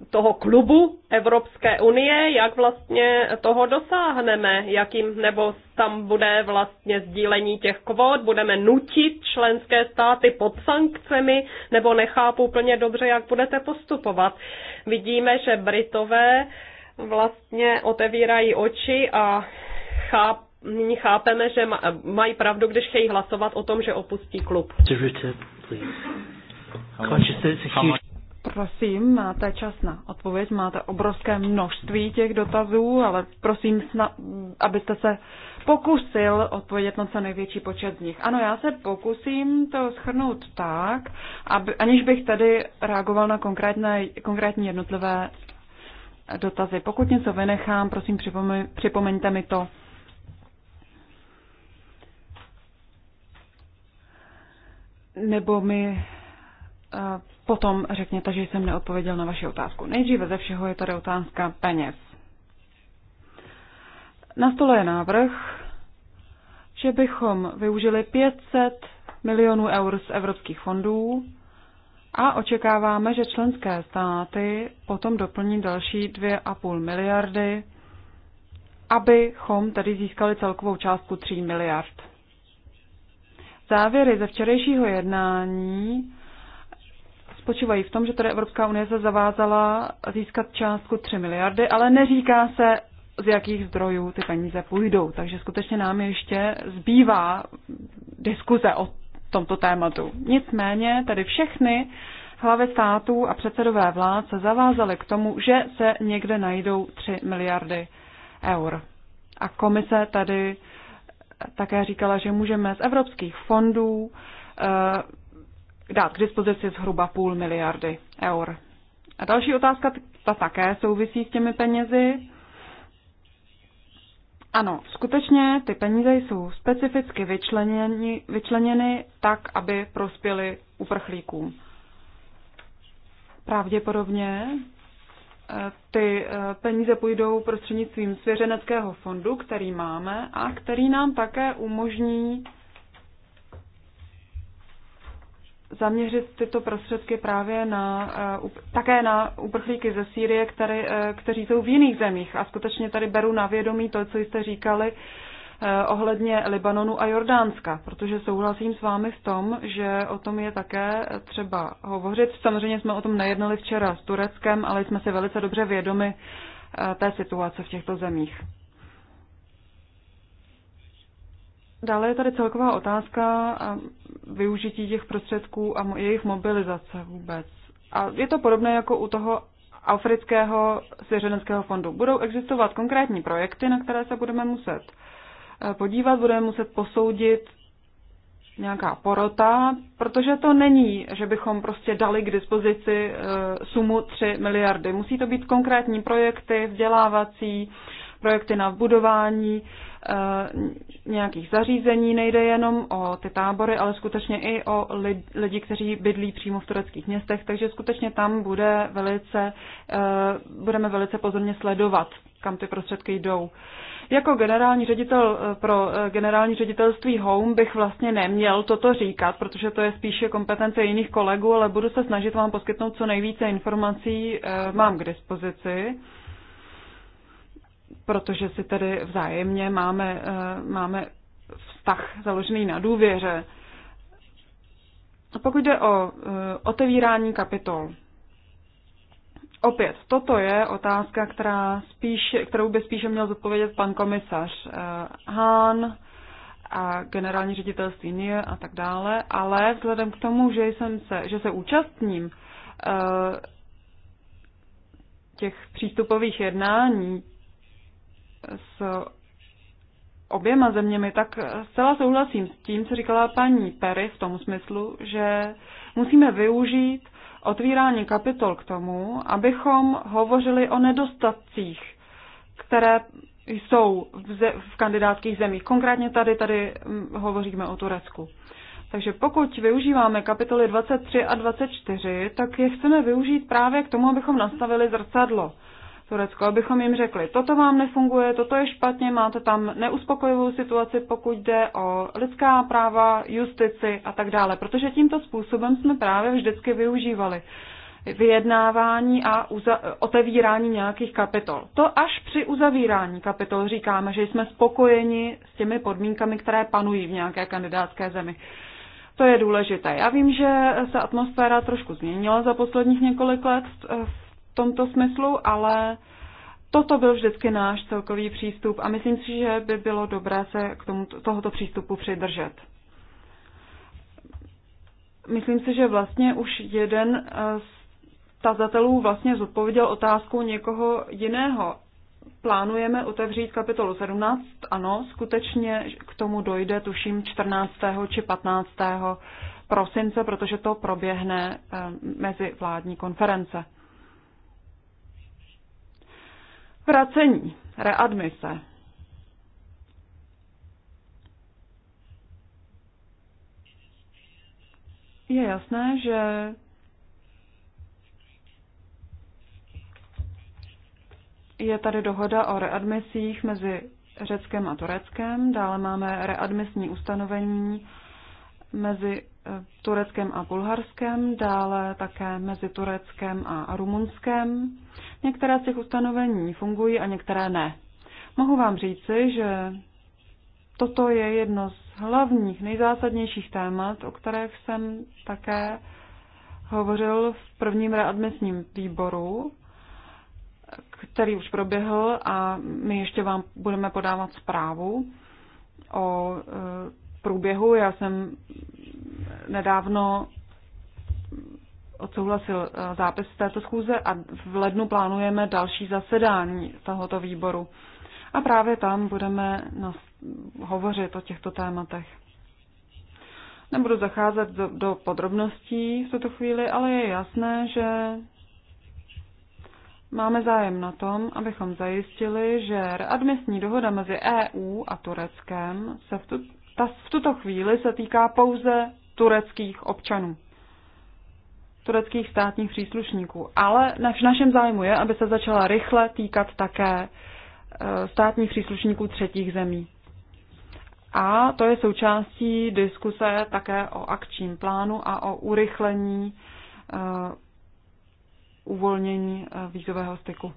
toho klubu Evropské unie, jak vlastně toho dosáhneme, jakým nebo tam bude vlastně sdílení těch kvót, budeme nutit členské státy pod sankcemi, nebo nechápu úplně dobře, jak budete postupovat. Vidíme, že Britové vlastně otevírají oči a cháp, nyní chápeme, že mají pravdu, když chtějí hlasovat o tom, že opustí klub. Prosím, máte čas na odpověď, máte obrovské množství těch dotazů, ale prosím, abyste se pokusil odpovědět na co největší počet z nich. Ano, já se pokusím to schrnout tak, aby, aniž bych tady reagoval na konkrétné, konkrétní jednotlivé dotazy. Pokud něco vynechám, prosím, připome- připomeňte mi to. Nebo mi eh, potom řekněte, že jsem neodpověděl na vaši otázku. Nejdříve ze všeho je tady otázka peněz. Na stole je návrh, že bychom využili 500 milionů eur z evropských fondů a očekáváme, že členské státy potom doplní další 2,5 miliardy, abychom tedy získali celkovou částku 3 miliard. Závěry ze včerejšího jednání spočívají v tom, že tady Evropská unie se zavázala získat částku 3 miliardy, ale neříká se, z jakých zdrojů ty peníze půjdou. Takže skutečně nám ještě zbývá diskuze o tomto tématu. Nicméně tady všechny hlavy států a předsedové vlád se zavázaly k tomu, že se někde najdou 3 miliardy eur. A komise tady také říkala, že můžeme z evropských fondů eh, dát k dispozici zhruba půl miliardy eur. A další otázka, ta také souvisí s těmi penězi. Ano, skutečně ty peníze jsou specificky vyčleněny, vyčleněny tak, aby prospěly uprchlíkům. Pravděpodobně eh, ty eh, peníze půjdou prostřednictvím svěřeneckého fondu, který máme a který nám také umožní zaměřit tyto prostředky právě na, eh, také na uprchlíky ze Sýrie, které, eh, kteří jsou v jiných zemích. A skutečně tady beru na vědomí to, co jste říkali eh, ohledně Libanonu a Jordánska, protože souhlasím s vámi v tom, že o tom je také třeba hovořit. Samozřejmě jsme o tom nejednali včera s Tureckem, ale jsme si velice dobře vědomi té situace v těchto zemích. Dále je tady celková otázka a využití těch prostředků a jejich mobilizace vůbec. A je to podobné jako u toho Afrického svěřeneckého fondu. Budou existovat konkrétní projekty, na které se budeme muset eh, podívat, budeme muset posoudit nějaká porota, protože to není, že bychom prostě dali k dispozici eh, sumu 3 miliardy. Musí to být konkrétní projekty, vzdělávací, projekty na budování Eh, nějakých zařízení, nejde jenom o ty tábory, ale skutečně i o lidi, kteří bydlí přímo v tureckých městech, takže skutečně tam bude velice, eh, budeme velice pozorně sledovat, kam ty prostředky jdou. Jako generální ředitel eh, pro generální ředitelství Home bych vlastně neměl toto říkat, protože to je spíše kompetence jiných kolegů, ale budu se snažit vám poskytnout co nejvíce informací mám k dispozici protože si tedy vzájemně máme, eh, máme vztah založený na důvěře. Pokud jde o eh, otevírání kapitol, opět, toto je otázka, která spíš, kterou by spíše měl zodpovědět pan komisař eh, Hahn a generální ředitelství NIE a tak dále, ale vzhledem k tomu, že, jsem se, že se účastním těch přístupových jednání, s oběma zeměmi, tak zcela souhlasím s tím, co říkala paní Perry v tom smyslu, že musíme využít otvírání kapitol k tomu, abychom hovořili o nedostatcích, které jsou v, ze, v kandidátských zemích. Konkrétně tady, tady hovoříme o Turecku. Takže pokud využíváme kapitoly 23 a 24, tak je chceme využít právě k tomu, abychom nastavili zrcadlo Turecko, abychom jim řekli, toto vám nefunguje, toto je špatně, máte tam neuspokojivou situaci, pokud jde o lidská práva, justici a tak dále, protože tímto způsobem jsme právě vždycky využívali vyjednávání a otevírání nějakých kapitol. To až při uzavírání kapitol říkáme, že jsme spokojeni s těmi podmínkami, které panují v nějaké kandidátské zemi. To je důležité. Já vím, že se atmosféra trošku změnila za posledních několik let v tomto smyslu, ale toto byl vždycky náš celkový přístup a myslím si, že by bylo dobré se k tomu, tohoto přístupu přidržet. Myslím si, že vlastně už jeden eh, z tazatelů vlastně zodpověděl otázku někoho jiného. Plánujeme otevřít kapitolu 17, ano, skutečně k tomu dojde, tuším, 14. či 15. prosince, protože to proběhne eh, mezi vládní konference. Vracení, readmise. Je jasné, že je tady dohoda o readmisích mezi Řeckem a Tureckem, dále máme readmisní ustanovení mezi Tureckém a bulharském, dále také mezi Tureckém a Rumunském. Některé z těch ustanovení fungují a některé ne. Mohu vám říci, že toto je jedno z hlavních, nejzásadnějších témat, o kterých jsem také hovořil v prvním readmisním výboru, který už proběhl a my ještě vám budeme podávat zprávu o e, průběhu. Já jsem nedávno odsouhlasil eh, zápis z této schůze a v lednu plánujeme další zasedání tohoto výboru. A právě tam budeme hovořit o těchto tématech. Nebudu zacházet do, do podrobností v tuto chvíli, ale je jasné, že máme zájem na tom, abychom zajistili, že readmisní dohoda mezi EU a Tureckem se v, tu, ta, v tuto chvíli se týká pouze tureckých občanů, tureckých státních příslušníků. Ale v našem zájmu je, aby se začala rychle týkat také e, státních příslušníků třetích zemí. A to je součástí diskuse také o akčním plánu a o urychlení uh, uvolnění uh, vízového styku.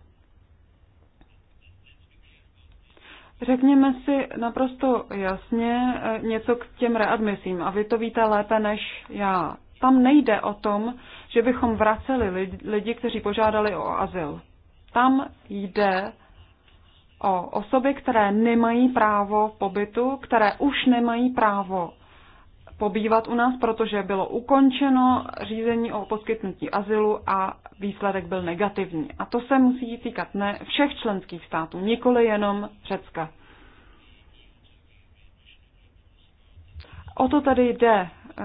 Řekněme si naprosto jasně eh, něco k těm readmisím a vy to víte lépe než já. Tam nejde o tom, že bychom vraceli lidi, kteří požádali o azyl. Tam jde o osoby, které nemají právo pobytu, které už nemají právo pobývat u nás, protože bylo ukončeno řízení o poskytnutí azylu a výsledek byl negativní. A to se musí týkat ne všech členských států, nikoli jenom Řecka. O to tady jde eh,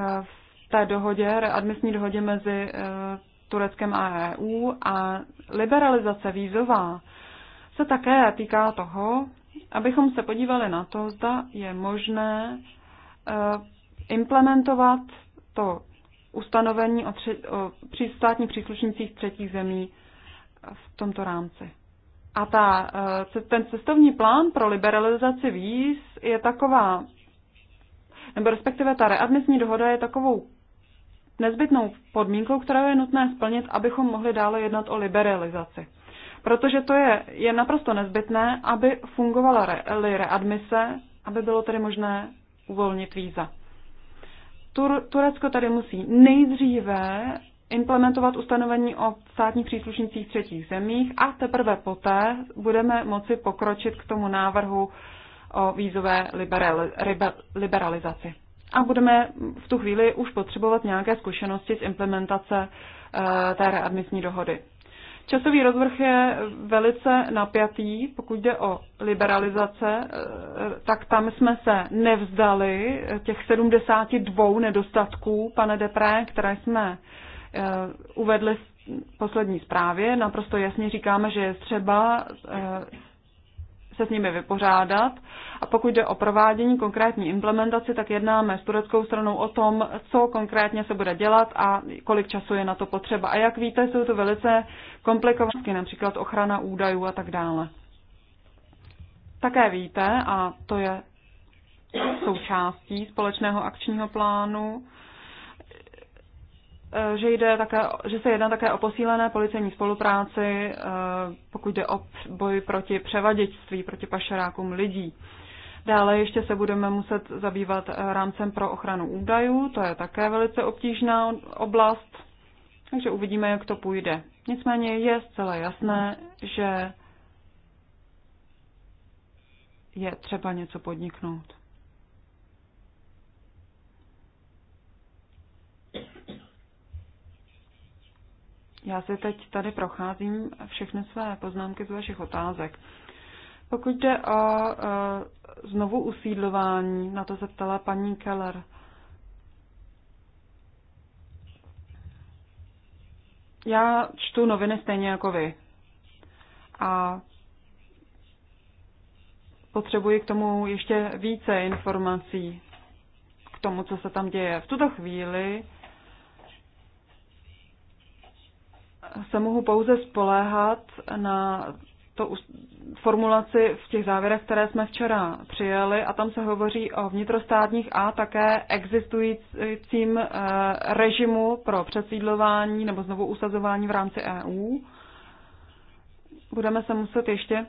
v té dohodě, readmisní dohodě mezi eh, Tureckem a EU a liberalizace vízová se také týká toho, abychom se podívali na to, zda je možné eh, implementovat to ustanovení o, tři, o při, státních příslušnících třetích zemí v tomto rámci. A ta, e, ten cestovní plán pro liberalizaci víz je taková, nebo respektive ta readmisní dohoda je takovou nezbytnou podmínkou, kterou je nutné splnit, abychom mohli dále jednat o liberalizaci. Protože to je, je naprosto nezbytné, aby fungovala re, readmise, aby bylo tedy možné uvolnit víza. Tur- Turecko tady musí nejdříve implementovat ustanovení o státních příslušnicích třetích zemích a teprve poté budeme moci pokročit k tomu návrhu o vízové liberalizaci. A budeme v tu chvíli už potřebovat nějaké zkušenosti z implementace eh, té readmisní dohody. Časový rozvrh je velice napjatý, pokud jde o liberalizace, eh, tak tam jsme se nevzdali těch 72 nedostatků, pane Depré, které jsme eh, uvedli v poslední zprávě. Naprosto jasně říkáme, že je třeba eh, se s nimi vypořádat. A pokud jde o provádění konkrétní implementaci, tak jednáme s tureckou stranou o tom, co konkrétně se bude dělat a kolik času je na to potřeba. A jak víte, jsou to velice komplikované, například ochrana údajů a tak dále. Také víte, a to je součástí společného akčního plánu, Eh, že, jde také, že se jedná také o posílené policejní spolupráci, eh, pokud jde o boj proti převaděčství, proti pašerákům lidí. Dále ještě se budeme muset zabývat eh, rámcem pro ochranu údajů, to je také velice obtížná oblast, takže uvidíme, jak to půjde. Nicméně je zcela jasné, že je třeba něco podniknout. Já se teď tady procházím všechny své poznámky z vašich otázek. Pokud jde o e, znovu usídlování, na to se ptala paní Keller. Já čtu noviny stejně jako vy. A potřebuji k tomu ještě více informací, k tomu, co se tam děje. V tuto chvíli se mohu pouze spoléhat na to formulaci v těch závěrech, které jsme včera přijeli, a tam se hovoří o vnitrostátních a také existujícím eh, režimu pro přesídlování nebo znovu usazování v rámci EU. Budeme se muset ještě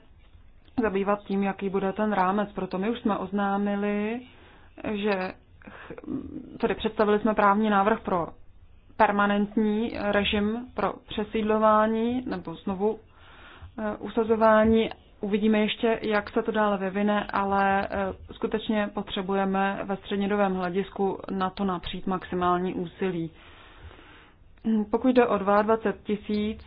zabývat tím, jaký bude ten rámec. Proto my už jsme oznámili, že tedy představili jsme právní návrh pro permanentní režim pro přesídlování nebo znovu eh, usazování. Uvidíme ještě, jak se to dále vyvine, ale eh, skutečně potřebujeme ve střednědovém hledisku na to napřít maximální úsilí. Pokud jde o 22 tisíc,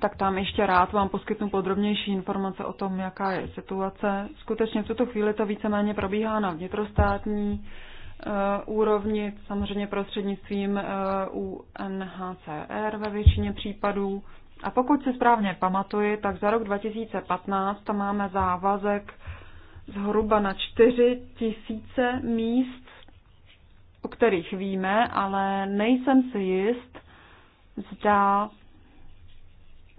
tak tam ještě rád vám poskytnu podrobnější informace o tom, jaká je situace. Skutečně v tuto chvíli to víceméně probíhá na vnitrostátní Eh, úrovni, samozřejmě prostřednictvím eh, UNHCR ve většině případů. A pokud si správně pamatuji, tak za rok 2015 tam máme závazek zhruba na 4 tisíce míst, o kterých víme, ale nejsem si jist, zda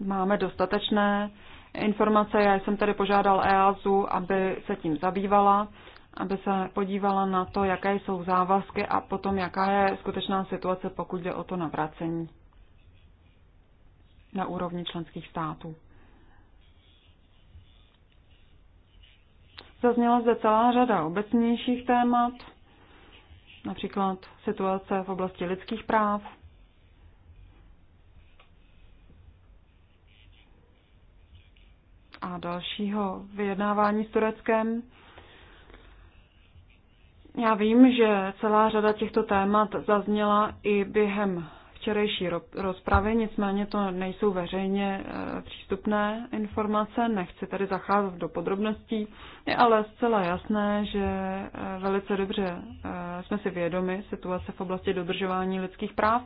máme dostatečné informace. Já jsem tady požádal EASu, aby se tím zabývala aby se podívala na to, jaké jsou závazky a potom jaká je skutečná situace, pokud jde o to navracení na úrovni členských států. Zazněla zde celá řada obecnějších témat, například situace v oblasti lidských práv, a dalšího vyjednávání s Tureckem. Já vím, že celá řada těchto témat zazněla i během včerejší rozpravy, nicméně to nejsou veřejně eh, přístupné informace, nechci tady zacházet do podrobností, je ale zcela jasné, že eh, velice dobře eh, jsme si vědomi situace v oblasti dodržování lidských práv.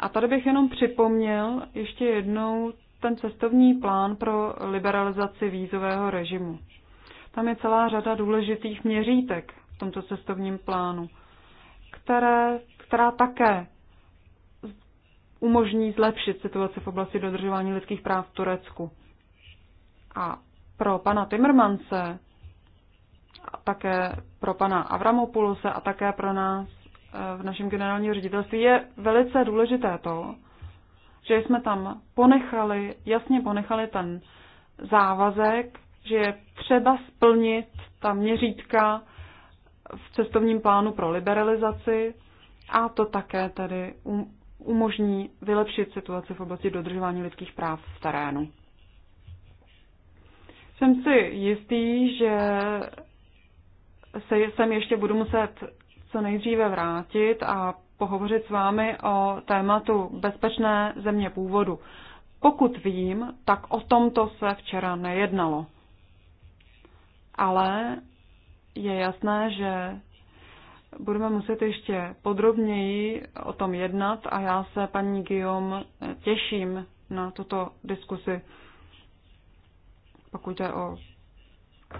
A tady bych jenom připomněl ještě jednou ten cestovní plán pro liberalizaci vízového režimu. Tam je celá řada důležitých měřítek, tomto cestovním plánu, které, která také umožní zlepšit situaci v oblasti dodržování lidských práv v Turecku. A pro pana Timmermanse, a také pro pana Avramopulose a také pro nás eh, v našem generálním ředitelství je velice důležité to, že jsme tam ponechali, jasně ponechali ten závazek, že je třeba splnit ta měřítka v cestovním plánu pro liberalizaci a to také tedy um, umožní vylepšit situaci v oblasti dodržování lidských práv v terénu. Jsem si jistý, že se sem ještě budu muset co nejdříve vrátit a pohovořit s vámi o tématu bezpečné země původu. Pokud vím, tak o tomto se včera nejednalo. Ale je jasné, že budeme muset ještě podrobněji o tom jednat a já se, paní Guillaume, těším na tuto diskusi, pokud jde o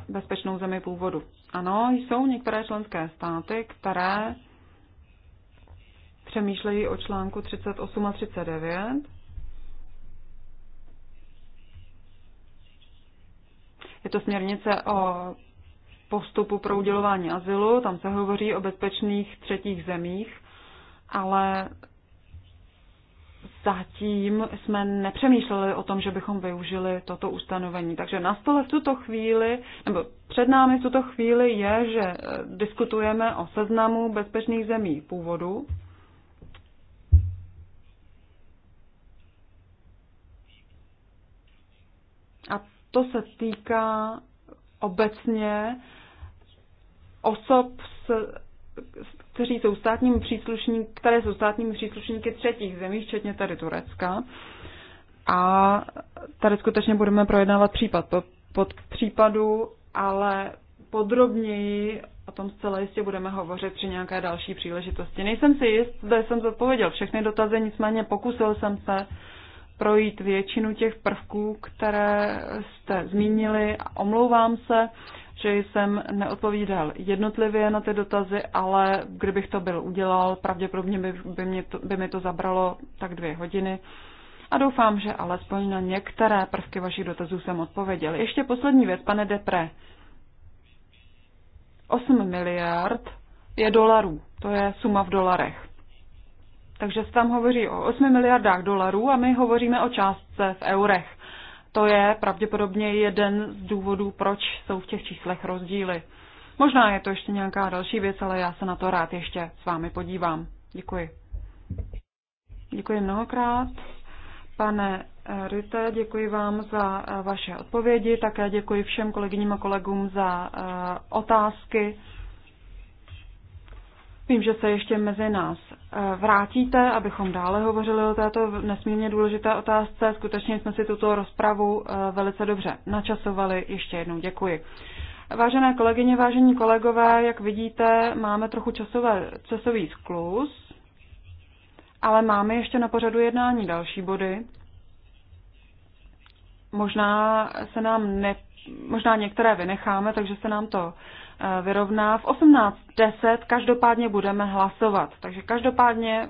bezpečnou zemi původu. Ano, jsou některé členské státy, které přemýšlejí o článku 38 a 39. Je to směrnice o postupu pro udělování azylu, tam se hovoří o bezpečných třetích zemích, ale zatím jsme nepřemýšleli o tom, že bychom využili toto ustanovení. Takže na stole v tuto chvíli, nebo před námi v tuto chvíli je, že eh, diskutujeme o seznamu bezpečných zemí původu. A to se týká obecně osob, s, kteří jsou státními příslušníky, které jsou státními příslušníky třetích zemí, včetně tady Turecka. A tady skutečně budeme projednávat případ pod, pod případu, ale podrobněji o tom zcela jistě budeme hovořit při nějaké další příležitosti. Nejsem si jist, zda jsem zodpověděl všechny dotazy, nicméně pokusil jsem se projít většinu těch prvků, které jste zmínili. Omlouvám se že jsem neodpovídal jednotlivě na ty dotazy, ale kdybych to byl udělal, pravděpodobně by, by, mě to, by mi to zabralo tak dvě hodiny. A doufám, že alespoň na některé prvky vašich dotazů jsem odpověděl. Ještě poslední věc, pane Depre. 8 miliard je dolarů. To je suma v dolarech. Takže se tam hovoří o 8 miliardách dolarů a my hovoříme o částce v eurech to je pravděpodobně jeden z důvodů, proč jsou v těch číslech rozdíly. Možná je to ještě nějaká další věc, ale já se na to rád ještě s vámi podívám. Děkuji. Děkuji mnohokrát. Pane eh, Rite, děkuji vám za eh, vaše odpovědi, také děkuji všem kolegyním a kolegům za eh, otázky. Vím, že se ještě mezi nás eh, vrátíte, abychom dále hovořili o této nesmírně důležité otázce. Skutečně jsme si tuto rozpravu eh, velice dobře načasovali. Ještě jednou děkuji. Vážené kolegyně, vážení kolegové, jak vidíte, máme trochu časové, časový sklus, ale máme ještě na pořadu jednání další body. Možná se nám ne, možná některé vynecháme, takže se nám to Eh, vyrovná. V 18.10 každopádně budeme hlasovat. Takže každopádně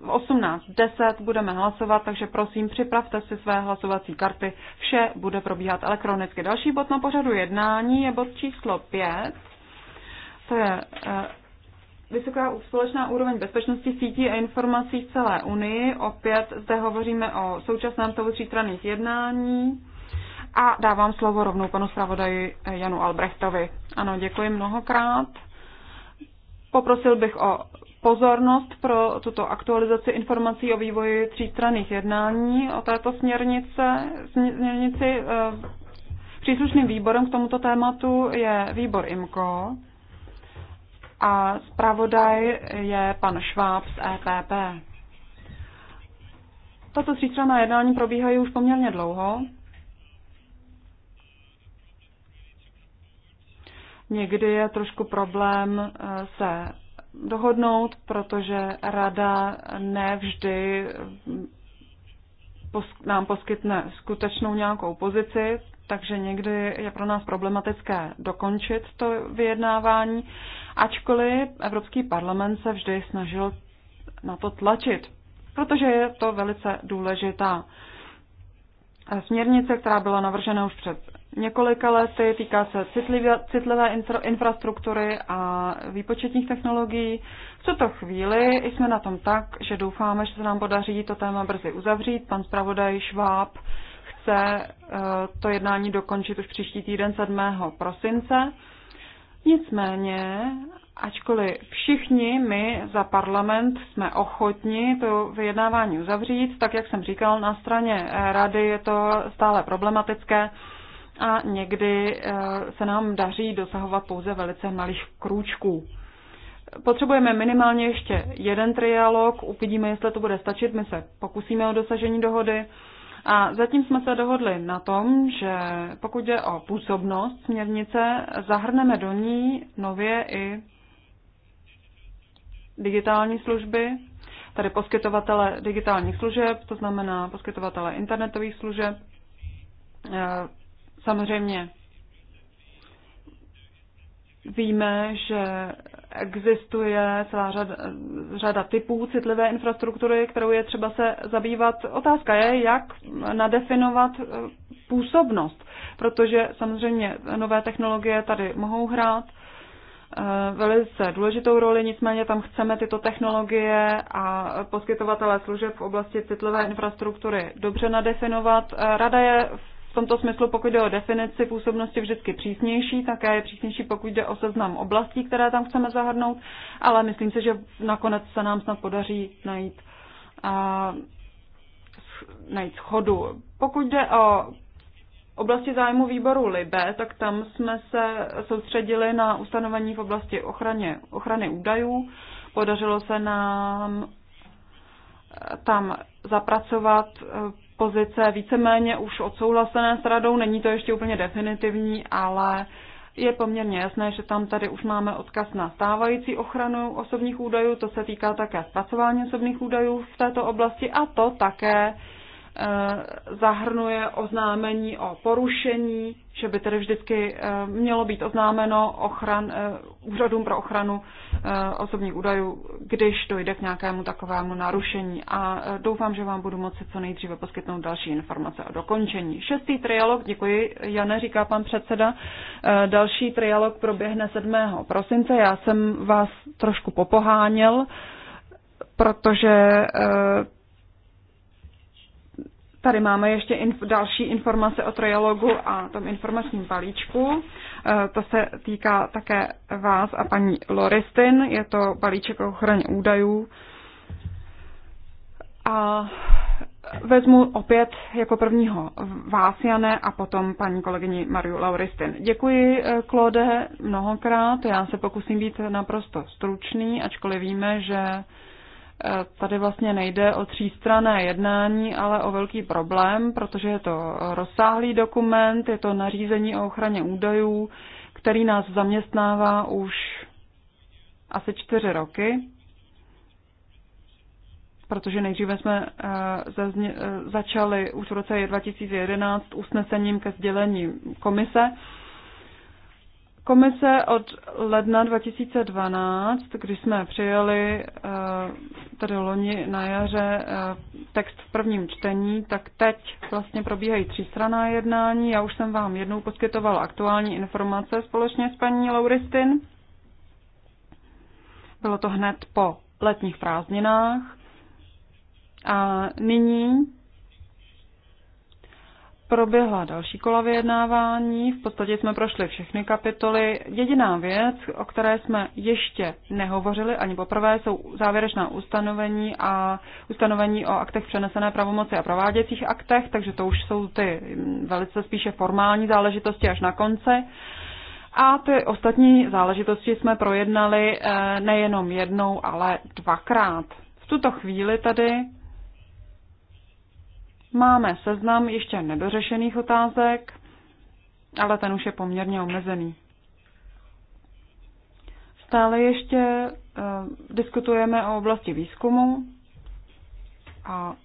v 18.10 budeme hlasovat, takže prosím připravte si své hlasovací karty. Vše bude probíhat elektronicky. Další bod na pořadu jednání je bod číslo 5. To je eh, vysoká společná úroveň bezpečnosti sítí a informací v celé Unii. Opět zde hovoříme o současném toho třístranných jednání a dávám slovo rovnou panu zpravodaji Janu Albrechtovi. Ano, děkuji mnohokrát. Poprosil bych o pozornost pro tuto aktualizaci informací o vývoji třístranných jednání o této směrnice, směrnici. Eh, příslušným výborem k tomuto tématu je výbor IMCO a zpravodaj je pan Šváb z EPP. Tato třístranná jednání probíhají už poměrně dlouho Někdy je trošku problém eh, se dohodnout, protože rada nevždy eh, nám poskytne skutečnou nějakou pozici, takže někdy je pro nás problematické dokončit to vyjednávání, ačkoliv Evropský parlament se vždy snažil na to tlačit, protože je to velice důležitá směrnice, která byla navržena už před několika lety, týká se citlivě, citlivé infra, infrastruktury a výpočetních technologií. V tuto chvíli jsme na tom tak, že doufáme, že se nám podaří to téma brzy uzavřít. Pan zpravodaj Šváb chce eh, to jednání dokončit už příští týden 7. prosince. Nicméně, ačkoliv všichni my za parlament jsme ochotni to vyjednávání uzavřít, tak jak jsem říkal, na straně rady je to stále problematické a někdy eh, se nám daří dosahovat pouze velice malých krůčků. Potřebujeme minimálně ještě jeden trialog, uvidíme, jestli to bude stačit, my se pokusíme o dosažení dohody. A zatím jsme se dohodli na tom, že pokud jde o působnost směrnice, zahrneme do ní nově i digitální služby, tady poskytovatele digitálních služeb, to znamená poskytovatele internetových služeb, eh, Samozřejmě víme, že existuje celá řada, řada typů citlivé infrastruktury, kterou je třeba se zabývat. Otázka je, jak nadefinovat eh, působnost, protože samozřejmě nové technologie tady mohou hrát eh, velice důležitou roli, nicméně tam chceme tyto technologie a poskytovatele služeb v oblasti citlivé infrastruktury dobře nadefinovat. Eh, Rada je v tomto smyslu, pokud jde o definici působnosti, vždycky přísnější, také je přísnější, pokud jde o seznam oblastí, které tam chceme zahrnout, ale myslím si, že nakonec se nám snad podaří najít, uh, najít schodu. Pokud jde o oblasti zájmu výboru LIBE, tak tam jsme se soustředili na ustanovení v oblasti ochraně, ochrany údajů. Podařilo se nám tam zapracovat eh, dispozice víceméně už odsouhlasené s radou, není to ještě úplně definitivní, ale je poměrně jasné, že tam tady už máme odkaz na stávající ochranu osobních údajů, to se týká také zpracování osobních údajů v této oblasti a to také Eh, zahrnuje oznámení o porušení, že by tedy vždycky eh, mělo být oznámeno ochran, eh, úřadům pro ochranu osobních údajů, když dojde k nějakému takovému narušení. A doufám, že vám budu moci co nejdříve poskytnout další informace o dokončení. Šestý trialog, děkuji, Jane, říká pan předseda. Další trialog proběhne 7. prosince. Já jsem vás trošku popoháněl, protože Tady máme ještě inf- další informace o trialogu a tom informačním balíčku. E, to se týká také vás a paní Loristin. Je to balíček o ochraně údajů. A vezmu opět jako prvního vás, Jane, a potom paní kolegyni Mariu Lauristin. Děkuji, Klode, e, mnohokrát. Já se pokusím být naprosto stručný, ačkoliv víme, že Tady vlastně nejde o třístrané jednání, ale o velký problém, protože je to rozsáhlý dokument, je to nařízení o ochraně údajů, který nás zaměstnává už asi čtyři roky, protože nejdříve jsme eh, eh, začali už v roce 2011 usnesením ke sdělení komise Komise od ledna 2012, když jsme přijeli eh, tady loni na jaře eh, text v prvním čtení, tak teď vlastně probíhají třístraná jednání. Já už jsem vám jednou poskytovala aktuální informace společně s paní Lauristin. Bylo to hned po letních prázdninách. A nyní proběhla další kola vyjednávání, v podstatě jsme prošli všechny kapitoly. Jediná věc, o které jsme ještě nehovořili ani poprvé, jsou závěrečná ustanovení a ustanovení o aktech přenesené pravomoci a prováděcích aktech, takže to už jsou ty mm, velice spíše formální záležitosti až na konci. A ty ostatní záležitosti jsme projednali eh, nejenom jednou, ale dvakrát. V tuto chvíli tady Máme seznam ještě nedořešených otázek, ale ten už je poměrně omezený. Stále ještě uh, diskutujeme o oblasti výzkumu a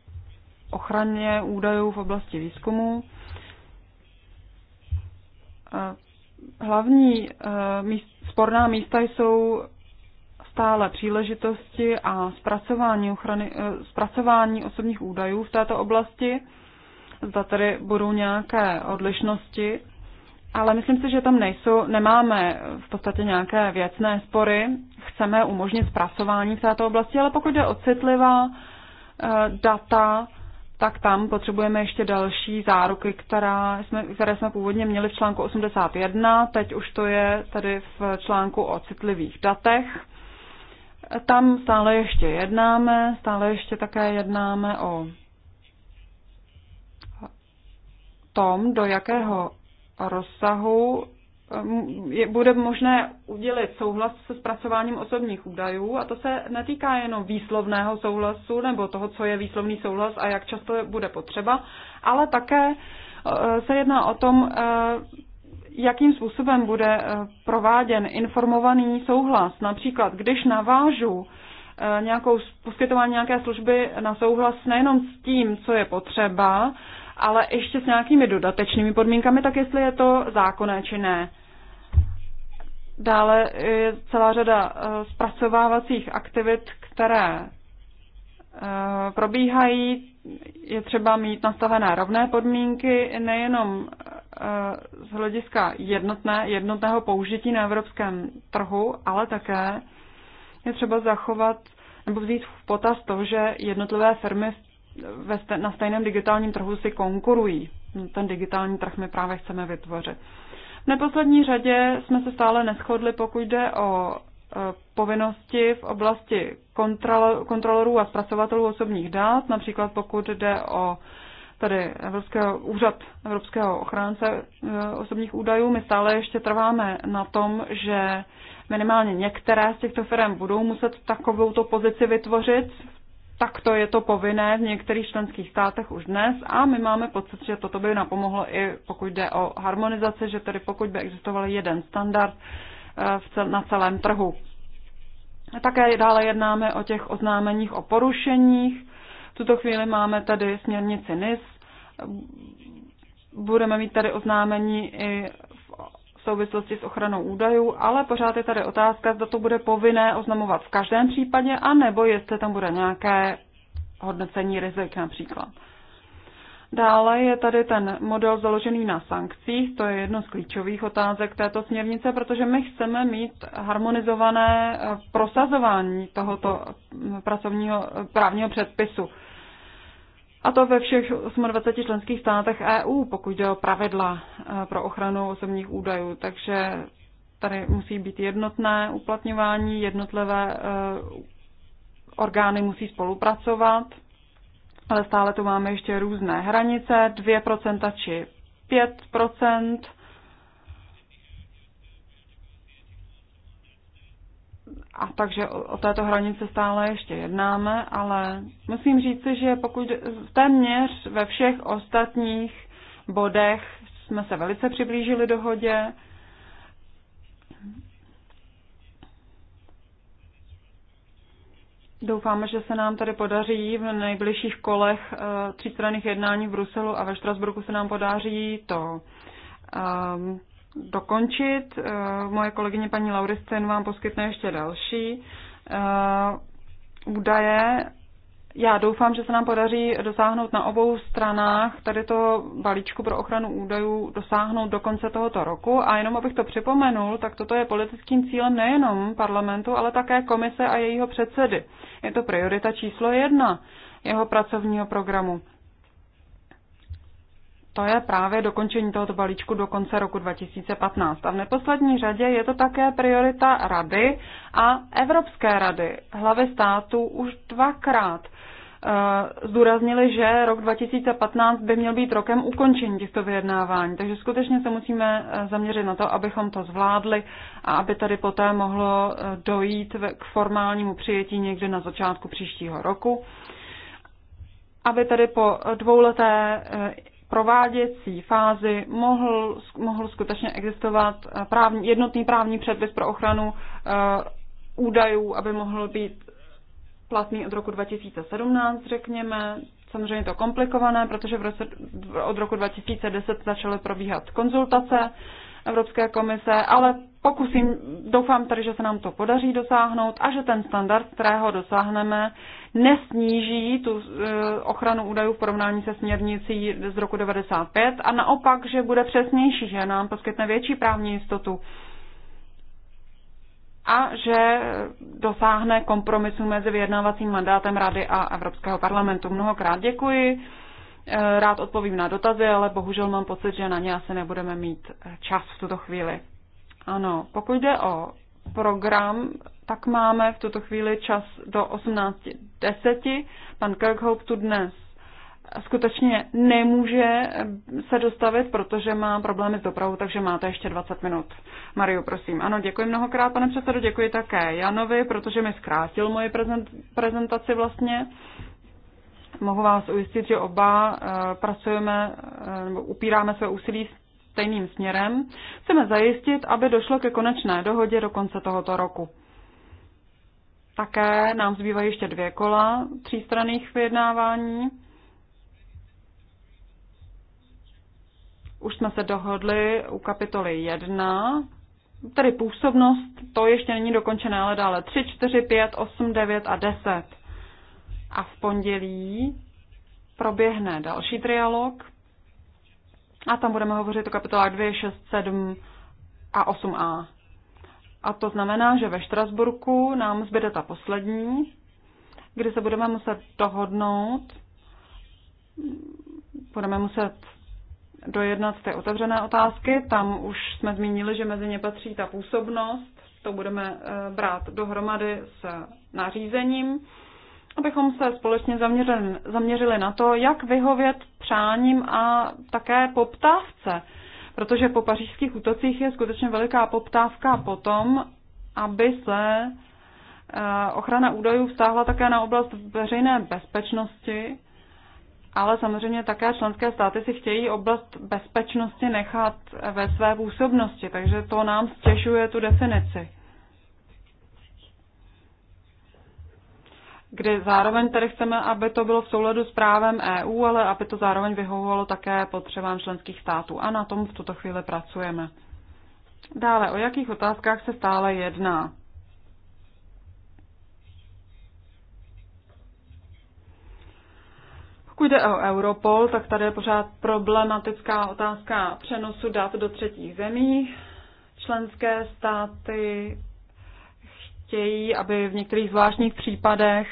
ochraně údajů v oblasti výzkumu. Eh, hlavní uh, míst, sporná místa jsou stále příležitosti a zpracování, ochrany, eh, zpracování osobních údajů v této oblasti. Zda tady budou nějaké odlišnosti, ale myslím si, že tam nejsou, nemáme v podstatě nějaké věcné spory. Chceme umožnit zpracování v této oblasti, ale pokud jde o citlivá eh, data, tak tam potřebujeme ještě další záruky, která jsme, které jsme původně měli v článku 81, teď už to je tady v článku o citlivých datech. Tam stále ještě jednáme, stále ještě také jednáme o tom, do jakého rozsahu um, je, bude možné udělit souhlas se zpracováním osobních údajů a to se netýká jenom výslovného souhlasu nebo toho, co je výslovný souhlas a jak často bude potřeba, ale také uh, se jedná o tom, uh, jakým způsobem bude eh, prováděn informovaný souhlas. Například, když navážu eh, nějakou, poskytování nějaké služby na souhlas nejenom s tím, co je potřeba, ale ještě s nějakými dodatečnými podmínkami, tak jestli je to zákonné či ne. Dále je celá řada eh, zpracovávacích aktivit, které probíhají je třeba mít nastavené rovné podmínky nejenom eh, z hlediska jednotné, jednotného použití na evropském trhu, ale také je třeba zachovat nebo vzít v potaz to, že jednotlivé firmy ve, na stejném digitálním trhu si konkurují. Ten digitální trh my právě chceme vytvořit. V neposlední řadě jsme se stále neschodli, pokud jde o Eh, povinnosti v oblasti kontrolorů a zpracovatelů osobních dát, například pokud jde o tady Evropského, úřad Evropského ochránce eh, osobních údajů. My stále ještě trváme na tom, že minimálně některé z těchto firm budou muset takovou to pozici vytvořit. Takto je to povinné v některých členských státech už dnes a my máme pocit, že toto by napomohlo i pokud jde o harmonizaci, že tedy pokud by existoval jeden standard, na celém trhu. Také dále jednáme o těch oznámeních o porušeních. V tuto chvíli máme tady směrnici NIS. Budeme mít tady oznámení i v souvislosti s ochranou údajů, ale pořád je tady otázka, zda to bude povinné oznamovat v každém případě, anebo jestli tam bude nějaké hodnocení rizik například. Dále je tady ten model založený na sankcích, to je jedno z klíčových otázek této směrnice, protože my chceme mít harmonizované eh, prosazování tohoto hm, pracovního eh, právního předpisu. A to ve všech 28 členských státech EU, pokud jde o pravidla eh, pro ochranu osobních údajů. Takže tady musí být jednotné uplatňování, jednotlivé orgány musí spolupracovat ale stále tu máme ještě různé hranice, 2% či 5%. A takže o, o této hranici stále ještě jednáme, ale musím říci, že pokud téměř ve všech ostatních bodech jsme se velice přiblížili dohodě, Doufáme, že se nám tady podaří v nejbližších kolech eh, třístranných jednání v Bruselu a ve Štrasburku se nám podaří to ehm, dokončit. Eh, moje kolegyně paní Lauristen vám poskytne ještě další eh, údaje já doufám, že se nám podaří dosáhnout na obou stranách tady to balíčku pro ochranu údajů dosáhnout do konce tohoto roku. A jenom abych to připomenul, tak toto je politickým cílem nejenom parlamentu, ale také komise a jejího předsedy. Je to priorita číslo jedna jeho pracovního programu to je právě dokončení tohoto balíčku do konce roku 2015. A v neposlední řadě je to také priorita Rady a Evropské rady. Hlavy států už dvakrát eh, zdůraznili, že rok 2015 by měl být rokem ukončení těchto vyjednávání. Takže skutečně se musíme eh, zaměřit na to, abychom to zvládli a aby tady poté mohlo eh, dojít k formálnímu přijetí někde na začátku příštího roku. Aby tady po dvouleté prováděcí fázi mohl, mohl skutečně existovat eh, právní, jednotný právní předpis pro ochranu eh, údajů, aby mohl být platný od roku 2017, řekněme. Samozřejmě to komplikované, protože v roce, od roku 2010 začaly probíhat konzultace Evropské komise, ale pokusím, doufám tedy, že se nám to podaří dosáhnout a že ten standard, kterého dosáhneme, nesníží tu eh, ochranu údajů v porovnání se směrnicí z roku 95 a naopak, že bude přesnější, že nám poskytne větší právní jistotu a že dosáhne kompromisu mezi vyjednávacím mandátem Rady a Evropského parlamentu. Mnohokrát děkuji. Eh, rád odpovím na dotazy, ale bohužel mám pocit, že na ně asi nebudeme mít eh, čas v tuto chvíli. Ano, pokud jde o program, tak máme v tuto chvíli čas do 18.10. Pan Kirkhope tu dnes skutečně nemůže eh, se dostavit, protože má problémy s dopravou, takže máte ještě 20 minut. Mario, prosím. Ano, děkuji mnohokrát, pane předsedo, děkuji také Janovi, protože mi zkrátil moji prezentaci vlastně. Mohu vás ujistit, že oba eh, pracujeme eh, nebo upíráme své úsilí stejným směrem. Chceme zajistit, aby došlo ke konečné dohodě do konce tohoto roku. Také nám zbývají ještě dvě kola třístranných vyjednávání. Už jsme se dohodli u kapitoly 1, tedy působnost, to ještě není dokončené, ale dále 3, 4, 5, 8, 9 a 10 a v pondělí proběhne další trialog a tam budeme hovořit o kapitolách 2, 6, 7 a 8a. A to znamená, že ve Štrasburku nám zbyde ta poslední, kdy se budeme muset dohodnout, budeme muset dojednat ty otevřené otázky. Tam už jsme zmínili, že mezi ně patří ta působnost, to budeme eh, brát dohromady s nařízením abychom se společně zaměřili, zaměřili na to, jak vyhovět přáním a také poptávce. Protože po pařížských útocích je skutečně veliká poptávka potom, aby se eh, ochrana údajů vztáhla také na oblast veřejné bezpečnosti, ale samozřejmě také členské státy si chtějí oblast bezpečnosti nechat eh, ve své působnosti, takže to nám stěžuje tu definici. kde zároveň tedy chceme, aby to bylo v souladu s právem EU, ale aby to zároveň vyhovovalo také potřebám členských států. A na tom v tuto chvíli pracujeme. Dále, o jakých otázkách se stále jedná? Pokud jde o Europol, tak tady je pořád problematická otázka přenosu dat do třetích zemí. Členské státy chtějí, aby v některých zvláštních případech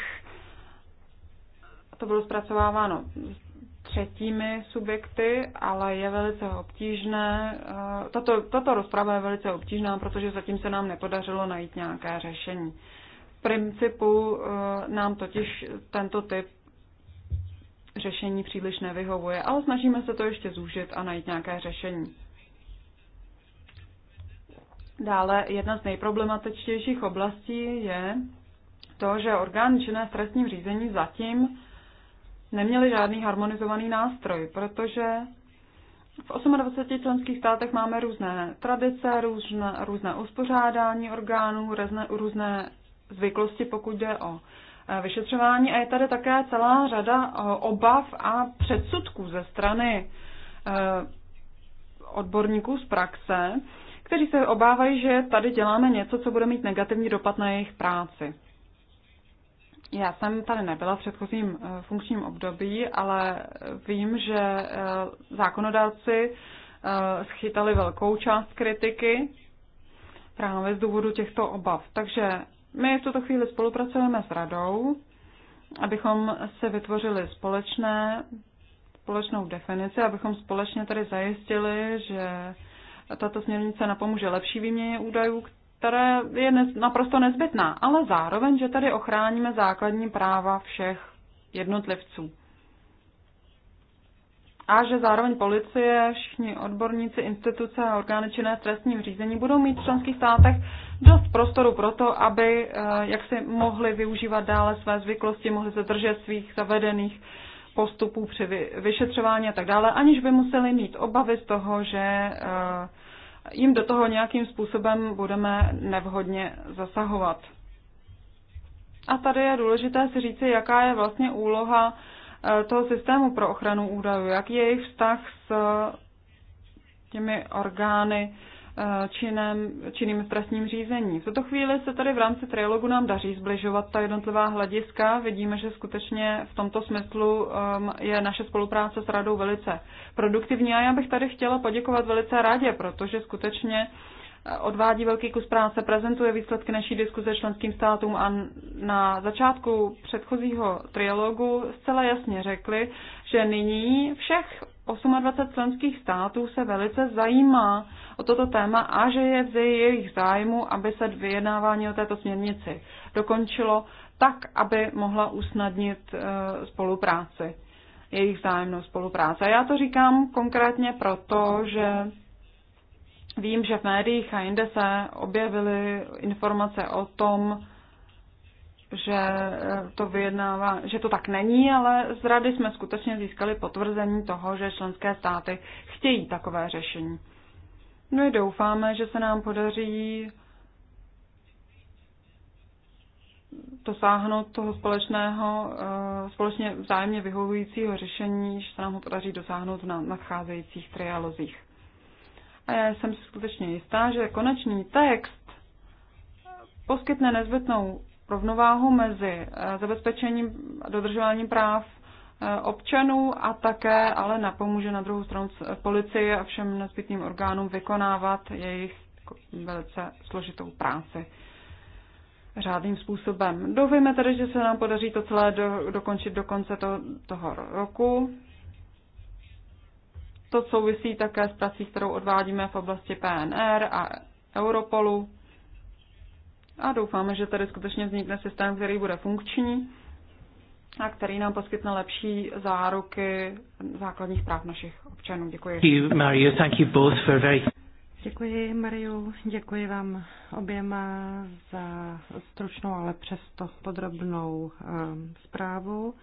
to bylo zpracováváno třetími subjekty, ale je velice obtížné. Eh, tato, tato rozprava je velice obtížná, protože zatím se nám nepodařilo najít nějaké řešení. V principu eh, nám totiž tento typ řešení příliš nevyhovuje, ale snažíme se to ještě zúžit a najít nějaké řešení. Dále jedna z nejproblematičtějších oblastí je to, že orgány činné v trestním řízení zatím neměly žádný harmonizovaný nástroj, protože v 28 členských státech máme různé tradice, různé, různé uspořádání orgánů, různé, různé zvyklosti, pokud jde o eh, vyšetřování. A je tady také celá řada eh, obav a předsudků ze strany eh, odborníků z praxe, kteří se obávají, že tady děláme něco, co bude mít negativní dopad na jejich práci. Já jsem tady nebyla v předchozím eh, funkčním období, ale vím, že eh, zákonodáci eh, schytali velkou část kritiky právě z důvodu těchto obav. Takže my v tuto chvíli spolupracujeme s radou, abychom se vytvořili společné, společnou definici, abychom společně tady zajistili, že tato směrnice napomůže lepší výměně údajů, které je naprosto nezbytná, ale zároveň, že tady ochráníme základní práva všech jednotlivců. A že zároveň policie, všichni odborníci, instituce a orgány činné v trestním řízení budou mít v členských státech dost prostoru pro to, aby eh, jak si mohli využívat dále své zvyklosti, mohli se držet svých zavedených postupů při vyšetřování a tak dále, aniž by museli mít obavy z toho, že eh, jim do toho nějakým způsobem budeme nevhodně zasahovat. A tady je důležité si říci, jaká je vlastně úloha eh, toho systému pro ochranu údajů, jaký je jejich vztah s eh, těmi orgány Eh, činem, činným v trestním řízení. V tuto chvíli se tady v rámci trialogu nám daří zbližovat ta jednotlivá hlediska. Vidíme, že skutečně v tomto smyslu ehm, je naše spolupráce s radou velice produktivní a já bych tady chtěla poděkovat velice rádě, protože skutečně eh, odvádí velký kus práce, prezentuje výsledky naší diskuze členským státům a na začátku předchozího trialogu zcela jasně řekli, že nyní všech 28 členských států se velice zajímá o toto téma a že je v jejich zájmu, aby se vyjednávání o této směrnici dokončilo tak, aby mohla usnadnit eh, spolupráci, jejich zájemnou spolupráci. A já to říkám konkrétně proto, že vím, že v médiích a jinde se objevily informace o tom, že eh, to vyjednává, že to tak není, ale z rady jsme skutečně získali potvrzení toho, že členské státy chtějí takové řešení. No i doufáme, že se nám podaří dosáhnout toho společného, eh, společně vzájemně vyhovujícího řešení, že se nám ho podaří dosáhnout na nadcházejících trialozích. A já jsem si skutečně jistá, že konečný text poskytne nezbytnou rovnováhu mezi eh, zabezpečením a dodržováním práv Eh, občanů a také ale napomůže na druhou stranu policii a všem nezbytným orgánům vykonávat jejich jako velice složitou práci řádným způsobem. Doufejme tedy, že se nám podaří to celé do, dokončit do konce to, toho roku. To souvisí také s prací, kterou odvádíme v oblasti PNR a Europolu. A doufáme, že tady skutečně vznikne systém, který bude funkční a který nám poskytne lepší záruky základních práv našich občanů. Děkuji. Thank you, Mario. Thank you both for very... Děkuji, Mariu. Děkuji vám oběma za stručnou, ale přesto podrobnou um, zprávu.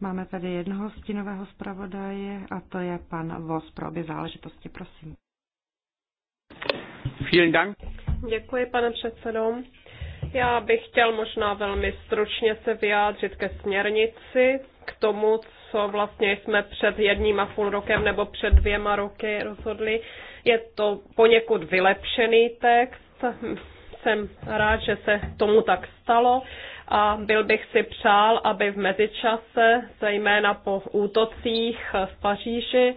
Máme tady jednoho stínového zpravodaje a to je pan Vos pro obě záležitosti. Prosím. Vielen Dank. Děkuji, pane předsedo. Já bych chtěl možná velmi stručně se vyjádřit ke směrnici, k tomu, co vlastně jsme před jedním a půl rokem nebo před dvěma roky rozhodli. Je to poněkud vylepšený text. Jsem rád, že se tomu tak stalo a byl bych si přál, aby v mezičase, zejména po útocích v Paříži,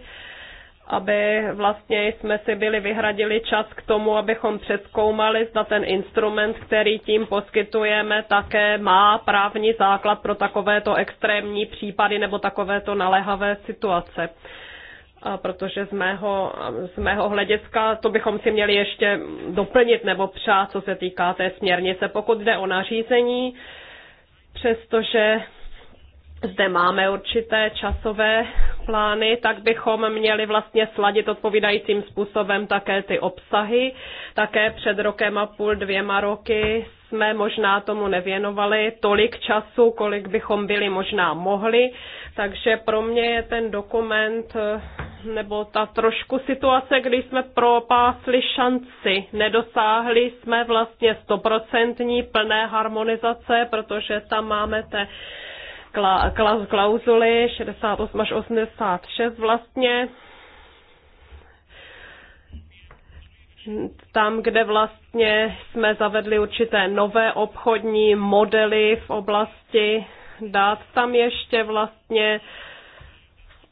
aby vlastně jsme si byli vyhradili čas k tomu, abychom přeskoumali, zda ten instrument, který tím poskytujeme, také má právní základ pro takovéto extrémní případy nebo takovéto naléhavé situace. A protože z mého, z mého hlediska to bychom si měli ještě doplnit nebo přát, co se týká té směrnice. Pokud jde o nařízení, přestože zde máme určité časové plány, tak bychom měli vlastně sladit odpovídajícím způsobem také ty obsahy. Také před rokem a půl, dvěma roky jsme možná tomu nevěnovali tolik času, kolik bychom byli možná mohli. Takže pro mě je ten dokument eh, nebo ta trošku situace, kdy jsme propásli šanci. Nedosáhli jsme vlastně stoprocentní plné harmonizace, protože tam máme te klauzuly 68 až 86 vlastně, tam, kde vlastně jsme zavedli určité nové obchodní modely v oblasti dát tam ještě vlastně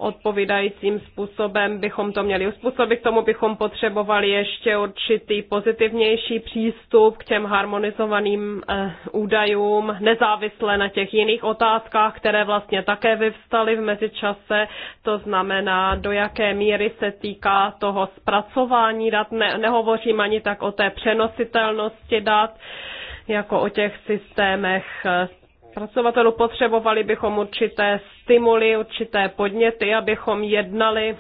odpovídajícím způsobem bychom to měli uspůsobit. K tomu bychom potřebovali ještě určitý pozitivnější přístup k těm harmonizovaným eh, údajům, nezávisle na těch jiných otázkách, které vlastně také vyvstaly v mezičase. To znamená, do jaké míry se týká toho zpracování dat. Ne, nehovořím ani tak o té přenositelnosti dat, jako o těch systémech eh, pracovatelů potřebovali bychom určité stimuly, určité podněty, abychom jednali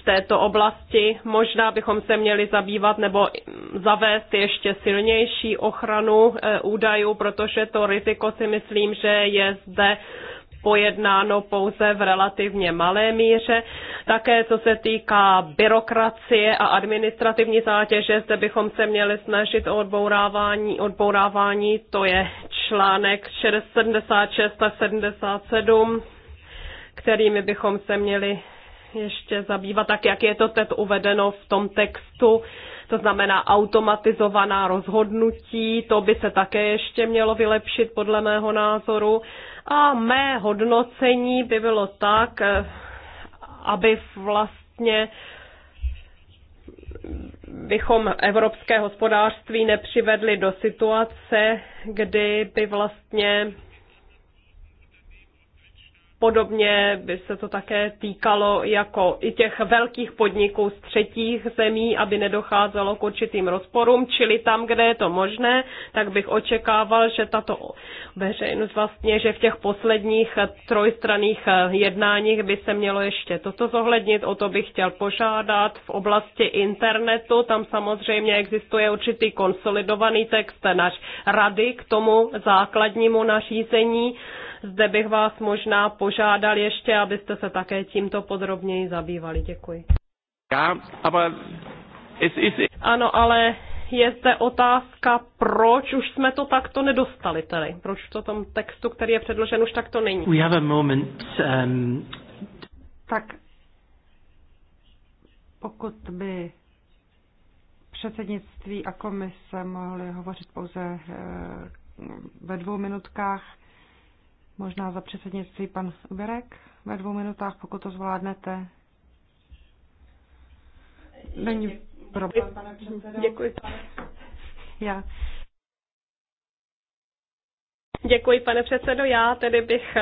v této oblasti. Možná bychom se měli zabývat nebo zavést ještě silnější ochranu eh, údajů, protože to riziko si myslím, že je zde pojednáno pouze v relativně malé míře. Také co se týká byrokracie a administrativní zátěže, zde bychom se měli snažit o odbourávání. Odbourávání to je článek 76 a 77, kterými bychom se měli ještě zabývat, tak jak je to teď uvedeno v tom textu, to znamená automatizovaná rozhodnutí, to by se také ještě mělo vylepšit podle mého názoru. A mé hodnocení by bylo tak, eh, aby vlastně bychom evropské hospodářství nepřivedli do situace, kdy by vlastně Podobně by se to také týkalo jako i těch velkých podniků z třetích zemí, aby nedocházelo k určitým rozporům, čili tam, kde je to možné, tak bych očekával, že tato veřejnost vlastně, že v těch posledních trojstraných eh, jednáních by se mělo ještě toto zohlednit, o to bych chtěl požádat. V oblasti internetu tam samozřejmě existuje určitý konsolidovaný text naš rady k tomu základnímu nařízení zde bych vás možná požádal ještě, abyste se také tímto podrobněji zabývali. Děkuji. Já, ale... Ano, ale je zde otázka, proč už jsme to takto nedostali tady. Proč to tom textu, který je předložen, už takto není. We have a moment, um... Tak pokud by předsednictví a komise mohli hovořit pouze eh, ve dvou minutkách, Možná za předsednictví pan Berek ve dvou minutách, pokud to zvládnete. Není problém, pane předsedo. Děkuji. Já. Děkuji, pane předsedo. Já tedy bych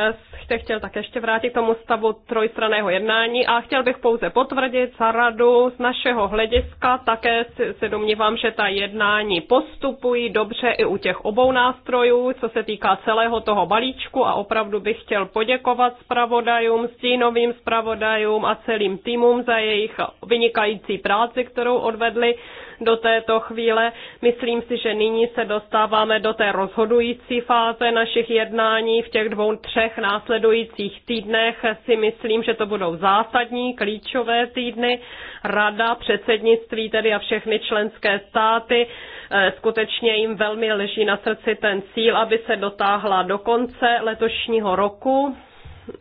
se chtěl tak ještě vrátit k tomu stavu trojstraného jednání a chtěl bych pouze potvrdit za radu z našeho hlediska. Také se domnívám, že ta jednání postupují dobře i u těch obou nástrojů, co se týká celého toho balíčku a opravdu bych chtěl poděkovat zpravodajům, stínovým zpravodajům a celým týmům za jejich vynikající práci, kterou odvedli do této chvíle. Myslím si, že nyní se dostáváme do té rozhodující fáze našich jednání. V těch dvou, třech následujících týdnech si myslím, že to budou zásadní, klíčové týdny. Rada, předsednictví tedy a všechny členské státy eh, skutečně jim velmi leží na srdci ten cíl, aby se dotáhla do konce letošního roku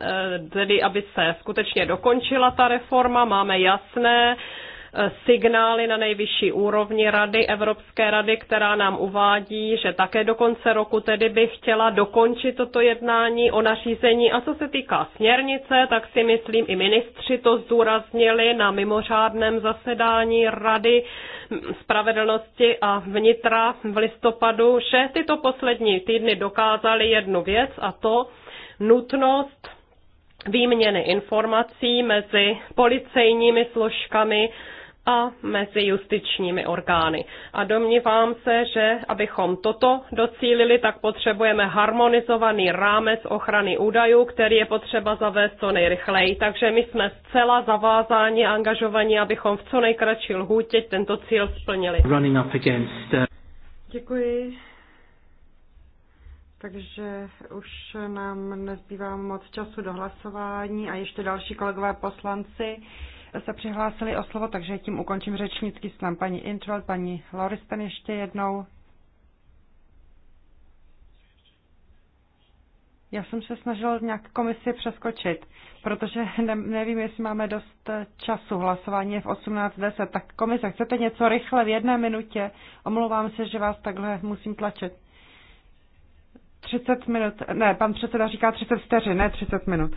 eh, tedy aby se skutečně dokončila ta reforma. Máme jasné signály na nejvyšší úrovni Rady, Evropské rady, která nám uvádí, že také do konce roku tedy by chtěla dokončit toto jednání o nařízení. A co se týká směrnice, tak si myslím, i ministři to zdůraznili na mimořádném zasedání Rady spravedlnosti a vnitra v listopadu, že tyto poslední týdny dokázali jednu věc a to nutnost výměny informací mezi policejními složkami a mezi justičními orgány. A domnívám se, že abychom toto docílili, tak potřebujeme harmonizovaný rámec ochrany údajů, který je potřeba zavést co nejrychleji. Takže my jsme zcela zavázáni a angažovaní, abychom v co nejkratší lhůtě tento cíl splnili. Uh, Děkuji. Takže už nám nezbývá moc času do hlasování a ještě další kolegové poslanci se přihlásili o slovo, takže tím ukončím řečnický slam. Paní Intral, paní Loristen ještě jednou. Já jsem se snažil nějak komisi přeskočit, protože ne, nevím, jestli máme dost času. Hlasování je v 18.10. Tak komise, chcete něco rychle v jedné minutě? Omlouvám se, že vás takhle musím tlačit. 30 minut, ne, pan předseda říká 30 vteřin, ne 30 minut.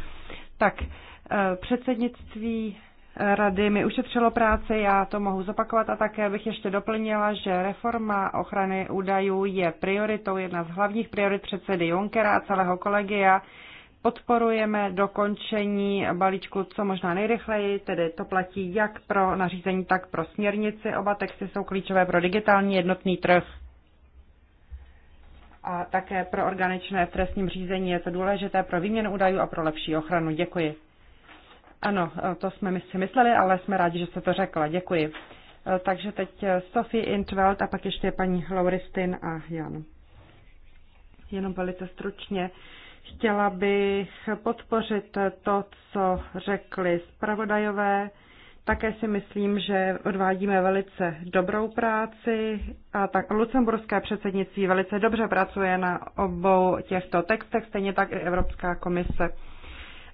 Tak, eh, předsednictví rady mi ušetřilo práce, já to mohu zopakovat a také bych ještě doplnila, že reforma ochrany údajů je prioritou, jedna z hlavních priorit předsedy Junckera a celého kolegia. Podporujeme dokončení balíčku co možná nejrychleji, tedy to platí jak pro nařízení, tak pro směrnici. Oba texty jsou klíčové pro digitální jednotný trh a také pro organičné v trestním řízení je to důležité pro výměnu údajů a pro lepší ochranu. Děkuji. Ano, eh, to jsme my si mysleli, ale jsme rádi, že jste to řekla. Děkuji. Eh, takže teď eh, Sophie Intveld a pak ještě paní Lauristin a Jan. Jenom velice stručně. Chtěla bych podpořit to, co řekli zpravodajové. Také si myslím, že odvádíme velice dobrou práci a tak lucemburské předsednictví velice dobře pracuje na obou těchto textech, stejně tak i Evropská komise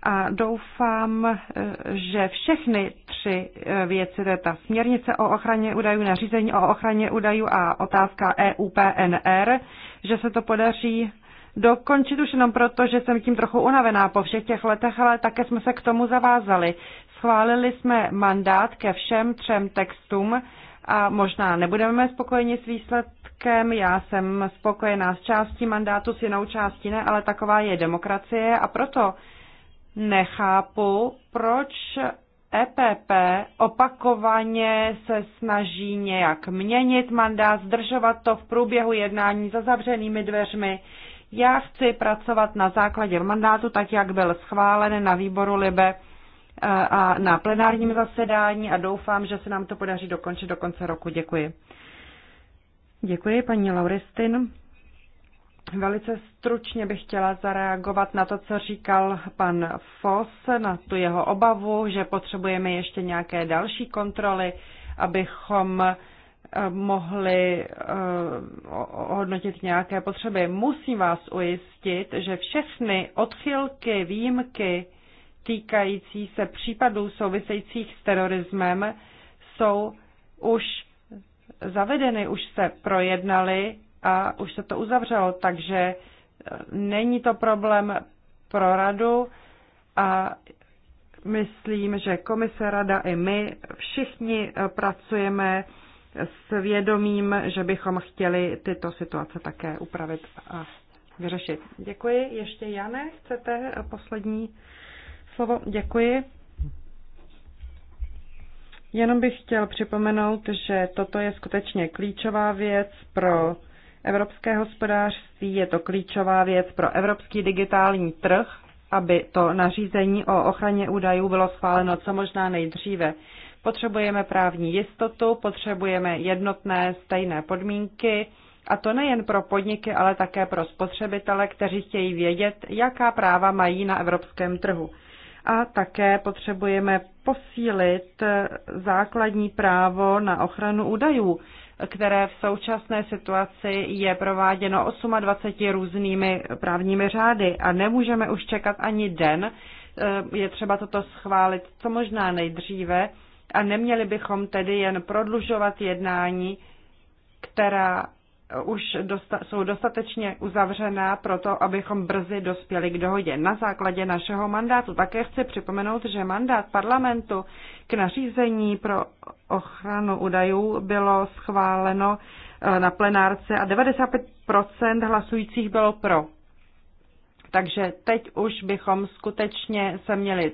a doufám, že všechny tři eh, věci, to je ta směrnice o ochraně údajů, nařízení o ochraně údajů a otázka EUPNR, že se to podaří dokončit už jenom proto, že jsem tím trochu unavená po všech těch letech, ale také jsme se k tomu zavázali. Schválili jsme mandát ke všem třem textům a možná nebudeme spokojeni s výsledkem. Já jsem spokojená s částí mandátu, s jinou částí ne, ale taková je demokracie a proto nechápu, proč EPP opakovaně se snaží nějak měnit mandát, zdržovat to v průběhu jednání za zavřenými dveřmi. Já chci pracovat na základě mandátu, tak jak byl schválen na výboru Libe eh, a na plenárním zasedání a doufám, že se nám to podaří dokončit do konce roku. Děkuji. Děkuji, paní Lauristin. Velice stručně bych chtěla zareagovat na to, co říkal pan Foss, na tu jeho obavu, že potřebujeme ještě nějaké další kontroly, abychom eh, mohli eh, hodnotit nějaké potřeby. Musím vás ujistit, že všechny odchylky, výjimky týkající se případů souvisejících s terorismem jsou už zavedeny, už se projednaly a už se to uzavřelo, takže e, není to problém pro radu a myslím, že komise, rada i my všichni e, pracujeme s vědomím, že bychom chtěli tyto situace také upravit a vyřešit. Děkuji. Ještě Jane, chcete e, poslední slovo? Děkuji. Jenom bych chtěl připomenout, že toto je skutečně klíčová věc pro evropské hospodářství. Je to klíčová věc pro evropský digitální trh, aby to nařízení o ochraně údajů bylo schváleno co možná nejdříve. Potřebujeme právní jistotu, potřebujeme jednotné stejné podmínky, a to nejen pro podniky, ale také pro spotřebitele, kteří chtějí vědět, jaká práva mají na evropském trhu. A také potřebujeme posílit základní právo na ochranu údajů které v současné situaci je prováděno 28 různými právními řády a nemůžeme už čekat ani den, eh, je třeba toto schválit co možná nejdříve a neměli bychom tedy jen prodlužovat jednání, která už dosta, jsou dostatečně uzavřená pro to, abychom brzy dospěli k dohodě. Na základě našeho mandátu také chci připomenout, že mandát parlamentu k nařízení pro ochranu údajů bylo schváleno eh, na plenárce a 95% hlasujících bylo pro. Takže teď už bychom skutečně se měli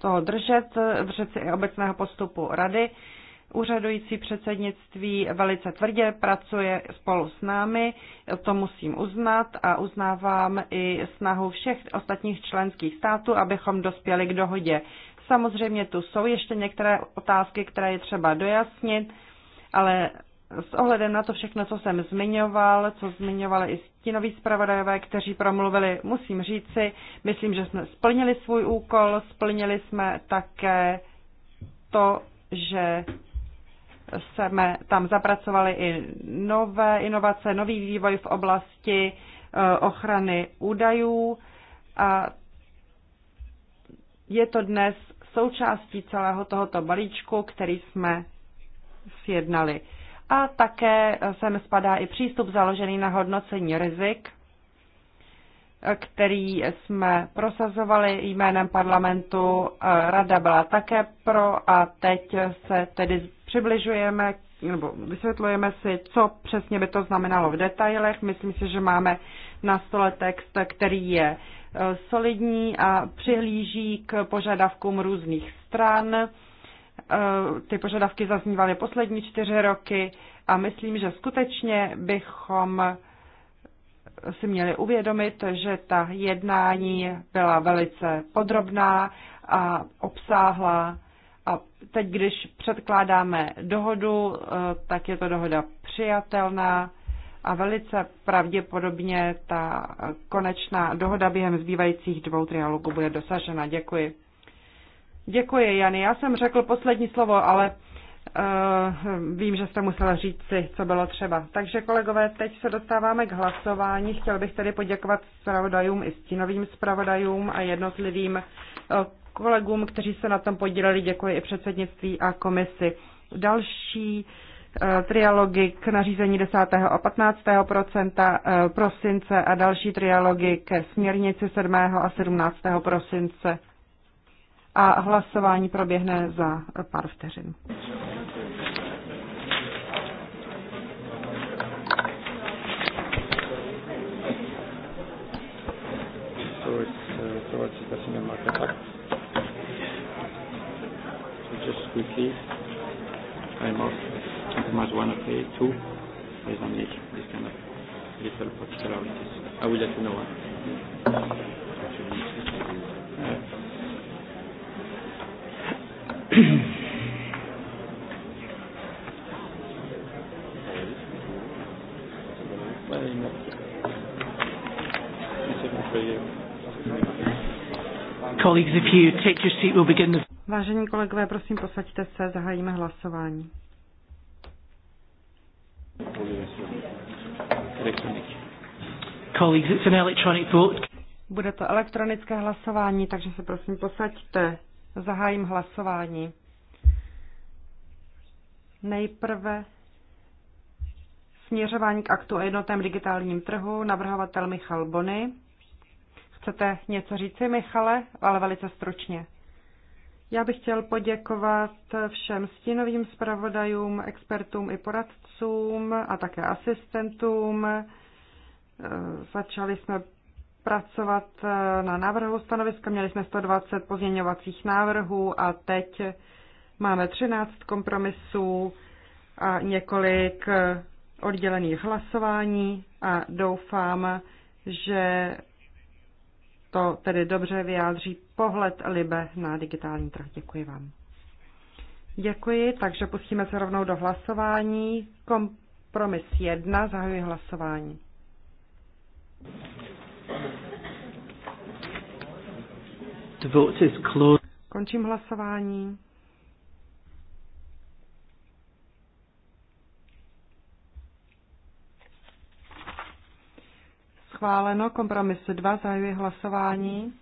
toho držet v řeci obecného postupu rady úřadující předsednictví velice tvrdě pracuje spolu s námi, to musím uznat a uznávám i snahu všech ostatních členských států, abychom dospěli k dohodě. Samozřejmě tu jsou ještě některé otázky, které je třeba dojasnit, ale s ohledem na to všechno, co jsem zmiňoval, co zmiňovali i stínoví zpravodajové, kteří promluvili, musím říci, myslím, že jsme splnili svůj úkol, splnili jsme také to, že jsme tam zapracovali i nové inovace, nový vývoj v oblasti e, ochrany údajů a je to dnes součástí celého tohoto balíčku, který jsme sjednali. A také sem spadá i přístup založený na hodnocení rizik, který jsme prosazovali jménem parlamentu. E, Rada byla také pro a teď se tedy přibližujeme nebo vysvětlujeme si, co přesně by to znamenalo v detailech. Myslím si, že máme na stole text, který je e, solidní a přihlíží k požadavkům různých stran. E, ty požadavky zaznívaly poslední čtyři roky a myslím, že skutečně bychom si měli uvědomit, že ta jednání byla velice podrobná a obsáhla a teď, když předkládáme dohodu, eh, tak je to dohoda přijatelná a velice pravděpodobně ta konečná dohoda během zbývajících dvou trialogů bude dosažena. Děkuji. Děkuji, Jany. Já jsem řekl poslední slovo, ale uh, vím, že jste musela říct si, co bylo třeba. Takže kolegové, teď se dostáváme k hlasování. Chtěl bych tedy poděkovat zpravodajům i stínovým zpravodajům a jednotlivým uh, kolegům, kteří se na tom podíleli, děkuji i předsednictví a komisi. Další trialogy k nařízení 10. a 15. Procenta, prosince a další trialogy ke směrnici 7. a 17. prosince. A hlasování proběhne za pár vteřin. towards uh, towards the single market. quickly. I must pretty much one of the two based on this, this kind of little particularities. I will let you know. Uh, colleagues, if you take your seat, we'll begin Vážení kolegové, prosím, posaďte se, zahájíme hlasování. Colleagues, it's an electronic vote. Bude to elektronické hlasování, takže se prosím posaďte. Zahájím hlasování. Nejprve směřování k aktu o jednotném digitálním trhu, navrhovatel Michal Bony. Chcete něco říci, Michale, ale velice stručně. Já bych chtěl poděkovat všem stínovým zpravodajům, expertům i poradcům a také asistentům. E, Začali jsme pracovat e, na návrhu stanoviska, měli jsme 120 pozměňovacích návrhů a teď máme 13 kompromisů a několik e, oddělených hlasování a doufám, že to tedy dobře vyjádří pohled Libe na digitální trh. Děkuji vám. Děkuji, takže pustíme se rovnou do hlasování. Kompromis 1, zahajuji hlasování. Končím hlasování. Schváleno. Kompromis 2. Zahajuji hlasování.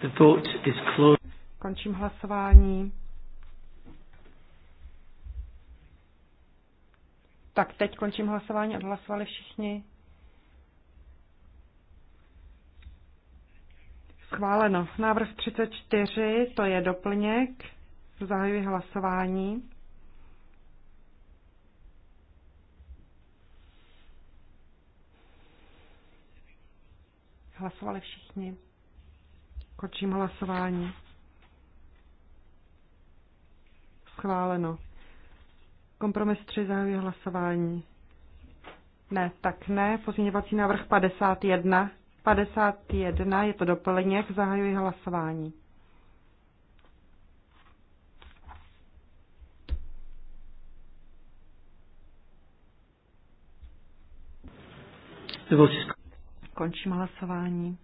The vote is closed. Končím hlasování. Tak, teď končím hlasování. Odhlasovali všichni. Schváleno. Návrh 34, to je doplněk. Zahajuji hlasování. Hlasovali všichni. Končím hlasování. Schváleno. Kompromis 3 zahajuje hlasování. Ne, tak ne. Pozměňovací návrh 51. 51 je to doplněk, zahajuji hlasování. Končím hlasování.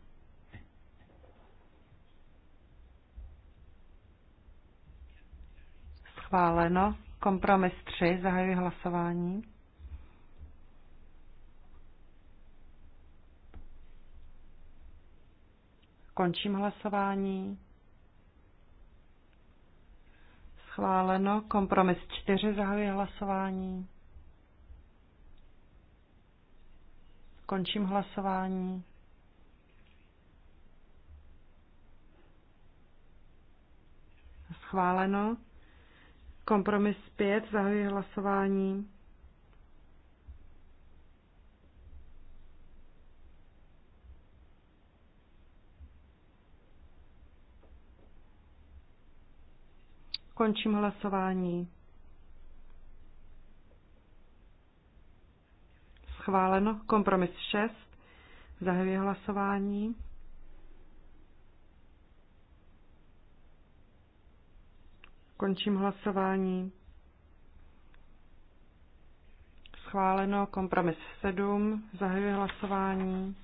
Schváleno. Kompromis 3. Zahajuji hlasování. Končím hlasování. Schváleno. Kompromis 4. Zahajuji hlasování. Končím hlasování. Schváleno. Kompromis 5. Zahajuji hlasování. Končím hlasování. schváleno. Kompromis 6. Zahajuji hlasování. Končím hlasování. Schváleno. Kompromis 7. Zahajuji hlasování.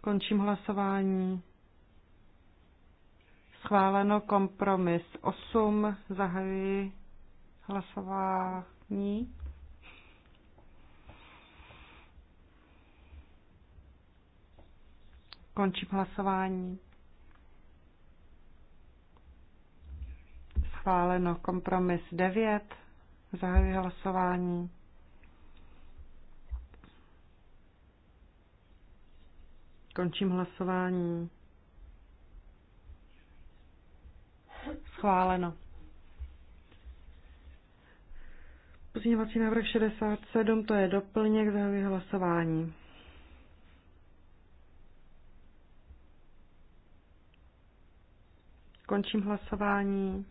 Končím hlasování. Schváleno kompromis 8. Zahajuji hlasování. Končím hlasování. Schváleno kompromis 9. Zahajuji hlasování. Končím hlasování. Schváleno. Pozměňovací návrh 67, to je doplněk, za hlasování. Končím hlasování.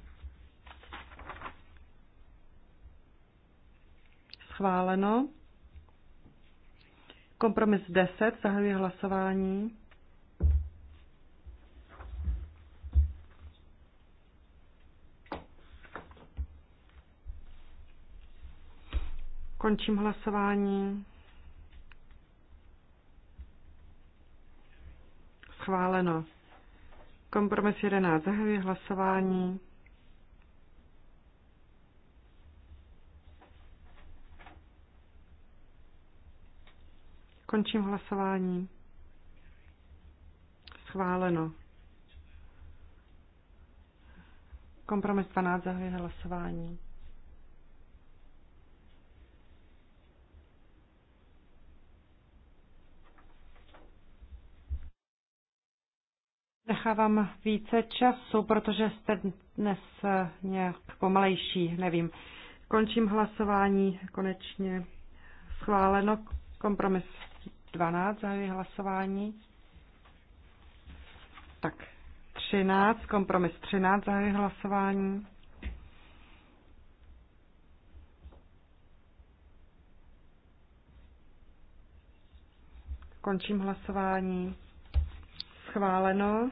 Schváleno. Kompromis 10, zahajuji hlasování. Končím hlasování. Schváleno. Kompromis 11. Zahajuji hlasování. Končím hlasování. Schváleno. Kompromis 12. Zahajuji hlasování. Nechávám více času, protože jste dnes nějak pomalejší, nevím. Končím hlasování, konečně schváleno. Kompromis 12, zahajuji hlasování. Tak 13, kompromis 13, zahajuji hlasování. Končím hlasování schváleno.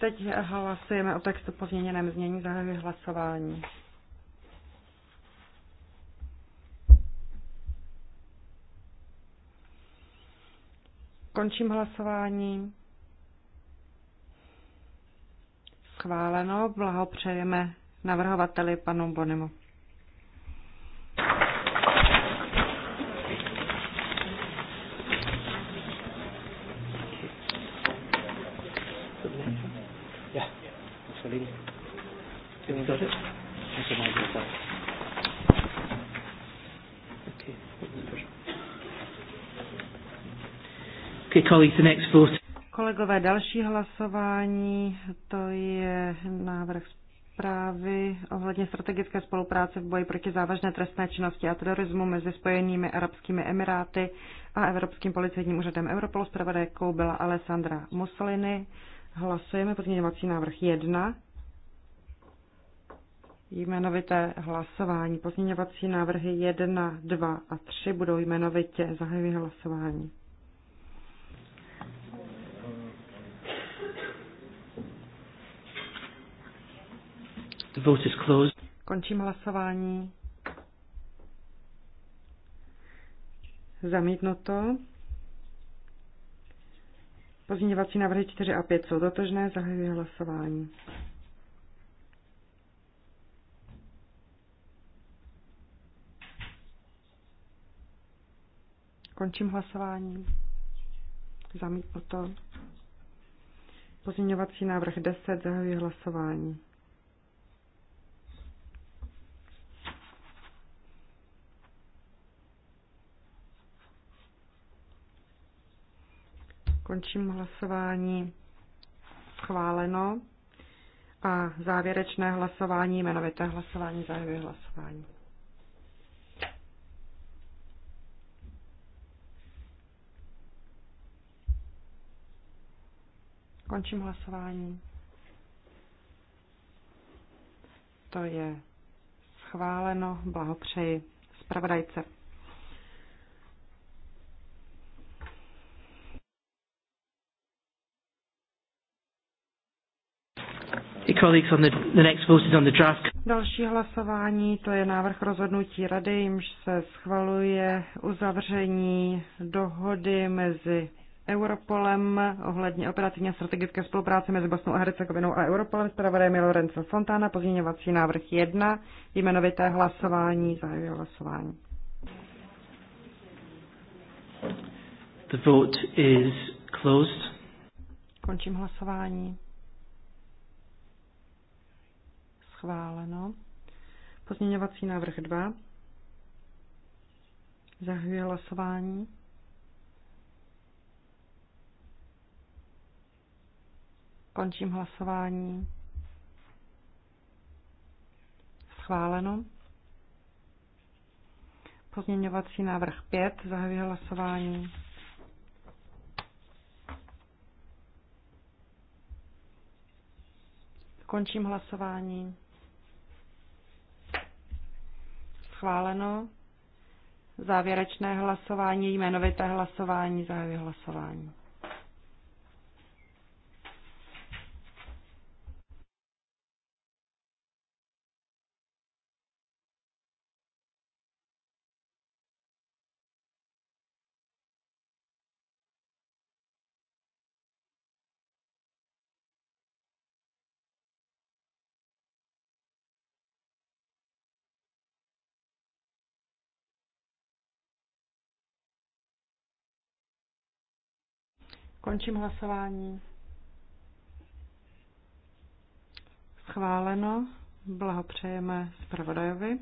Teď hlasujeme o textu po změní znění, hlasování. Končím hlasování. Schváleno, blahopřejeme navrhovateli panu Bonimu. Kolegové, další hlasování, to je návrh zprávy ohledně strategické spolupráce v boji proti závažné trestné činnosti a terorismu mezi Spojenými Arabskými Emiráty a Evropským policejním úřadem Europol. Zpravodajkou byla Alessandra Mussolini. Hlasujeme pozměňovací návrh 1. Jmenovité hlasování. Pozměňovací návrhy 1, 2 a 3 budou jmenovitě zahajují hlasování. The vote is closed. Končím hlasování. Zamítnuto. Pozměňovací návrhy 4 a 5 jsou totožné, zahajuji hlasování. Končím hlasování. Zamítnuto. Pozměňovací návrh 10, zahajuji hlasování. Končím hlasování. Schváleno. A závěrečné hlasování, jmenovité hlasování, zahajuje hlasování. Končím hlasování. To je schváleno. Blahopřeji zpravodajce. colleagues on the, the next vote is on the draft. Další hlasování, to je návrh rozhodnutí rady, jimž se schvaluje uzavření dohody mezi Europolem ohledně operativní a strategické spolupráce mezi Bosnou a Hercegovinou a Europolem. Spravodajem je Lorenzo Fontana, pozměňovací návrh 1, jmenovité hlasování, zahajuje hlasování. The vote is closed. Končím hlasování. Schváleno. Pozměňovací návrh 2. Zahajuji hlasování. Končím hlasování. Schváleno. Pozměňovací návrh 5. Zahajuji hlasování. Končím hlasování. Schváleno. Závěrečné hlasování, jmenovité hlasování, zahajuji hlasování. Končím hlasování. Schváleno. Blahopřejeme zpravodajovi.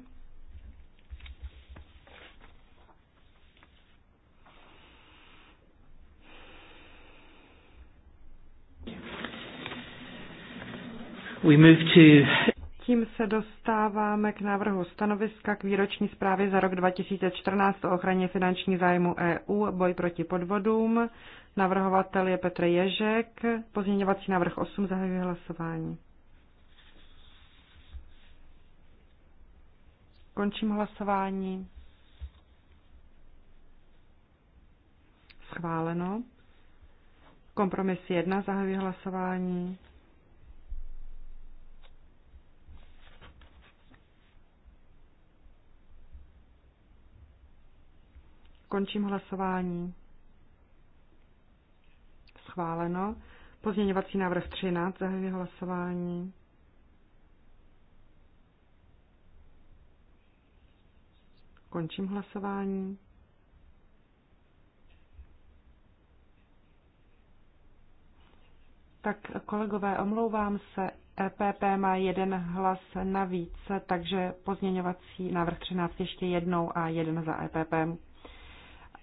We move to tím se dostáváme k návrhu stanoviska k výroční zprávě za rok 2014 o ochraně finanční zájmu EU, boj proti podvodům. Navrhovatel je Petr Ježek. Pozměňovací návrh 8 zahajuje hlasování. Končím hlasování. Schváleno. Kompromis 1 zahajuje hlasování. Končím hlasování. Schváleno. Pozměňovací návrh 13. Zahajuji hlasování. Končím hlasování. Tak kolegové, omlouvám se, EPP má jeden hlas navíc, takže pozměňovací návrh 13 ještě jednou a jeden za EPP.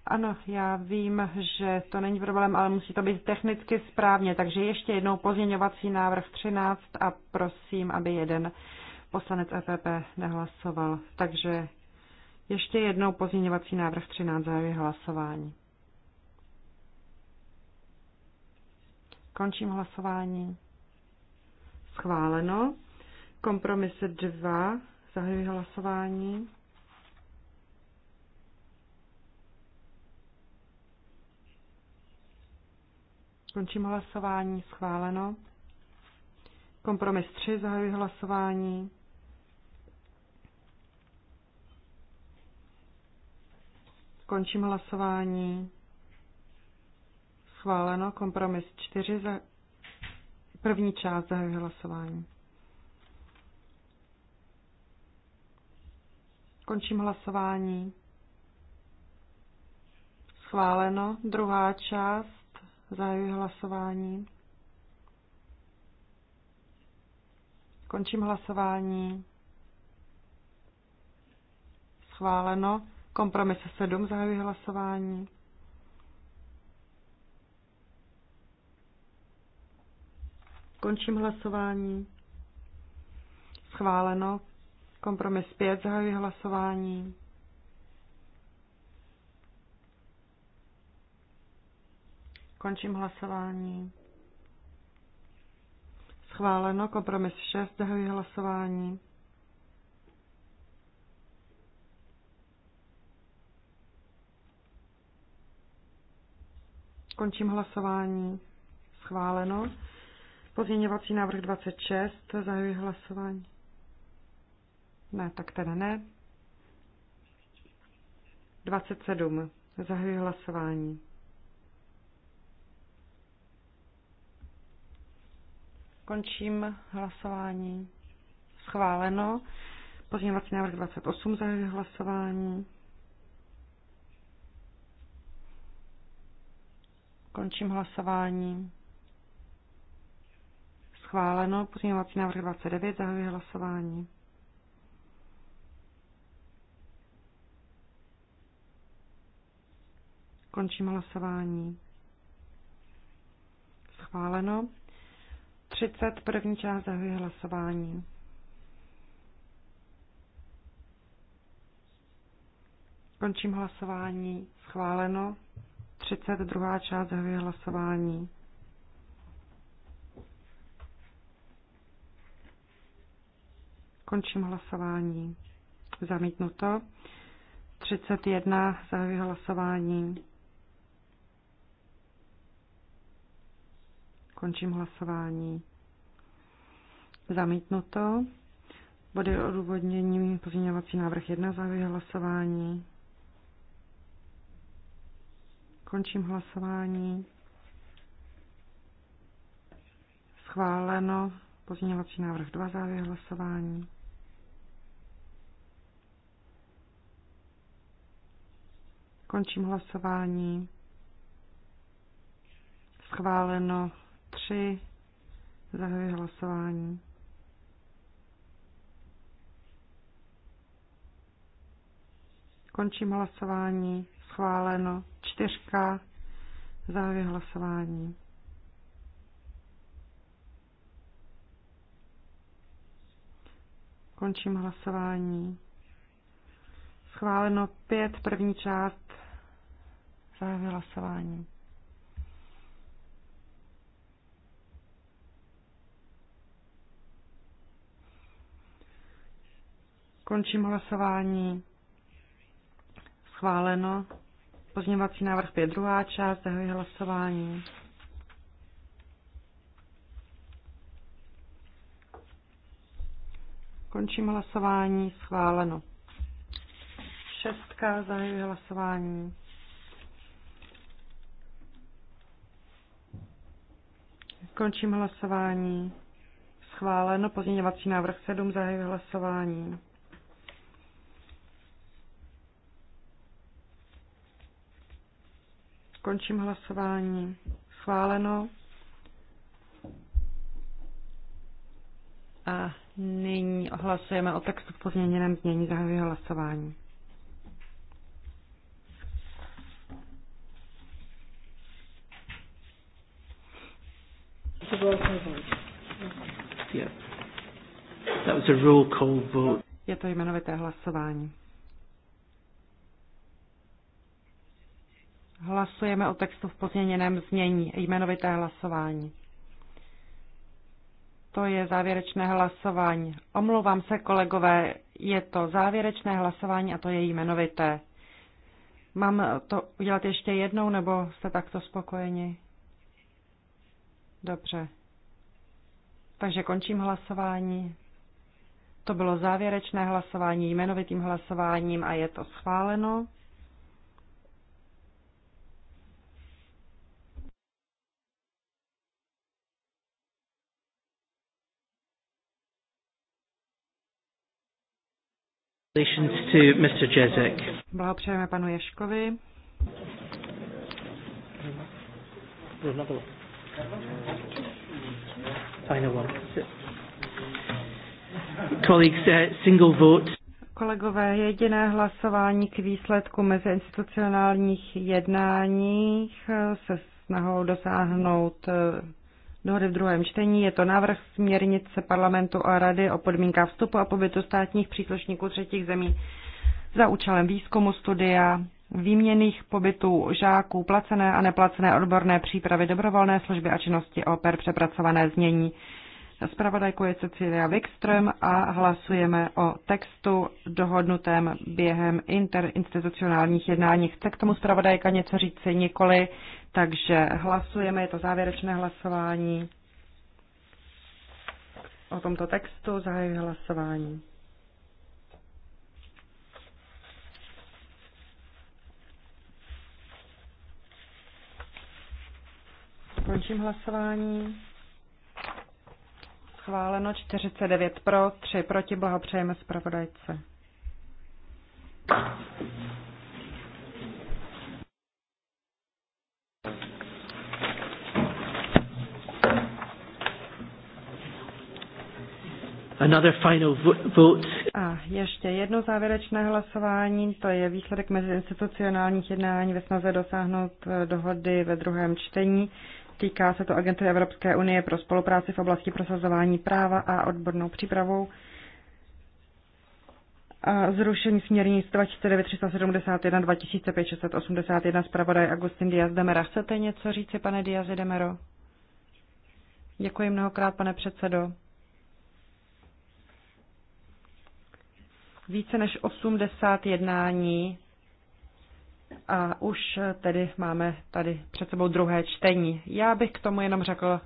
Ano, já vím, že to není problém, ale musí to být technicky správně. Takže ještě jednou pozměňovací návrh 13 a prosím, aby jeden poslanec EPP nehlasoval. Takže ještě jednou pozměňovací návrh 13 za hlasování. Končím hlasování. Schváleno. Kompromis 2 zahajuje hlasování. Končím hlasování. Schváleno. Kompromis 3. Zahajuji hlasování. Končím hlasování. Schváleno. Kompromis 4. Za... První část zahajuji hlasování. Končím hlasování. Schváleno. Druhá část. Zahajuji hlasování. Končím hlasování. Schváleno. Kompromis 7. Zahajuji hlasování. Končím hlasování. Schváleno. Kompromis 5. Zahajuji hlasování. Končím hlasování. Schváleno. Kompromis 6. Zahajuji hlasování. Končím hlasování. Schváleno. Pozměňovací návrh 26. Zahajuji hlasování. Ne, tak ten ne. 27. Zahajuji hlasování. Končím hlasování. Schváleno. Pozměňovací návrh 28 za hlasování. Končím hlasování. Schváleno. Pozměňovací návrh 29 za hlasování. Končím hlasování. Schváleno. 30, první část zahajuje hlasování. Končím hlasování. Schváleno. 32. část zahajuje hlasování. Končím hlasování. Zamítnuto. 31. Zahajuje hlasování. Končím hlasování. Zamítnuto. Body odůvodnění pozměňovací návrh 1 zahajuje hlasování. Končím hlasování. Schváleno. Pozměňovací návrh 2 zahajuje hlasování. Končím hlasování. Schváleno 3. Zahajuji hlasování. Končím hlasování. Schváleno. Čtyřka. Zahajuji hlasování. Končím hlasování. Schváleno pět, první část. Zahajuji hlasování. Končím hlasování. Schváleno. Pozměňovací návrh 5, druhá část, zahajuji hlasování. Končím hlasování, schváleno. Šestka, zahajuji hlasování. Končím hlasování. Schváleno pozměňovací návrh 7, zahajuji hlasování. Končím hlasování. Schváleno. A nyní hlasujeme o textu v pozměněném znění. Zahajuji hlasování. Je to jmenovité hlasování. Hlasujeme o textu v pozměněném znění, jmenovité hlasování. To je závěrečné hlasování. Omlouvám se, kolegové, je to závěrečné hlasování a to je jmenovité. Mám to udělat ještě jednou, nebo jste takto spokojeni? Dobře. Takže končím hlasování. To bylo závěrečné hlasování jmenovitým hlasováním a je to schváleno. To Mr. Jezek. Blahopřejeme panu Ješkovi. Final one. Uh, single vote. Kolegové, jediné hlasování k výsledku institucionálních jednáních uh, se snahou dosáhnout uh, dohody v druhém čtení. Je to návrh směrnice parlamentu a rady o podmínkách vstupu a pobytu státních příslušníků třetích zemí za účelem výzkumu studia, výměných pobytů žáků, placené a neplacené odborné přípravy, dobrovolné služby a činnosti OPER přepracované znění. Zpravodajku je Cecilia Wikström a hlasujeme o textu dohodnutém během interinstitucionálních jednání. Chce k tomu zpravodajka něco říci? Nikoli. Takže hlasujeme, je to závěrečné hlasování o tomto textu, zahajuji hlasování. Končím hlasování. Schváleno 49 pro, 3 proti. Blahopřejeme zpravodajce. Another final vote. A ještě jedno závěrečné hlasování, to je výsledek meziinstitucionálních jednání ve snaze dosáhnout eh, dohody ve druhém čtení. Týká se to Agentury Evropské unie pro spolupráci v oblasti prosazování práva a odbornou přípravou a zrušení směrnic 24371 2581 zpravodaj Agustin Diaz Demera. Chcete něco říci, pane Diaz Demero? Děkuji mnohokrát, pane předsedo. více než 80 jednání a už tedy máme tady před sebou druhé čtení. Já bych k tomu jenom řekl,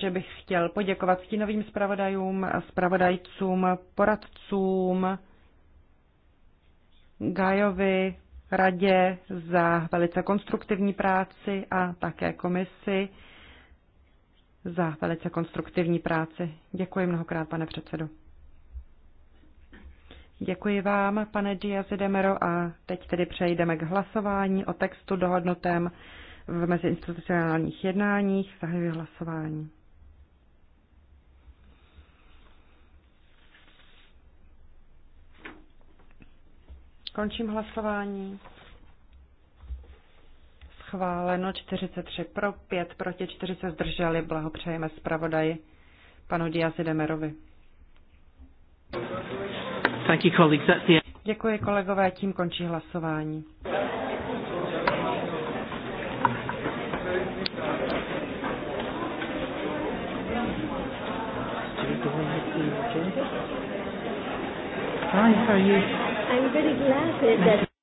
že bych chtěl poděkovat stínovým zpravodajům, zpravodajcům, poradcům, Gajovi, radě za velice konstruktivní práci a také komisi za velice konstruktivní práci. Děkuji mnohokrát, pane předsedo. Děkuji vám, pane Diazi Demero, a teď tedy přejdeme k hlasování o textu dohodnutém v meziinstitucionálních jednáních. Zahajuji hlasování. Končím hlasování. Schváleno 43 pro, 5 proti, 40 zdrželi. Blahopřejeme zpravodaji panu Diazi Demerovi. Thank you, colleagues. That's the... Děkuji kolegové, tím končí hlasování. I'm very glad that